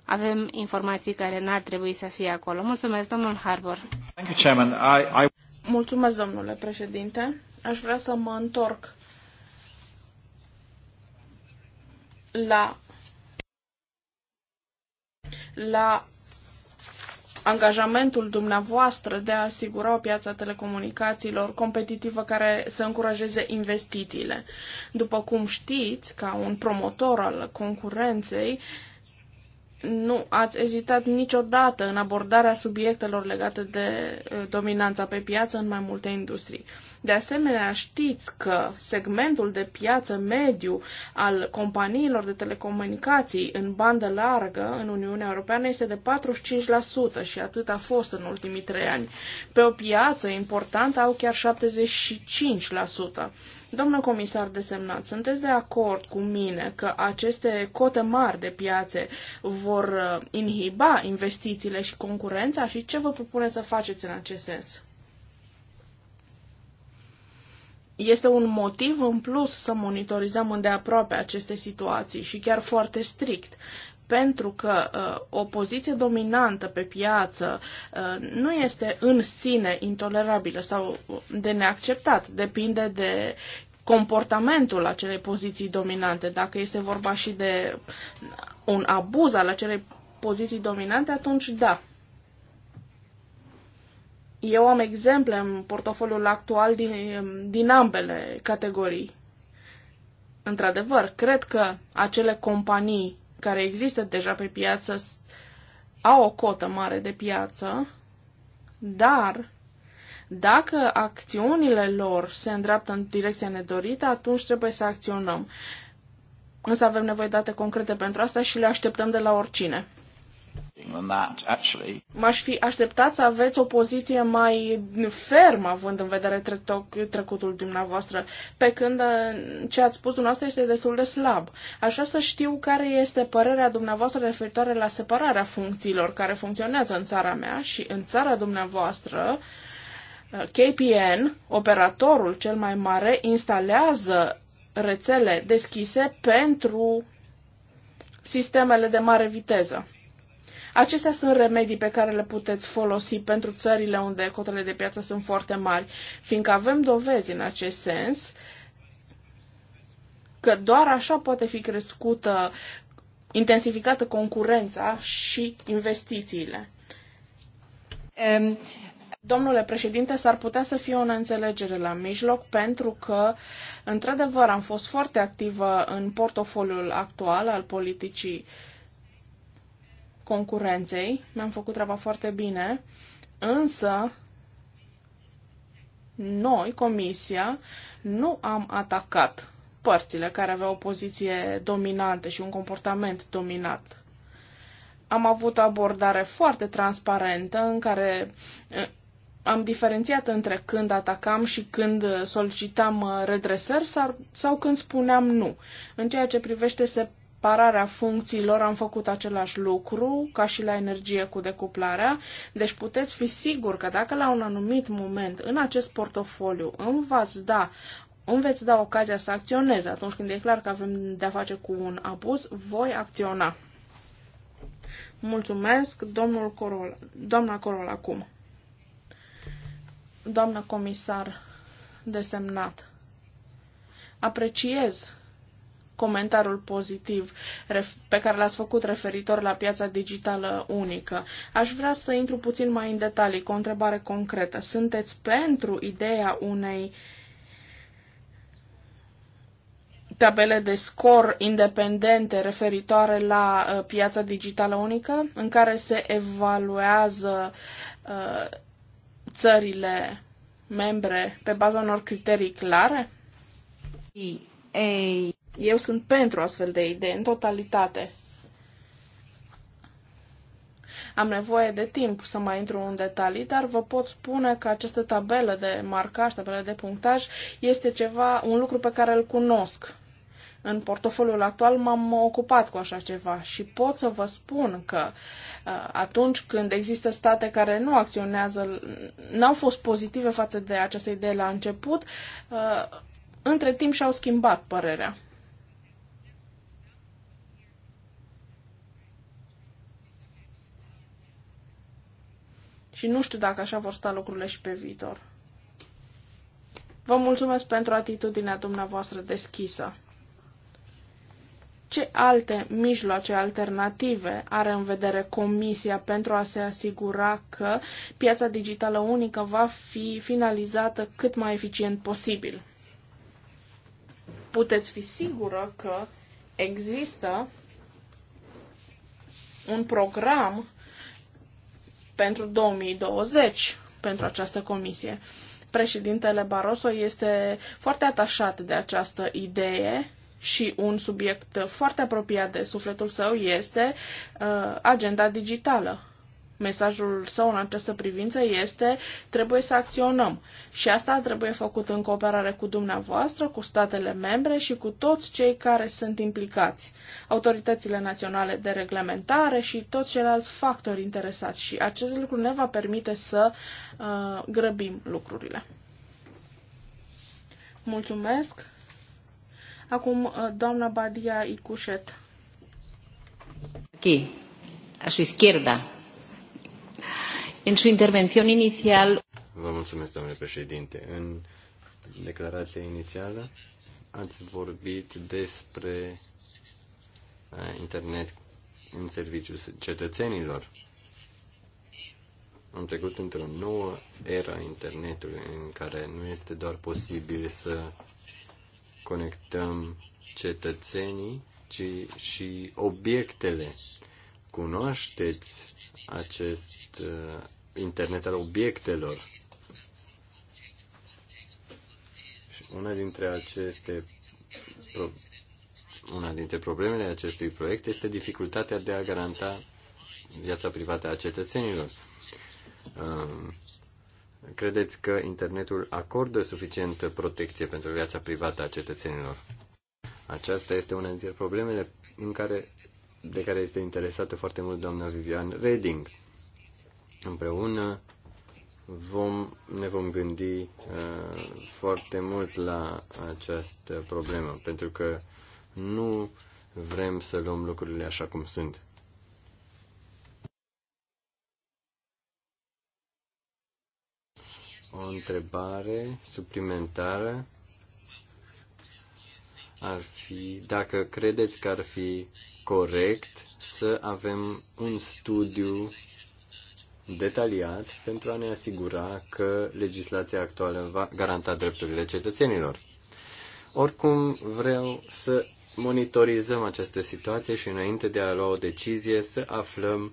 S1: avem informații care n-ar trebui să fie acolo. Mulțumesc, domnul Harbour. Mulțumesc, domnule președinte. Aș vrea să mă întorc
S4: la la angajamentul dumneavoastră de a asigura o piață a telecomunicațiilor competitivă care să încurajeze investițiile. După cum știți, ca un promotor al concurenței, nu ați ezitat niciodată în abordarea subiectelor legate de dominanța pe piață în mai multe industrii. De asemenea, știți că segmentul de piață mediu al companiilor de telecomunicații în bandă largă în Uniunea Europeană este de 45% și atât a fost în ultimii trei ani. Pe o piață importantă au chiar 75%. Domnule comisar desemnat, sunteți de acord cu mine că aceste cote mari de piațe vor uh, inhiba investițiile și concurența și ce vă propune să faceți în acest sens? Este un motiv în plus să monitorizăm îndeaproape aceste situații și chiar foarte strict pentru că uh, o poziție dominantă pe piață uh, nu este în sine intolerabilă sau de neacceptat. Depinde de comportamentul acelei poziții dominante. Dacă este vorba și de un abuz al acelei poziții dominante, atunci da. Eu am exemple în portofoliul actual din, din ambele categorii. Într-adevăr, cred că acele companii care există deja pe piață au o cotă mare de piață, dar dacă acțiunile lor se îndreaptă în direcția nedorită, atunci trebuie să acționăm. Însă avem nevoie de date concrete pentru asta și le așteptăm de la oricine. M-aș fi așteptat să aveți o poziție mai fermă, având în vedere trecutul dumneavoastră, pe când uh, ce ați spus dumneavoastră este destul de slab. Aș vrea să știu care este părerea dumneavoastră referitoare la separarea funcțiilor care funcționează în țara mea și în țara dumneavoastră. Uh, KPN, operatorul cel mai mare, instalează rețele deschise pentru sistemele de mare viteză. Acestea sunt remedii pe care le puteți folosi pentru țările unde cotele de piață sunt foarte mari, fiindcă avem dovezi în acest sens că doar așa poate fi crescută, intensificată concurența și investițiile. Um. Domnule președinte, s-ar putea să fie o înțelegere la mijloc pentru că, într-adevăr, am fost foarte activă în portofoliul actual al politicii uh, concurenței, mi-am făcut treaba foarte bine, însă noi, Comisia, nu am atacat părțile care aveau o poziție dominantă și un comportament dominat. Am avut o abordare foarte transparentă în care eh, am diferențiat între când atacam și când solicitam eh, redresări sau, sau când spuneam nu. În ceea ce privește separarea funcțiilor am făcut același lucru ca și la energie cu decuplarea, deci puteți fi sigur că dacă la un anumit moment în acest portofoliu îmi v-ați da îmi veți da ocazia să acționeze, atunci când e clar că avem de-a face cu un abuz, voi acționa. Mulțumesc, domnul Corol, doamna Corol acum. Doamna comisar desemnat, apreciez comentariul pozitiv pe care l-ați făcut referitor la piața digitală unică. Aș vrea să intru puțin mai în detalii cu o întrebare concretă. Sunteți pentru ideea unei tabele de scor independente referitoare la uh, piața digitală unică, în care se evaluează uh, țările membre pe baza unor criterii clare? Ei, ei. Eu sunt pentru astfel de idei, în totalitate. Am nevoie de timp să mai intru în detalii, dar vă pot spune că această tabelă de marcaj, tabelă de punctaj, este ceva, un lucru pe care îl cunosc. În portofoliul actual m-am ocupat cu așa ceva și pot să vă spun că uh, atunci când există state care nu acționează, n-au fost pozitive față de această idee la început, uh, între timp și-au schimbat părerea. Și nu știu dacă așa vor sta lucrurile și pe viitor. Vă mulțumesc pentru atitudinea dumneavoastră deschisă. Ce alte mijloace alternative are în vedere Comisia pentru a se asigura că piața digitală unică va fi finalizată cât mai eficient posibil? Puteți fi sigură că există un program pentru 2020 pentru această comisie. Președintele Barroso este foarte atașat de această idee și un subiect foarte apropiat de sufletul său este uh, agenda digitală. Mesajul său în această privință este trebuie să acționăm și asta trebuie făcut în cooperare cu dumneavoastră, cu statele membre și cu toți cei care sunt implicați, autoritățile naționale de reglementare și toți ceilalți factori interesați și acest lucru ne va permite să uh, grăbim lucrurile. Mulțumesc! Acum, uh, doamna Badia Icușet.
S1: Aquí, a su
S5: izquierda
S1: în su intervenție inițial.
S5: Vă mulțumesc, domnule președinte. În declarația inițială ați vorbit despre eh, internet în serviciul cetățenilor. Am trecut într-o nouă era internetului în care nu este doar posibil să conectăm cetățenii, ci și obiectele. Cunoașteți acest Uh, internet al obiectelor. Și una dintre aceste una dintre problemele acestui proiect este dificultatea de a garanta viața privată a cetățenilor. Um, credeți că internetul acordă suficientă protecție pentru viața privată a cetățenilor? Aceasta este una dintre problemele în care, de care este interesată foarte mult doamna Vivian Reding împreună vom, ne vom gândi uh, foarte mult la această problemă, pentru că nu vrem să luăm lucrurile așa cum sunt. O întrebare suplimentară ar fi dacă credeți că ar fi corect să avem un studiu detaliat pentru a ne asigura că legislația actuală va garanta drepturile cetățenilor. Oricum, vreau să monitorizăm această situație și înainte de a lua o decizie să aflăm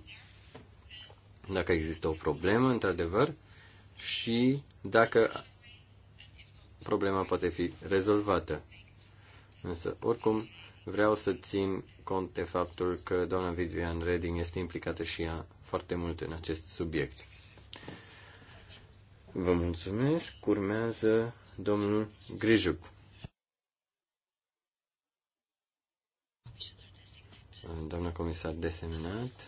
S5: dacă există o problemă, într-adevăr, și dacă problema poate fi rezolvată. Însă, oricum, vreau să țin cont de faptul că doamna Vivian Redding este implicată și ea foarte mult în acest subiect. Vă mulțumesc. Urmează domnul Grijup. Doamna comisar desemnat,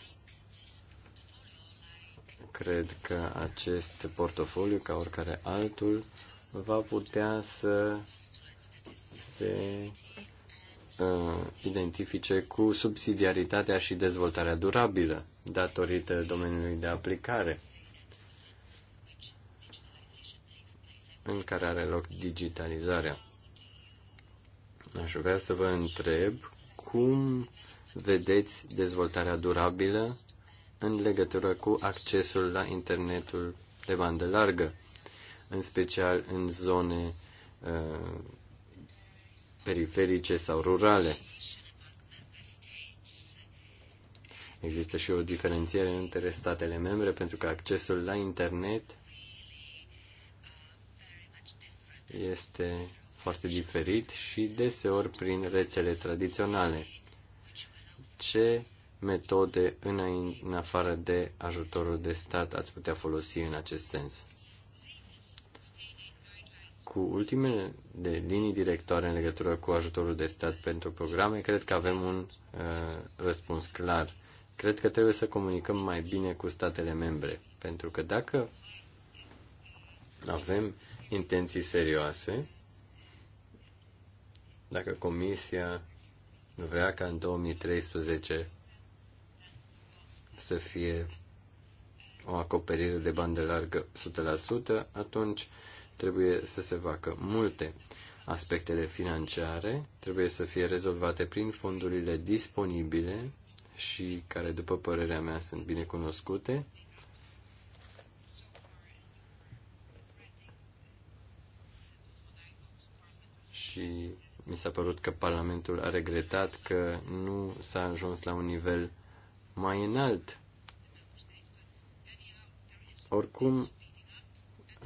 S5: cred că acest portofoliu, ca oricare altul, va putea să se uh, identifice cu subsidiaritatea și dezvoltarea durabilă datorită domeniului de aplicare în care are loc digitalizarea. Aș vrea să vă întreb cum vedeți dezvoltarea durabilă în legătură cu accesul la internetul de bandă largă, în special în zone uh, periferice sau rurale. Există și o diferențiere între statele membre pentru că accesul la internet este foarte diferit și deseori prin rețele tradiționale. Ce metode în afară de ajutorul de stat ați putea folosi în acest sens? Cu ultimele de linii directoare în legătură cu ajutorul de stat pentru programe, cred că avem un uh, răspuns clar. Cred că trebuie să comunicăm mai bine cu statele membre, pentru că dacă avem intenții serioase, dacă Comisia vrea ca în 2013 să fie o acoperire de bandă largă 100%, atunci trebuie să se facă multe. Aspectele financiare trebuie să fie rezolvate prin fondurile disponibile și care, după părerea mea, sunt bine cunoscute. Și mi s-a părut că Parlamentul a regretat că nu s-a ajuns la un nivel mai înalt. Oricum,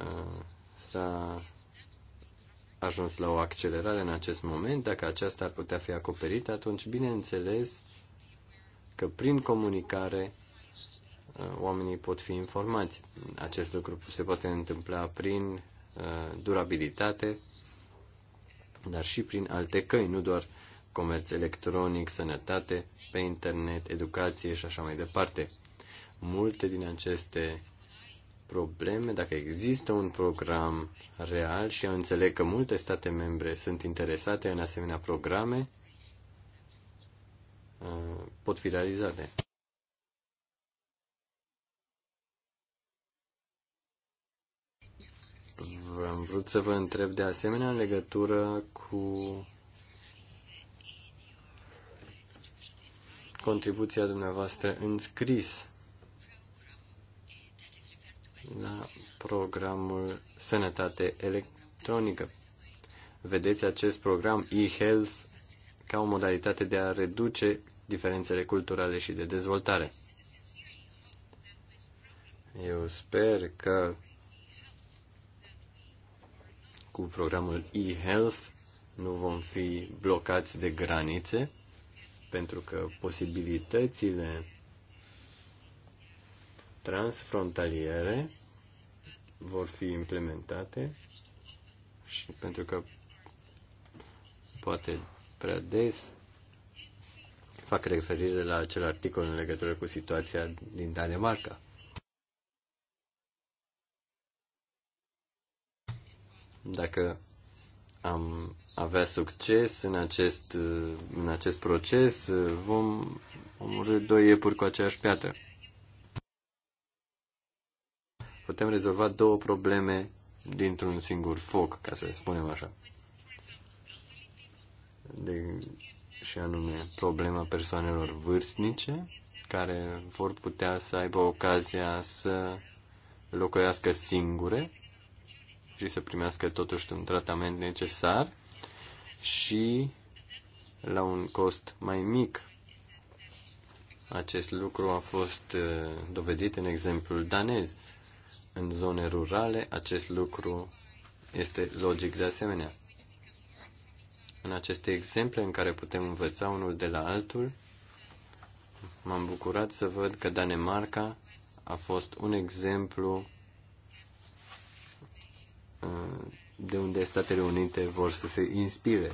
S5: uh, s-a ajuns la o accelerare în acest moment. Dacă aceasta ar putea fi acoperită, atunci, bineînțeles, că prin comunicare uh, oamenii pot fi informați. Acest lucru se poate întâmpla prin uh, durabilitate, dar și prin alte căi, nu doar comerț electronic, sănătate, pe internet, educație și așa mai departe. Multe din aceste probleme, dacă există un program real și eu înțeleg că multe state membre sunt interesate în asemenea programe, Uh, pot fi realizate. Am vrut să vă întreb de asemenea în legătură cu contribuția dumneavoastră în scris la programul Sănătate Electronică. Vedeți acest program e-health ca o modalitate de a reduce diferențele culturale și de dezvoltare. Eu sper că cu programul e-health nu vom fi blocați de granițe, pentru că posibilitățile transfrontaliere vor fi implementate și pentru că poate prea des fac referire la acel articol în legătură cu situația din Danemarca. Dacă am avea succes în acest, în acest proces, vom omorâ doi iepuri cu aceeași piatră. Putem rezolva două probleme dintr-un singur foc, ca să spunem așa. De, și anume problema persoanelor vârstnice care vor putea să aibă ocazia să locuiască singure și să primească totuși un tratament necesar și la un cost mai mic. Acest lucru a fost uh, dovedit în exemplul danez. În zone rurale acest lucru este logic de asemenea în aceste exemple în care putem învăța unul de la altul. M-am bucurat să văd că Danemarca a fost un exemplu uh, de unde Statele Unite vor să se inspire.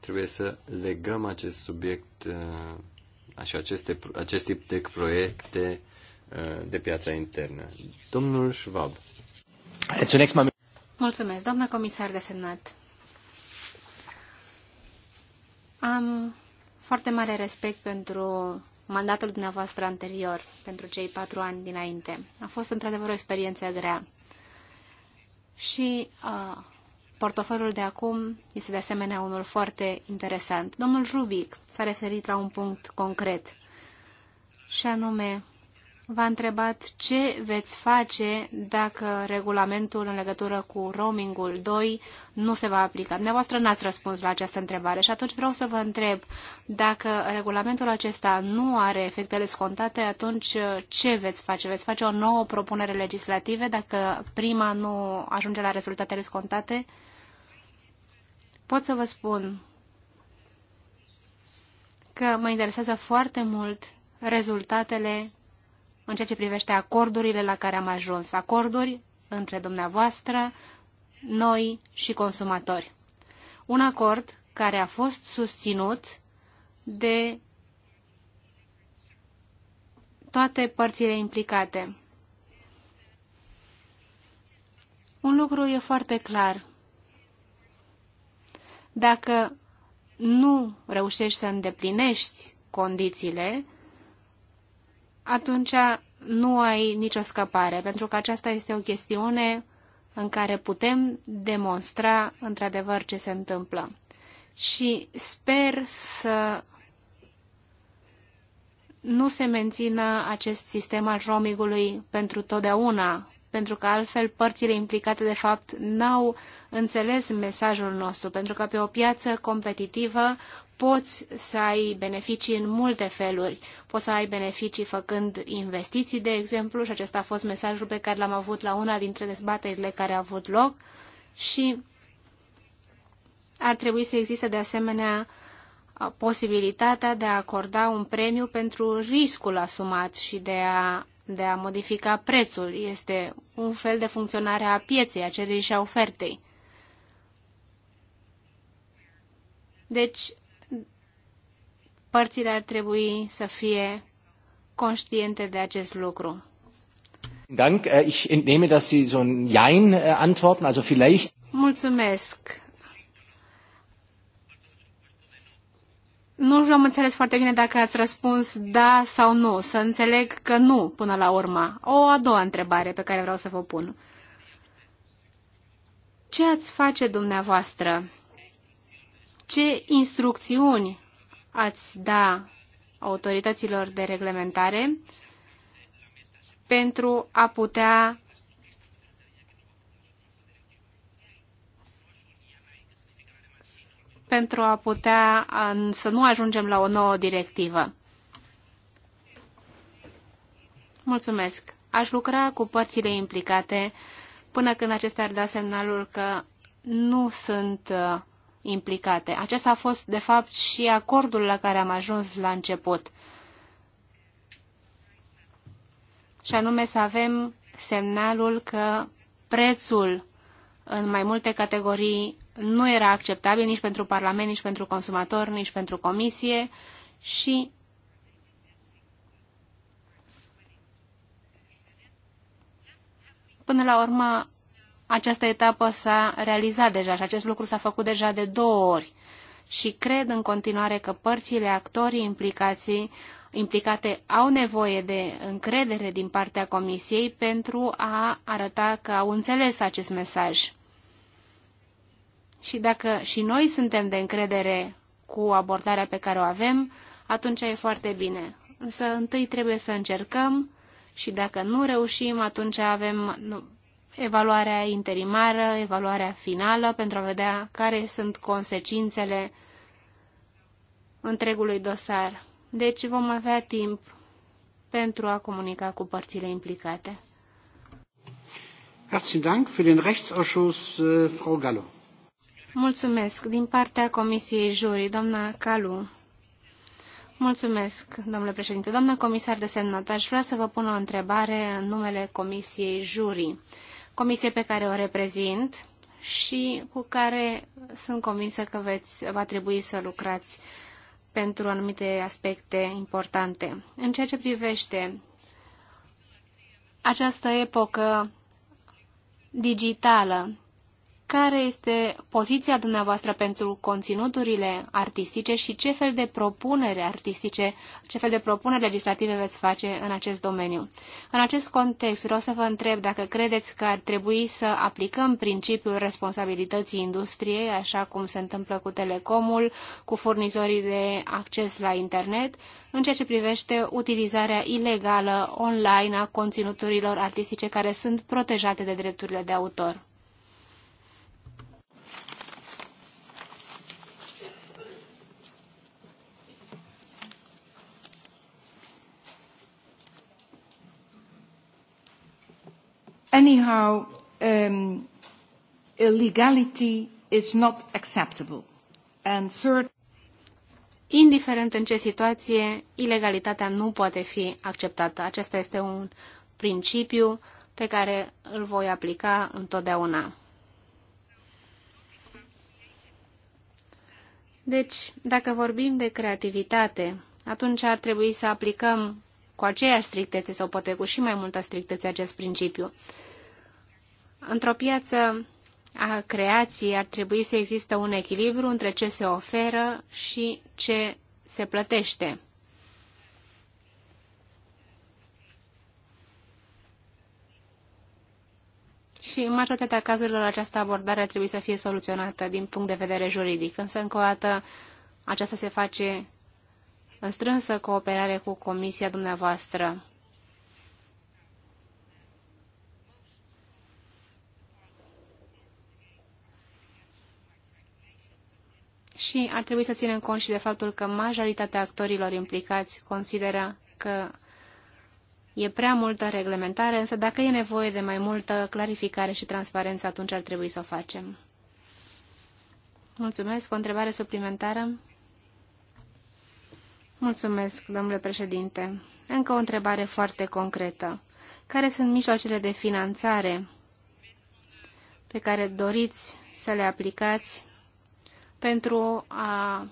S5: Trebuie să legăm acest subiect uh, și aceste, acest tip de proiecte Uh, de piața internă. Domnul Schwab.
S1: Mulțumesc, doamnă comisar de senat. Am foarte mare respect pentru mandatul dumneavoastră anterior, pentru cei patru ani dinainte. A fost într-adevăr o experiență grea. Și a, uh, portofelul de acum este de asemenea unul foarte interesant. Domnul Rubic s-a referit la un punct concret, și anume v-a întrebat ce veți face dacă regulamentul în legătură cu roamingul 2 nu se va aplica. Dumneavoastră n-ați răspuns la această întrebare și atunci vreau să vă întreb dacă regulamentul acesta nu are efectele scontate, atunci uh, ce veți face? Veți face o nouă propunere legislativă dacă prima nu ajunge la rezultatele scontate? Pot să vă spun că mă interesează foarte mult rezultatele în ceea ce privește acordurile la care am ajuns. Acorduri între dumneavoastră, noi și consumatori. Un acord care a fost susținut de toate părțile implicate. Un lucru e foarte clar. Dacă nu reușești să îndeplinești condițiile, atunci nu ai nicio scăpare, pentru că aceasta este o chestiune în care putem demonstra într-adevăr ce se întâmplă. Și sper să nu se mențină acest sistem al roamingului pentru totdeauna, pentru că altfel părțile implicate de fapt n-au înțeles mesajul nostru, pentru că pe o piață competitivă poți să ai beneficii în multe feluri. Poți să ai beneficii făcând investiții, de exemplu, și acesta a fost mesajul pe care l-am avut la una dintre dezbaterile care a avut loc și ar trebui să existe de asemenea posibilitatea de a acorda un premiu pentru riscul asumat și de a, de a modifica prețul. Este un fel de funcționare a pieței, a cererii și a ofertei. Deci, Părțile ar trebui să fie conștiente de acest lucru.
S5: Dank. Äh, ich entnehme, dass Sie so ein Jein äh, antworten, also vielleicht.
S1: Mulțumesc. Nu am înțeles foarte bine dacă ați răspuns da sau nu. Să înțeleg că nu până la urmă. O a doua întrebare pe care vreau să vă pun. Ce ați face dumneavoastră? Ce instrucțiuni ați da autorităților de reglementare pentru a putea pentru a putea să nu ajungem la o nouă directivă. Mulțumesc. Aș lucra cu părțile implicate până când acestea ar da semnalul că nu sunt uh, implicate. Acesta a fost, de fapt, și acordul la care am ajuns la început. Și anume să avem semnalul că prețul în mai multe categorii nu era acceptabil nici pentru Parlament, nici pentru consumator, nici pentru Comisie și până la urmă această etapă s-a realizat deja și acest lucru s-a făcut deja de două ori. Și cred în continuare că părțile, actorii implicații, implicate au nevoie de încredere din partea Comisiei pentru a arăta că au înțeles acest mesaj. Și dacă și noi suntem de încredere cu abordarea pe care o avem, atunci e foarte bine. Însă întâi trebuie să încercăm și dacă nu reușim, atunci avem evaluarea interimară, evaluarea finală, pentru a vedea care sunt consecințele întregului dosar. Deci vom avea timp pentru a comunica cu părțile implicate.
S2: Herzlichen Dank für den Rechtsausschuss, äh, Frau Gallo.
S1: Mulțumesc. Din partea Comisiei Juri, doamna Calu. Mulțumesc, domnule președinte. Doamna comisar de semnat, aș vrea să vă pun o întrebare în numele Comisiei Juri. Comisie pe care o reprezint și cu care sunt convinsă că veți, va trebui să lucrați pentru anumite aspecte importante. În ceea ce privește această epocă digitală care este poziția dumneavoastră pentru conținuturile artistice și ce fel de propunere artistice, ce fel de propuneri legislative veți face în acest domeniu. În acest context vreau să vă întreb dacă credeți că ar trebui să aplicăm principiul responsabilității industriei, așa cum se întâmplă cu telecomul, cu furnizorii de acces la internet, în ceea ce privește utilizarea ilegală online a conținuturilor artistice care sunt protejate de drepturile de autor.
S3: Anyhow, um, illegality is not acceptable.
S1: And third, Indiferent în ce situație, ilegalitatea nu poate fi acceptată. Acesta este un principiu pe care îl voi aplica întotdeauna. Deci, dacă vorbim de creativitate, atunci ar trebui să aplicăm cu aceeași strictețe sau poate cu și mai multă strictețe acest principiu. Într-o piață a creației ar trebui să existe un echilibru între ce se oferă și ce se plătește. Și în majoritatea cazurilor această abordare ar trebui să fie soluționată din punct de vedere juridic, însă încă o dată aceasta se face în strânsă cooperare cu comisia dumneavoastră. Și ar trebui să ținem cont și de faptul că majoritatea actorilor implicați consideră că e prea multă reglementare, însă dacă e nevoie de mai multă clarificare și transparență, atunci ar trebui să o facem. Mulțumesc. O întrebare suplimentară? Mulțumesc, domnule președinte. Încă o întrebare foarte concretă. Care sunt mijloacele de finanțare pe care doriți să le aplicați pentru a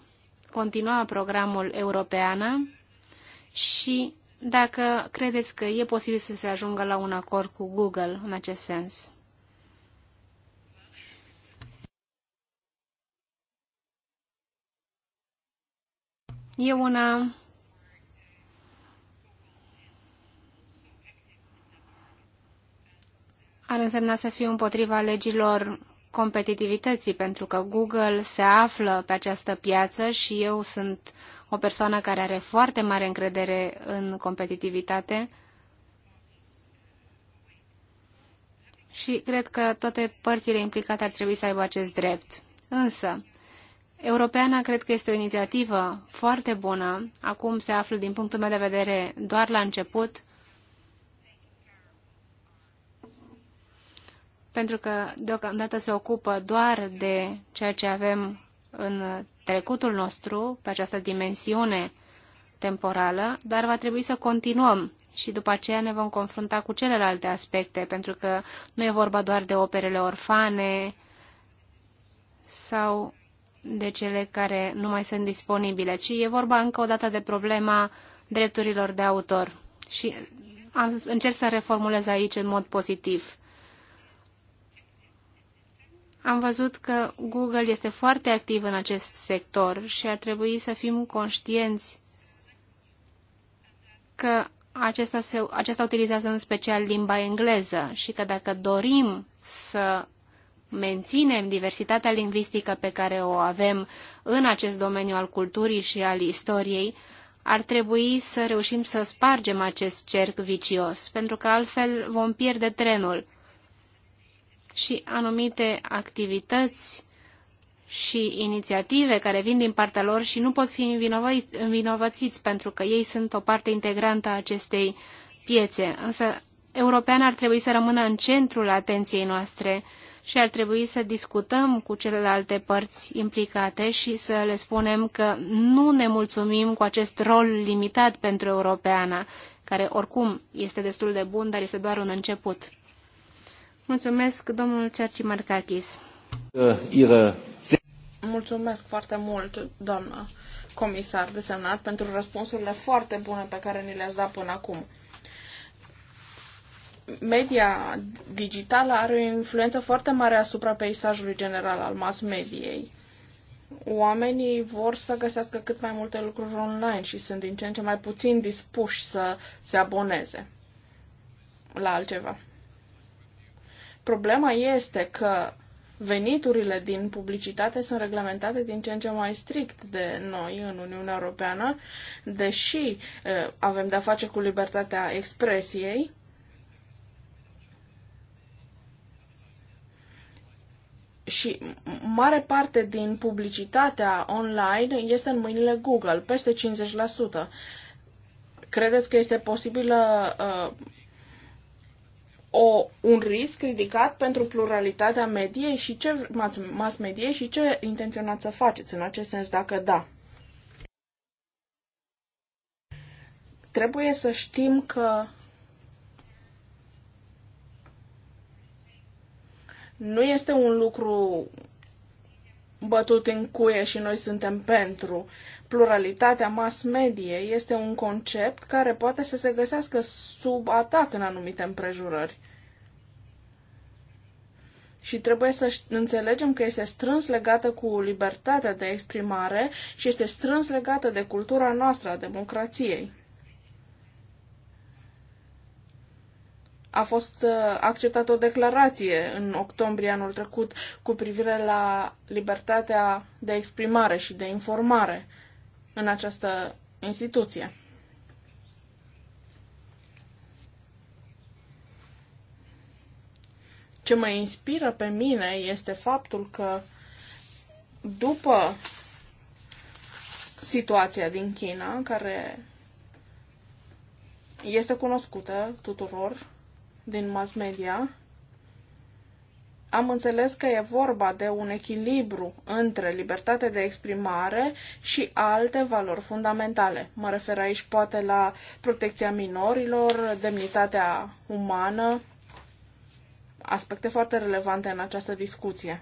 S1: continua programul europeană și dacă credeți că e posibil să se ajungă la un acord cu Google în acest sens. E una ar însemna să fiu împotriva legilor competitivității, pentru că Google se află pe această piață și eu sunt o persoană care are foarte mare încredere în competitivitate și cred că toate părțile implicate ar trebui să aibă acest drept. Însă, Europeana cred că este o inițiativă foarte bună. Acum se află, din punctul meu de vedere, doar la început. Pentru că deocamdată se ocupă doar de ceea ce avem în trecutul nostru, pe această dimensiune temporală, dar va trebui să continuăm și după aceea ne vom confrunta cu celelalte aspecte, pentru că nu e vorba doar de operele orfane sau de cele care nu mai sunt disponibile, ci e vorba încă o dată de problema drepturilor de autor. Și am, încerc să reformulez aici în mod pozitiv. Am văzut că Google este foarte activ în acest sector și ar trebui să fim conștienți că acesta, se, acesta utilizează în special limba engleză și că dacă dorim să menținem diversitatea lingvistică pe care o avem în acest domeniu al culturii și al istoriei, ar trebui să reușim să spargem acest cerc vicios, pentru că altfel vom pierde trenul. Și anumite activități și inițiative care vin din partea lor și nu pot fi învinovățiți pentru că ei sunt o parte integrantă a acestei piețe. Însă, european ar trebui să rămână în centrul atenției noastre și ar trebui să discutăm cu celelalte părți implicate și să le spunem că nu ne mulțumim cu acest rol limitat pentru europeana, care oricum este destul de bun, dar este doar un început. Mulțumesc, domnul Cerci Marcachis.
S3: Uh,
S1: Mulțumesc
S4: foarte mult, doamnă comisar desemnat, pentru răspunsurile foarte bune pe care ni le-ați dat până acum media digitală are o influență foarte mare asupra peisajului general al mass mediei. Oamenii vor să găsească cât mai multe lucruri online și sunt din ce în ce mai puțin dispuși să se aboneze la altceva. Problema este că veniturile din publicitate sunt reglementate din ce în ce mai strict de noi în Uniunea Europeană, deși eh, avem de-a face cu libertatea expresiei, și mare parte din publicitatea online este în mâinile Google, peste 50%. Credeți că este posibilă uh, o, un risc ridicat pentru pluralitatea mediei și ce mass mediei și ce intenționați să faceți în acest sens, dacă da? Trebuie să știm că Nu este un lucru bătut în cuie și noi suntem pentru. Pluralitatea mass medie este un concept care poate să se găsească sub atac în anumite împrejurări. Și trebuie să înțelegem că este strâns legată cu libertatea de exprimare și este strâns legată de cultura noastră a democrației. a fost uh, acceptată o declarație în octombrie anul trecut cu privire la libertatea de exprimare și de informare în această instituție. Ce mă inspiră pe mine este faptul că după situația din China, care este cunoscută tuturor, din mass media, am înțeles că e vorba de un echilibru între libertatea de exprimare și alte valori fundamentale. Mă refer aici poate la protecția minorilor, demnitatea umană, aspecte foarte relevante în această discuție.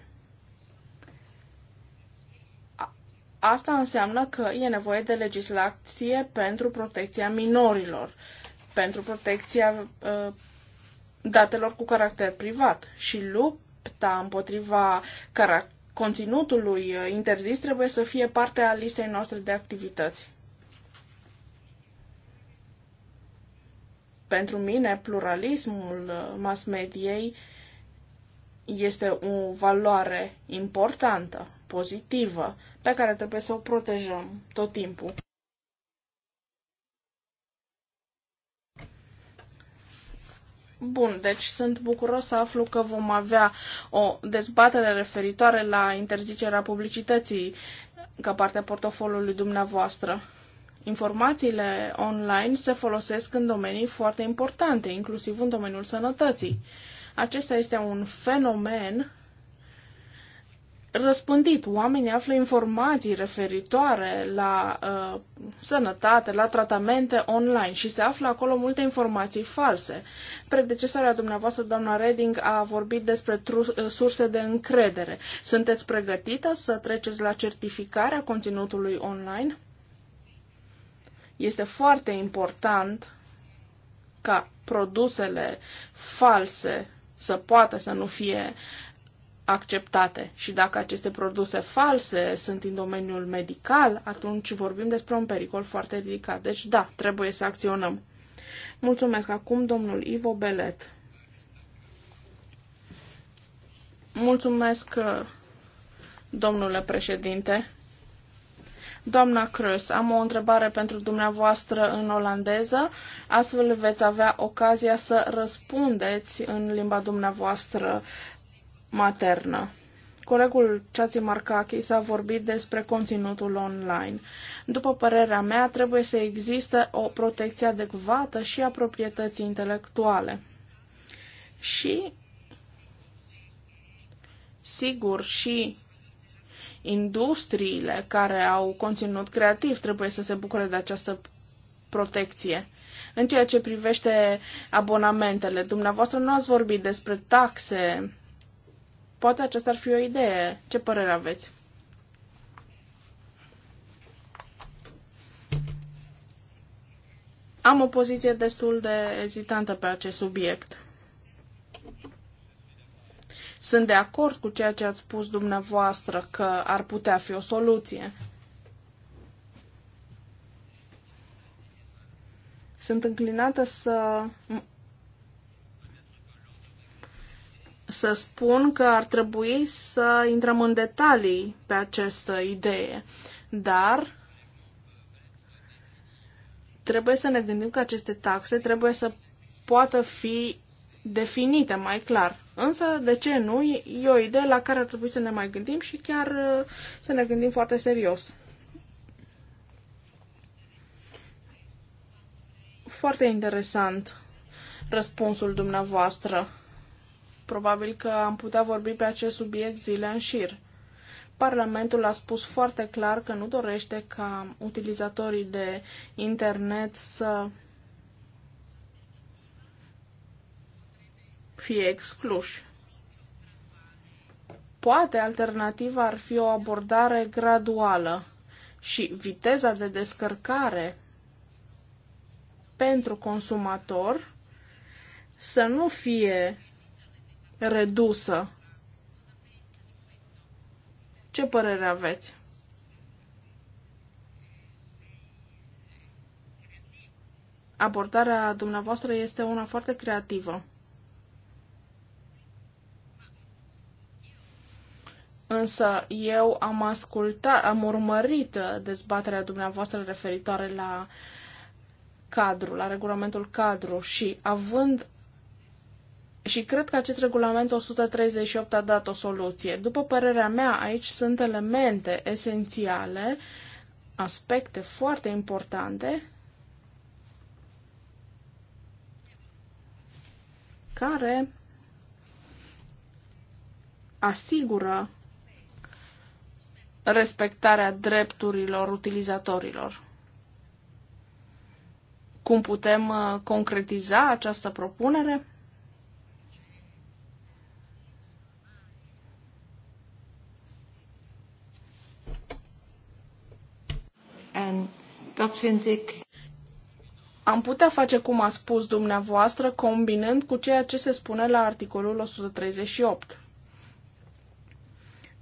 S4: Asta înseamnă că e nevoie de legislație pentru protecția minorilor, pentru protecția uh, datelor cu caracter privat și lupta împotriva conținutului uh, interzis trebuie să fie parte a listei noastre de activități. Pentru mine, pluralismul uh, mass mediei este o valoare importantă, pozitivă, pe care trebuie să o protejăm tot timpul. Bun, deci sunt bucuros să aflu că vom avea o dezbatere referitoare la interzicerea publicității ca parte a portofoliului dumneavoastră. Informațiile online se folosesc în domenii foarte importante, inclusiv în domeniul sănătății. Acesta este un fenomen răspândit. Oamenii află informații referitoare la uh, sănătate, la tratamente online și se află acolo multe informații false. Predecesoarea dumneavoastră, doamna Reding, a vorbit despre uh, surse de încredere. Sunteți pregătită să treceți la certificarea conținutului online? Este foarte important ca produsele false să poată să nu fie acceptate. Și dacă aceste produse false sunt în domeniul medical, atunci vorbim despre un pericol foarte ridicat. Deci, da, trebuie să acționăm. Mulțumesc acum domnul Ivo Belet. Mulțumesc, domnule președinte. Doamna Crăs, am o întrebare pentru dumneavoastră în olandeză, astfel veți avea ocazia să răspundeți în limba dumneavoastră maternă. Colegul Ceații s a vorbit despre conținutul online. După părerea mea, trebuie să existe o protecție adecvată și a proprietății intelectuale. Și, sigur, și industriile care au conținut creativ trebuie să se bucure de această protecție. În ceea ce privește abonamentele, dumneavoastră nu ați vorbit despre taxe Poate aceasta ar fi o idee. Ce părere aveți? Am o poziție destul de ezitantă pe acest subiect. Sunt de acord cu ceea ce ați spus dumneavoastră că ar putea fi o soluție. Sunt înclinată să să spun că ar trebui să intrăm în detalii pe această idee, dar trebuie să ne gândim că aceste taxe trebuie să poată fi definite mai clar. Însă, de ce nu, e o idee la care ar trebui să ne mai gândim și chiar uh, să ne gândim foarte serios. Foarte interesant răspunsul dumneavoastră. Probabil că am putea vorbi pe acest subiect zile în șir. Parlamentul a spus foarte clar că nu dorește ca utilizatorii de internet să fie excluși. Poate alternativa ar fi o abordare graduală și viteza de descărcare pentru consumator să nu fie redusă. Ce părere aveți? Abordarea dumneavoastră este una foarte creativă. Însă eu am ascultat, am urmărit dezbaterea dumneavoastră referitoare la cadru, la regulamentul cadru și având și cred că acest regulament 138 a dat o soluție. După părerea mea, aici sunt elemente esențiale, aspecte foarte importante care asigură respectarea drepturilor utilizatorilor. Cum putem uh, concretiza această propunere?
S3: and dat vind ik am
S4: putea face cum a spus dumneavoastră, combinând cu ceea ce se spune la articolul
S3: 138.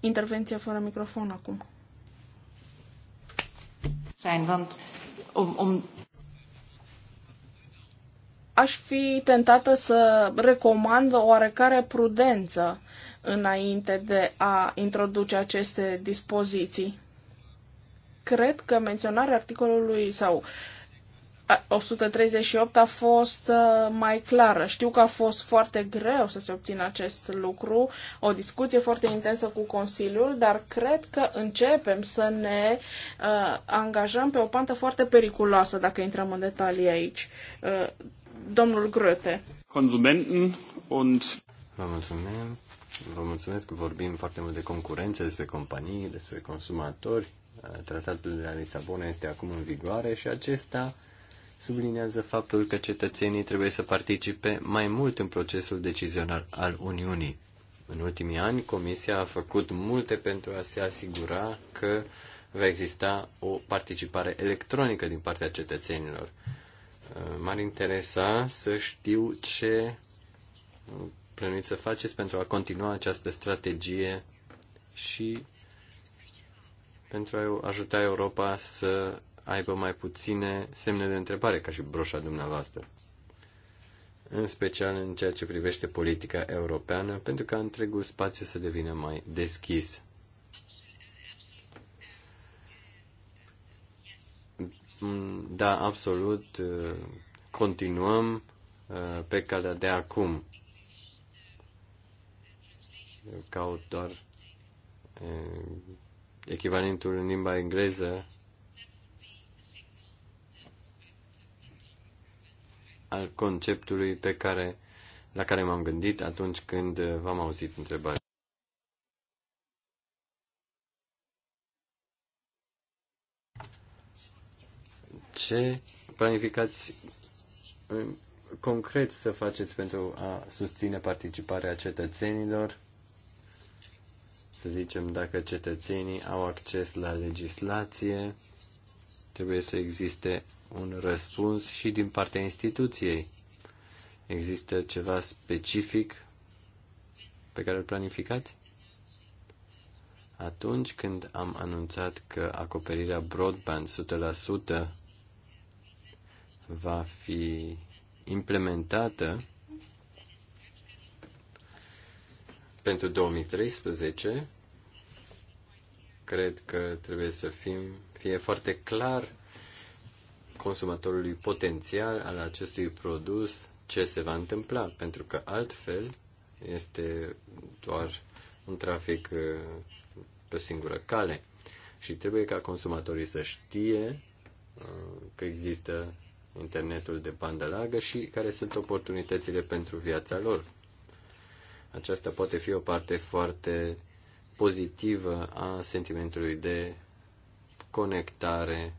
S4: Intervenție fără microfon acum.
S3: Zijn, want om, om...
S4: Aș fi tentată să recomand oarecare prudență înainte de a introduce aceste dispoziții cred că menționarea articolului sau 138 a fost uh, mai clară. Știu că a fost foarte greu să se obțină acest lucru, o discuție foarte intensă cu Consiliul, dar cred că începem să ne uh, angajăm pe o pantă foarte periculoasă dacă intrăm în detalii aici. Uh, domnul Grote.
S5: Consumenten und... Vă mulțumesc. Vă mulțumesc că vorbim foarte mult de concurență, despre companii, despre consumatori, Tratatul de la Lisabona este acum în vigoare și acesta subliniază faptul că cetățenii trebuie să participe mai mult în procesul decizional al Uniunii. În ultimii ani, Comisia a făcut multe pentru a se asigura că va exista o participare electronică din partea cetățenilor. M-ar interesa să știu ce plănuiți să faceți pentru a continua această strategie și pentru a ajuta Europa să aibă mai puține semne de întrebare, ca și broșa dumneavoastră. În special în ceea ce privește politica europeană, pentru ca întregul spațiu să devină mai deschis. Da, absolut. Continuăm uh, pe calea de acum. Eu caut doar uh, echivalentul în limba engleză al conceptului pe care, la care m-am gândit atunci când v-am auzit întrebarea. Ce planificați concret să faceți pentru a susține participarea cetățenilor să zicem, dacă cetățenii au acces la legislație, trebuie să existe un răspuns și din partea instituției. Există ceva specific pe care îl planificați? Atunci când am anunțat că acoperirea broadband 100% va fi implementată, Pentru 2013, cred că trebuie să fim, fie foarte clar consumatorului potențial al acestui produs ce se va întâmpla, pentru că altfel este doar un trafic uh, pe singură cale și trebuie ca consumatorii să știe uh, că există internetul de bandă largă și care sunt oportunitățile pentru viața lor. Aceasta poate fi o parte foarte pozitivă a sentimentului de conectare.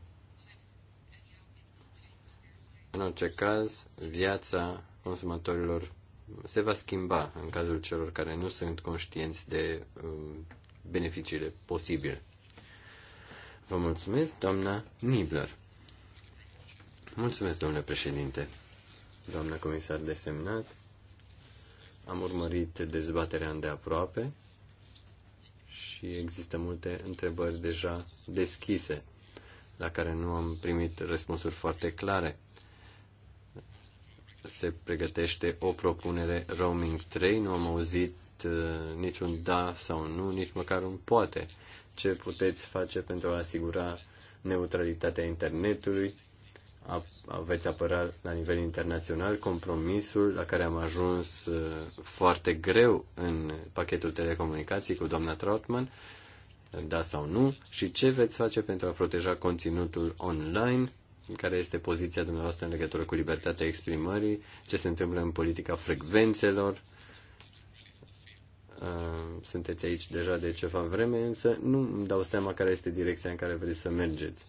S5: În orice caz, viața consumatorilor se va schimba în cazul celor care nu sunt conștienți de um, beneficiile posibile. Vă mulțumesc, doamna Nibler. Mulțumesc, domnule președinte, doamna comisar desemnat. Am urmărit dezbaterea îndeaproape și există multe întrebări deja deschise la care nu am primit răspunsuri foarte clare. Se pregătește o propunere roaming 3, nu am auzit uh, niciun da sau nu, nici măcar un poate. Ce puteți face pentru a asigura neutralitatea internetului? veți apăra la nivel internațional compromisul la care am ajuns uh, foarte greu în pachetul telecomunicații cu doamna Trautmann, da sau nu, și ce veți face pentru a proteja conținutul online, care este poziția dumneavoastră în legătură cu libertatea exprimării, ce se întâmplă în politica frecvențelor. Uh, sunteți aici deja de ceva vreme, însă nu îmi dau seama care este direcția în care vreți să mergeți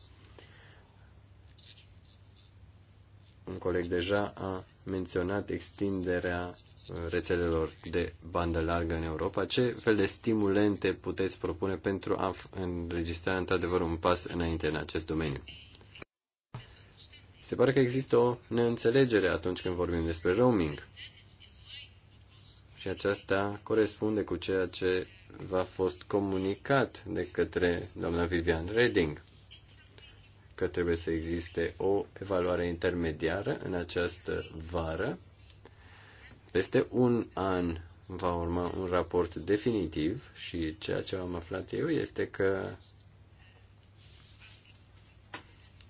S5: un coleg deja a menționat extinderea uh, rețelelor de bandă largă în Europa. Ce fel de stimulente puteți propune pentru a înregistra într-adevăr un pas înainte în acest domeniu? Se pare că există o neînțelegere atunci când vorbim despre roaming. Și aceasta corespunde cu ceea ce v-a fost comunicat de către doamna Vivian Reding că trebuie să existe o evaluare intermediară în această vară. Peste un an va urma un raport definitiv și ceea ce am aflat eu este că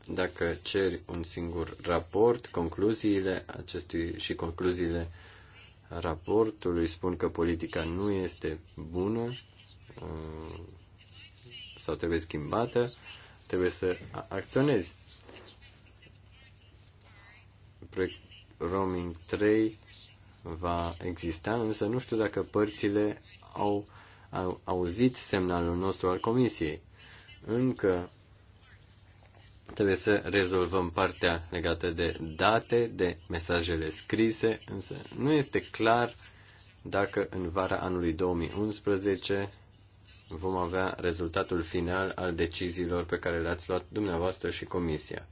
S5: dacă ceri un singur raport, concluziile acestui și concluziile raportului spun că politica nu este bună uh, sau trebuie schimbată, trebuie să acționezi. Proiect Roaming 3 va exista, însă nu știu dacă părțile au, au auzit semnalul nostru al Comisiei. Încă trebuie să rezolvăm partea legată de date, de mesajele scrise, însă nu este clar dacă în vara anului 2011 vom avea rezultatul final al deciziilor pe care le-ați luat dumneavoastră și Comisia.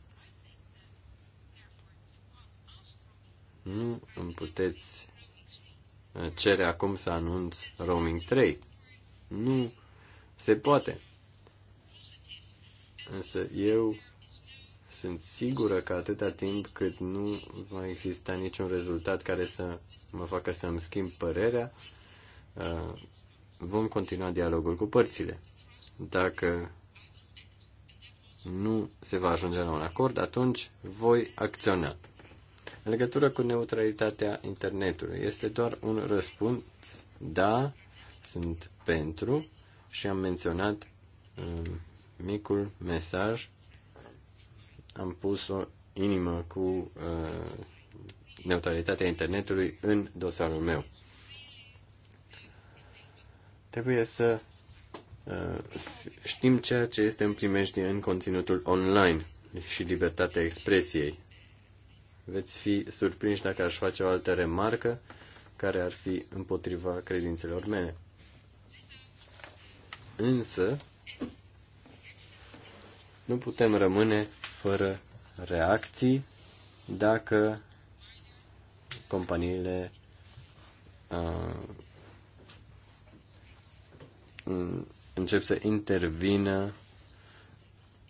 S5: Nu îmi puteți uh, cere acum să anunț roaming 3. Nu se poate. Însă eu sunt sigură că atâta timp cât nu va exista niciun rezultat care să mă facă să mi schimb părerea, uh, vom continua dialogul cu părțile. Dacă nu se va ajunge la un acord, atunci voi acționa. În legătură cu neutralitatea internetului, este doar un răspuns, da, sunt pentru și am menționat um, micul mesaj, am pus o inimă cu uh, neutralitatea internetului în dosarul meu. Trebuie să uh, știm ceea ce este în primejdie în conținutul online și libertatea expresiei. Veți fi surprinși dacă aș face o altă remarcă care ar fi împotriva credințelor mele. Însă, nu putem rămâne fără reacții dacă companiile uh, încep să intervină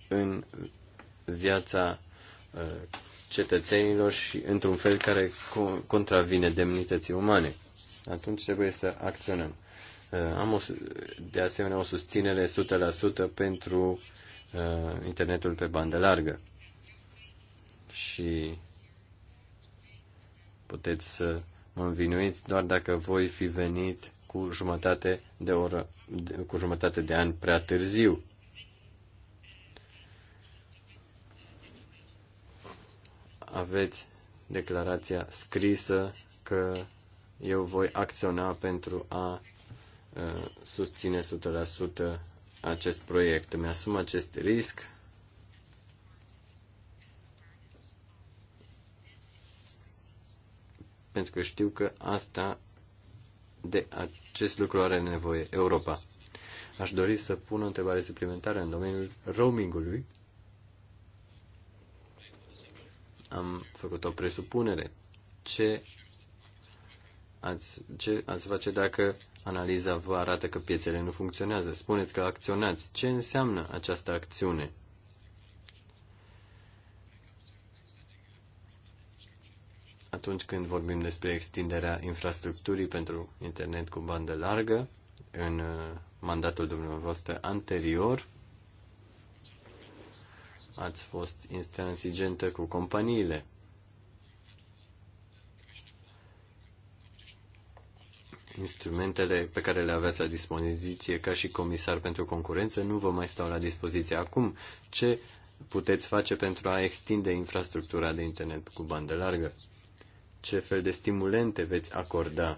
S5: în viața uh, cetățenilor și într-un fel care contravine demnității umane. Atunci trebuie să acționăm. Uh, am o, de asemenea o susținere 100% pentru uh, internetul pe bandă largă. Și puteți să mă învinuiți doar dacă voi fi venit cu jumătate de oră, cu jumătate de an prea târziu. Aveți declarația scrisă că eu voi acționa pentru a uh, susține 100% acest proiect. Îmi asum acest risc. Pentru că știu că asta de acest lucru are nevoie Europa. Aș dori să pun o întrebare suplimentară în domeniul roamingului. Am făcut o presupunere. Ce ați, ce ați face dacă analiza vă arată că piețele nu funcționează? Spuneți că acționați. Ce înseamnă această acțiune? atunci când vorbim despre extinderea infrastructurii pentru internet cu bandă largă, în uh, mandatul dumneavoastră anterior, ați fost intransigentă cu companiile. Instrumentele pe care le aveați la dispoziție ca și comisar pentru concurență nu vă mai stau la dispoziție acum. Ce puteți face pentru a extinde infrastructura de internet cu bandă largă? ce fel de stimulente veți acorda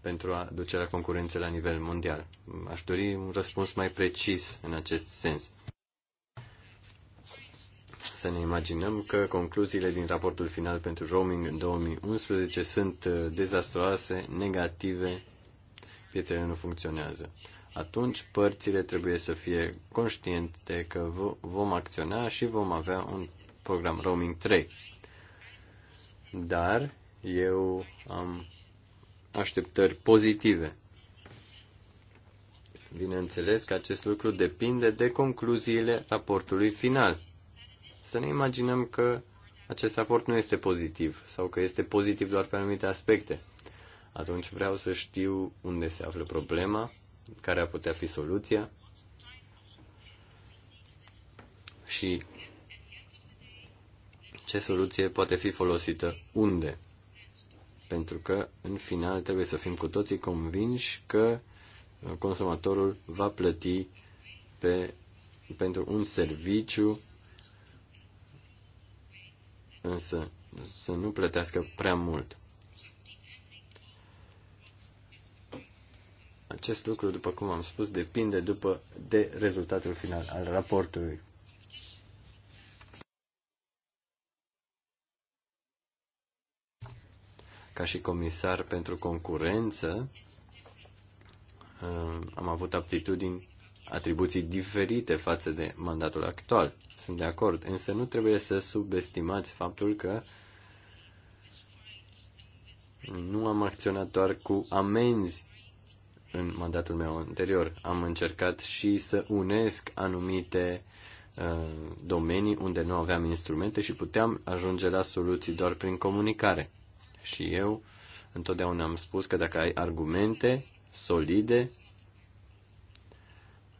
S5: pentru a duce la concurență la nivel mondial? Aș dori un răspuns mai precis în acest sens. Să ne imaginăm că concluziile din raportul final pentru roaming în 2011 sunt uh, dezastroase, negative, piețele nu funcționează. Atunci părțile trebuie să fie conștiente că vom acționa și vom avea un program roaming 3 dar eu am așteptări pozitive. Bineînțeles că acest lucru depinde de concluziile raportului final. Să ne imaginăm că acest raport nu este pozitiv sau că este pozitiv doar pe anumite aspecte. Atunci vreau să știu unde se află problema, care ar putea fi soluția și ce soluție poate fi folosită unde. Pentru că, în final, trebuie să fim cu toții convinși că uh, consumatorul va plăti pe, pentru un serviciu, însă să nu plătească prea mult. Acest lucru, după cum am spus, depinde după de rezultatul final al raportului. Ca și comisar pentru concurență, uh, am avut aptitudini, atribuții diferite față de mandatul actual. Sunt de acord, însă nu trebuie să subestimați faptul că nu am acționat doar cu amenzi în mandatul meu anterior. Am încercat și să unesc anumite uh, domenii unde nu aveam instrumente și puteam ajunge la soluții doar prin comunicare și eu întotdeauna am spus că dacă ai argumente solide,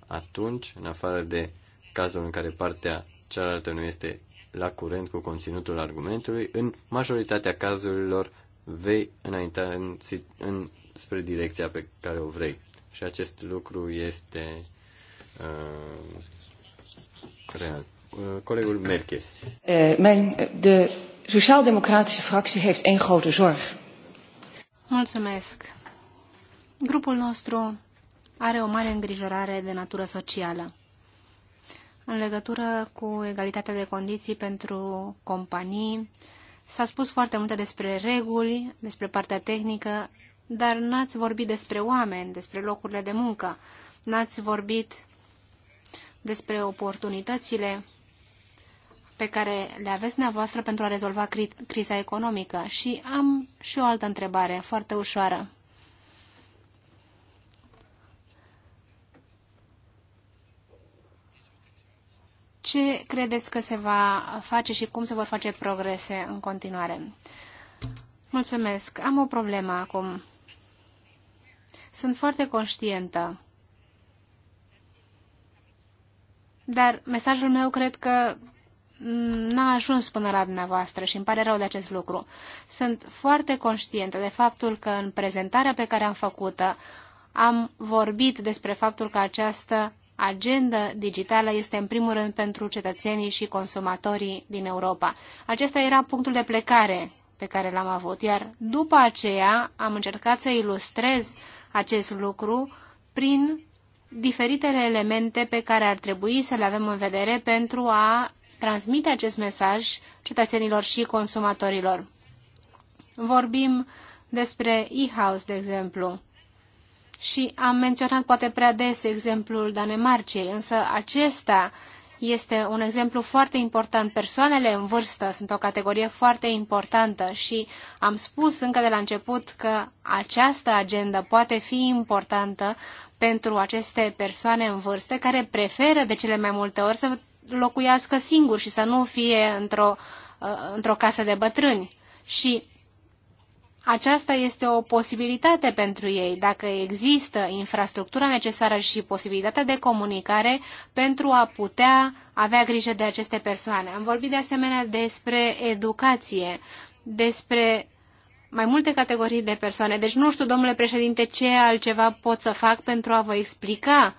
S5: atunci, în afară de cazul în care partea cealaltă nu este la curent cu conținutul argumentului, în majoritatea cazurilor vei înainta în, în, spre direcția pe care o vrei. Și acest lucru este uh, real. Uh, colegul Merkes.
S3: Uh, de Sociaal-democratische fractie heeft één grote zorg.
S1: Mulțumesc. Grupul nostru are o mare îngrijorare de natură socială în legătură cu egalitatea de condiții pentru companii. S-a spus foarte multe despre reguli, despre partea tehnică, dar n-ați vorbit despre oameni, despre locurile de muncă. N-ați vorbit despre oportunitățile pe care le aveți dumneavoastră pentru a rezolva cri criza economică. Și am și o altă întrebare, foarte ușoară. Ce credeți că se va face și cum se vor face progrese în continuare? Mulțumesc. Am o problemă acum. Sunt foarte conștientă. Dar mesajul meu cred că n-a ajuns până la dumneavoastră și îmi pare rău de acest lucru. Sunt foarte conștientă de faptul că în prezentarea pe care am făcut-o am vorbit despre faptul că această agenda digitală este în primul rând pentru cetățenii și consumatorii din Europa. Acesta era punctul de plecare pe care l-am avut, iar după aceea am încercat să ilustrez acest lucru prin diferitele elemente pe care ar trebui să le avem în vedere pentru a transmite acest mesaj cetățenilor și consumatorilor. Vorbim despre e-house, de exemplu, și am menționat poate prea des exemplul Danemarcei, însă acesta este un exemplu foarte important. Persoanele în vârstă sunt o categorie foarte importantă și am spus încă de la început că această agendă poate fi importantă pentru aceste persoane în vârstă care preferă de cele mai multe ori să locuiască singur și să nu fie într-o uh, într-o casă de bătrâni. Și aceasta este o posibilitate pentru ei, dacă există infrastructura necesară și posibilitatea de comunicare pentru a putea avea grijă de aceste persoane. Am vorbit de asemenea despre educație, despre mai multe categorii de persoane. Deci nu știu, domnule președinte, ce altceva pot să fac pentru a vă explica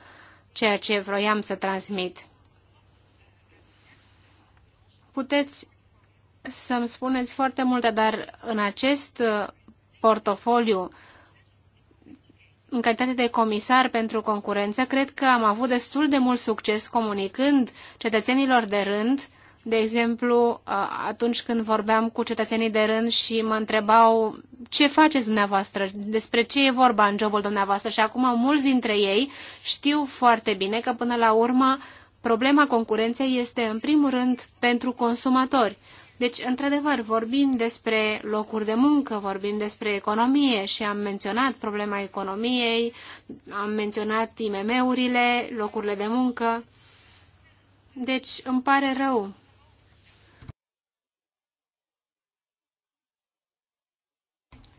S1: ceea ce vroiam să transmit puteți să-mi spuneți foarte multe, dar în acest uh, portofoliu, în calitate de comisar pentru concurență, cred că am avut destul de mult succes comunicând cetățenilor de rând de exemplu, uh, atunci când vorbeam cu cetățenii de rând și mă întrebau ce faceți dumneavoastră, despre ce e vorba în jobul dumneavoastră și acum mulți dintre ei știu foarte bine că până la urmă problema concurenței este în primul rând pentru consumatori. Deci, într-adevăr, vorbim despre locuri de muncă, vorbim despre economie și am menționat problema economiei, am menționat IMM-urile, locurile de muncă. Deci, îmi pare rău.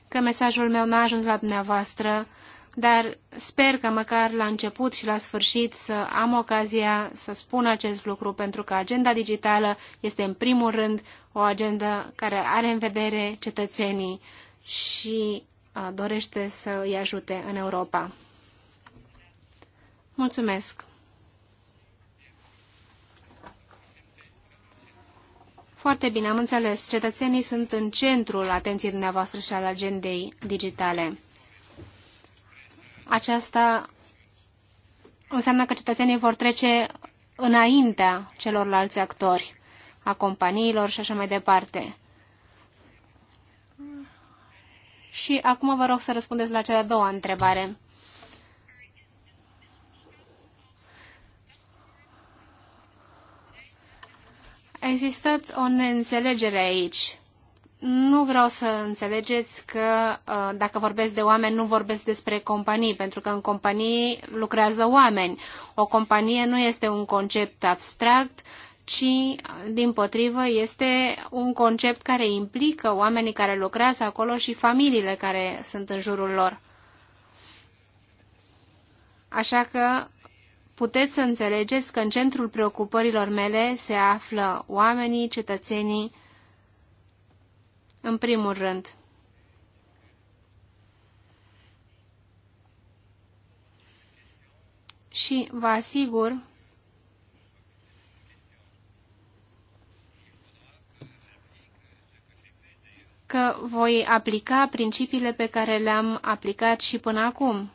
S1: că mesajul meu n-a ajuns la dumneavoastră dar sper că măcar la început și la sfârșit să am ocazia să spun acest lucru, pentru că agenda digitală este în primul rând o agenda care are în vedere cetățenii și uh, dorește să îi ajute în Europa. Mulțumesc! Foarte bine, am înțeles. Cetățenii sunt în centrul atenției dumneavoastră și al agendei digitale aceasta înseamnă că cetățenii vor trece înaintea celorlalți actori, a companiilor și așa mai departe. Și acum vă rog să răspundeți la cea de-a doua întrebare. A existat o neînțelegere aici nu vreau să înțelegeți că uh, dacă vorbesc de oameni, nu vorbesc despre companii, pentru că în companii lucrează oameni. O companie nu este un concept abstract, ci, din potrivă, este un concept care implică oamenii care lucrează acolo și familiile care sunt în jurul lor. Așa că puteți să înțelegeți că în centrul preocupărilor mele se află oamenii, cetățenii în primul rând, și vă asigur că voi aplica principiile pe care le-am aplicat și până acum.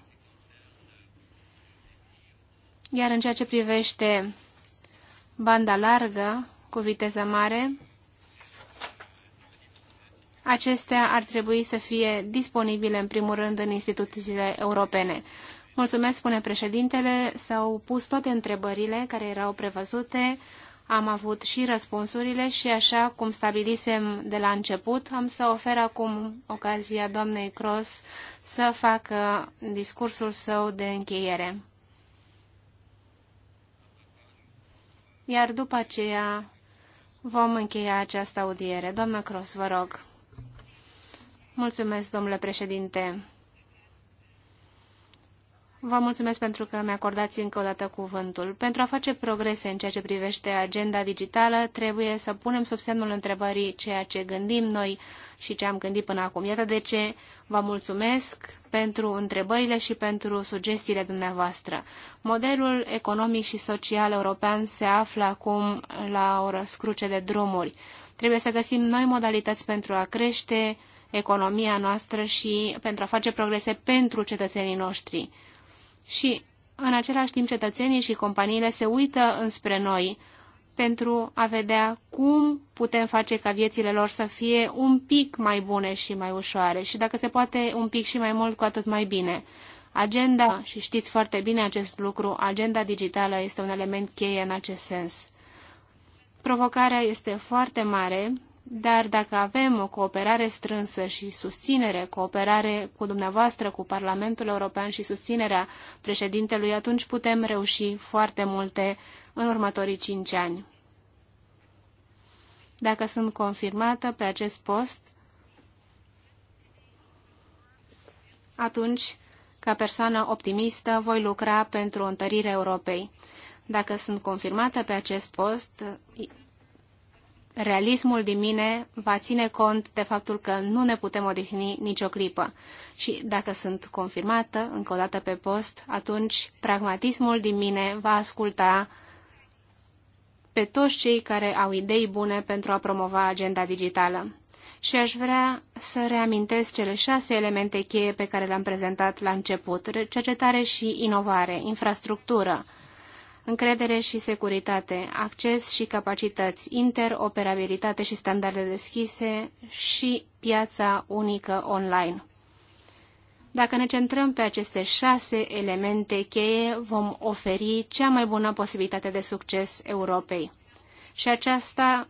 S1: Iar în ceea ce privește banda largă cu viteză mare, acestea ar trebui să fie disponibile în primul rând în instituțiile europene. Mulțumesc, spune președintele, s-au pus toate întrebările care erau prevăzute, am avut și răspunsurile și așa cum stabilisem de la început, am să ofer acum ocazia doamnei Cross să facă discursul său de încheiere. Iar după aceea vom încheia această audiere. Doamna Cross, vă rog. Mulțumesc, domnule președinte. Vă mulțumesc pentru că mi-acordați încă o dată cuvântul. Pentru a face progrese în ceea ce privește agenda digitală, trebuie să punem sub semnul întrebării ceea ce gândim noi și ce am gândit până acum. Iată de ce vă mulțumesc pentru întrebările și pentru sugestiile dumneavoastră. Modelul economic și social european se află acum la o răscruce de drumuri. Trebuie să găsim noi modalități pentru a crește economia noastră și pentru a face progrese pentru cetățenii noștri. Și, în același timp, cetățenii și companiile se uită înspre noi pentru a vedea cum putem face ca viețile lor să fie un pic mai bune și mai ușoare și, dacă se poate, un pic și mai mult, cu atât mai bine. Agenda, și știți foarte bine acest lucru, agenda digitală este un element cheie în acest sens. Provocarea este foarte mare dar dacă avem o cooperare strânsă și susținere, cooperare cu dumneavoastră, cu Parlamentul European și susținerea președintelui, atunci putem reuși foarte multe în următorii cinci ani. Dacă sunt confirmată pe acest post, atunci, ca persoană optimistă, voi lucra pentru întărirea Europei. Dacă sunt confirmată pe acest post, realismul din mine va ține cont de faptul că nu ne putem odihni nicio clipă. Și dacă sunt confirmată încă o dată pe post, atunci pragmatismul din mine va asculta pe toți cei care au idei bune pentru a promova agenda digitală. Și aș vrea să reamintesc cele șase elemente cheie pe care le-am prezentat la început. Cercetare și inovare, infrastructură, încredere și securitate, acces și capacități, interoperabilitate și standarde deschise și piața unică online. Dacă ne centrăm pe aceste șase elemente cheie, vom oferi cea mai bună posibilitate de succes Europei. Și aceasta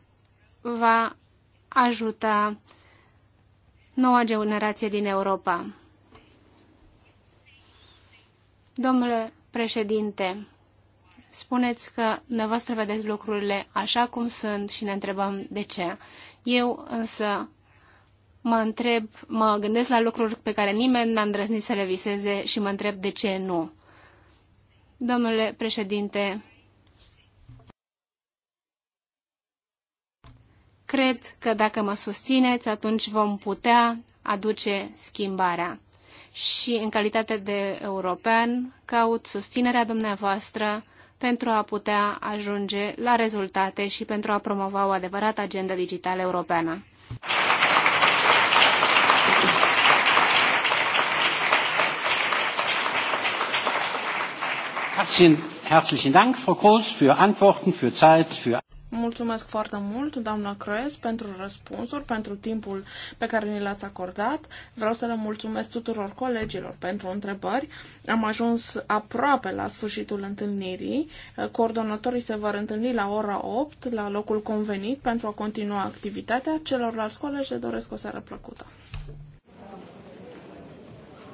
S1: va ajuta noua generație din Europa. Domnule președinte, spuneți că dumneavoastră vedeți lucrurile așa cum sunt și ne întrebăm de ce. Eu însă mă întreb, mă gândesc la lucruri pe care nimeni n-a îndrăznit să le viseze și mă întreb de ce nu. Domnule președinte, cred că dacă mă susțineți, atunci vom putea aduce schimbarea. Și în calitate de european, caut susținerea dumneavoastră pentru a putea ajunge la rezultate și pentru a promova o adevărată agenda digitală europeană.
S2: Herzlichen Dank, Frau Groß, für Antworten, für Zeit,
S5: für
S4: Mulțumesc foarte mult, doamna Croes, pentru răspunsuri, pentru timpul pe care ni l-ați acordat. Vreau să le mulțumesc tuturor colegilor pentru întrebări. Am ajuns aproape la sfârșitul întâlnirii. Coordonatorii se vor întâlni la ora 8, la locul convenit, pentru a continua activitatea. Celorlalți colegi le doresc o seară plăcută.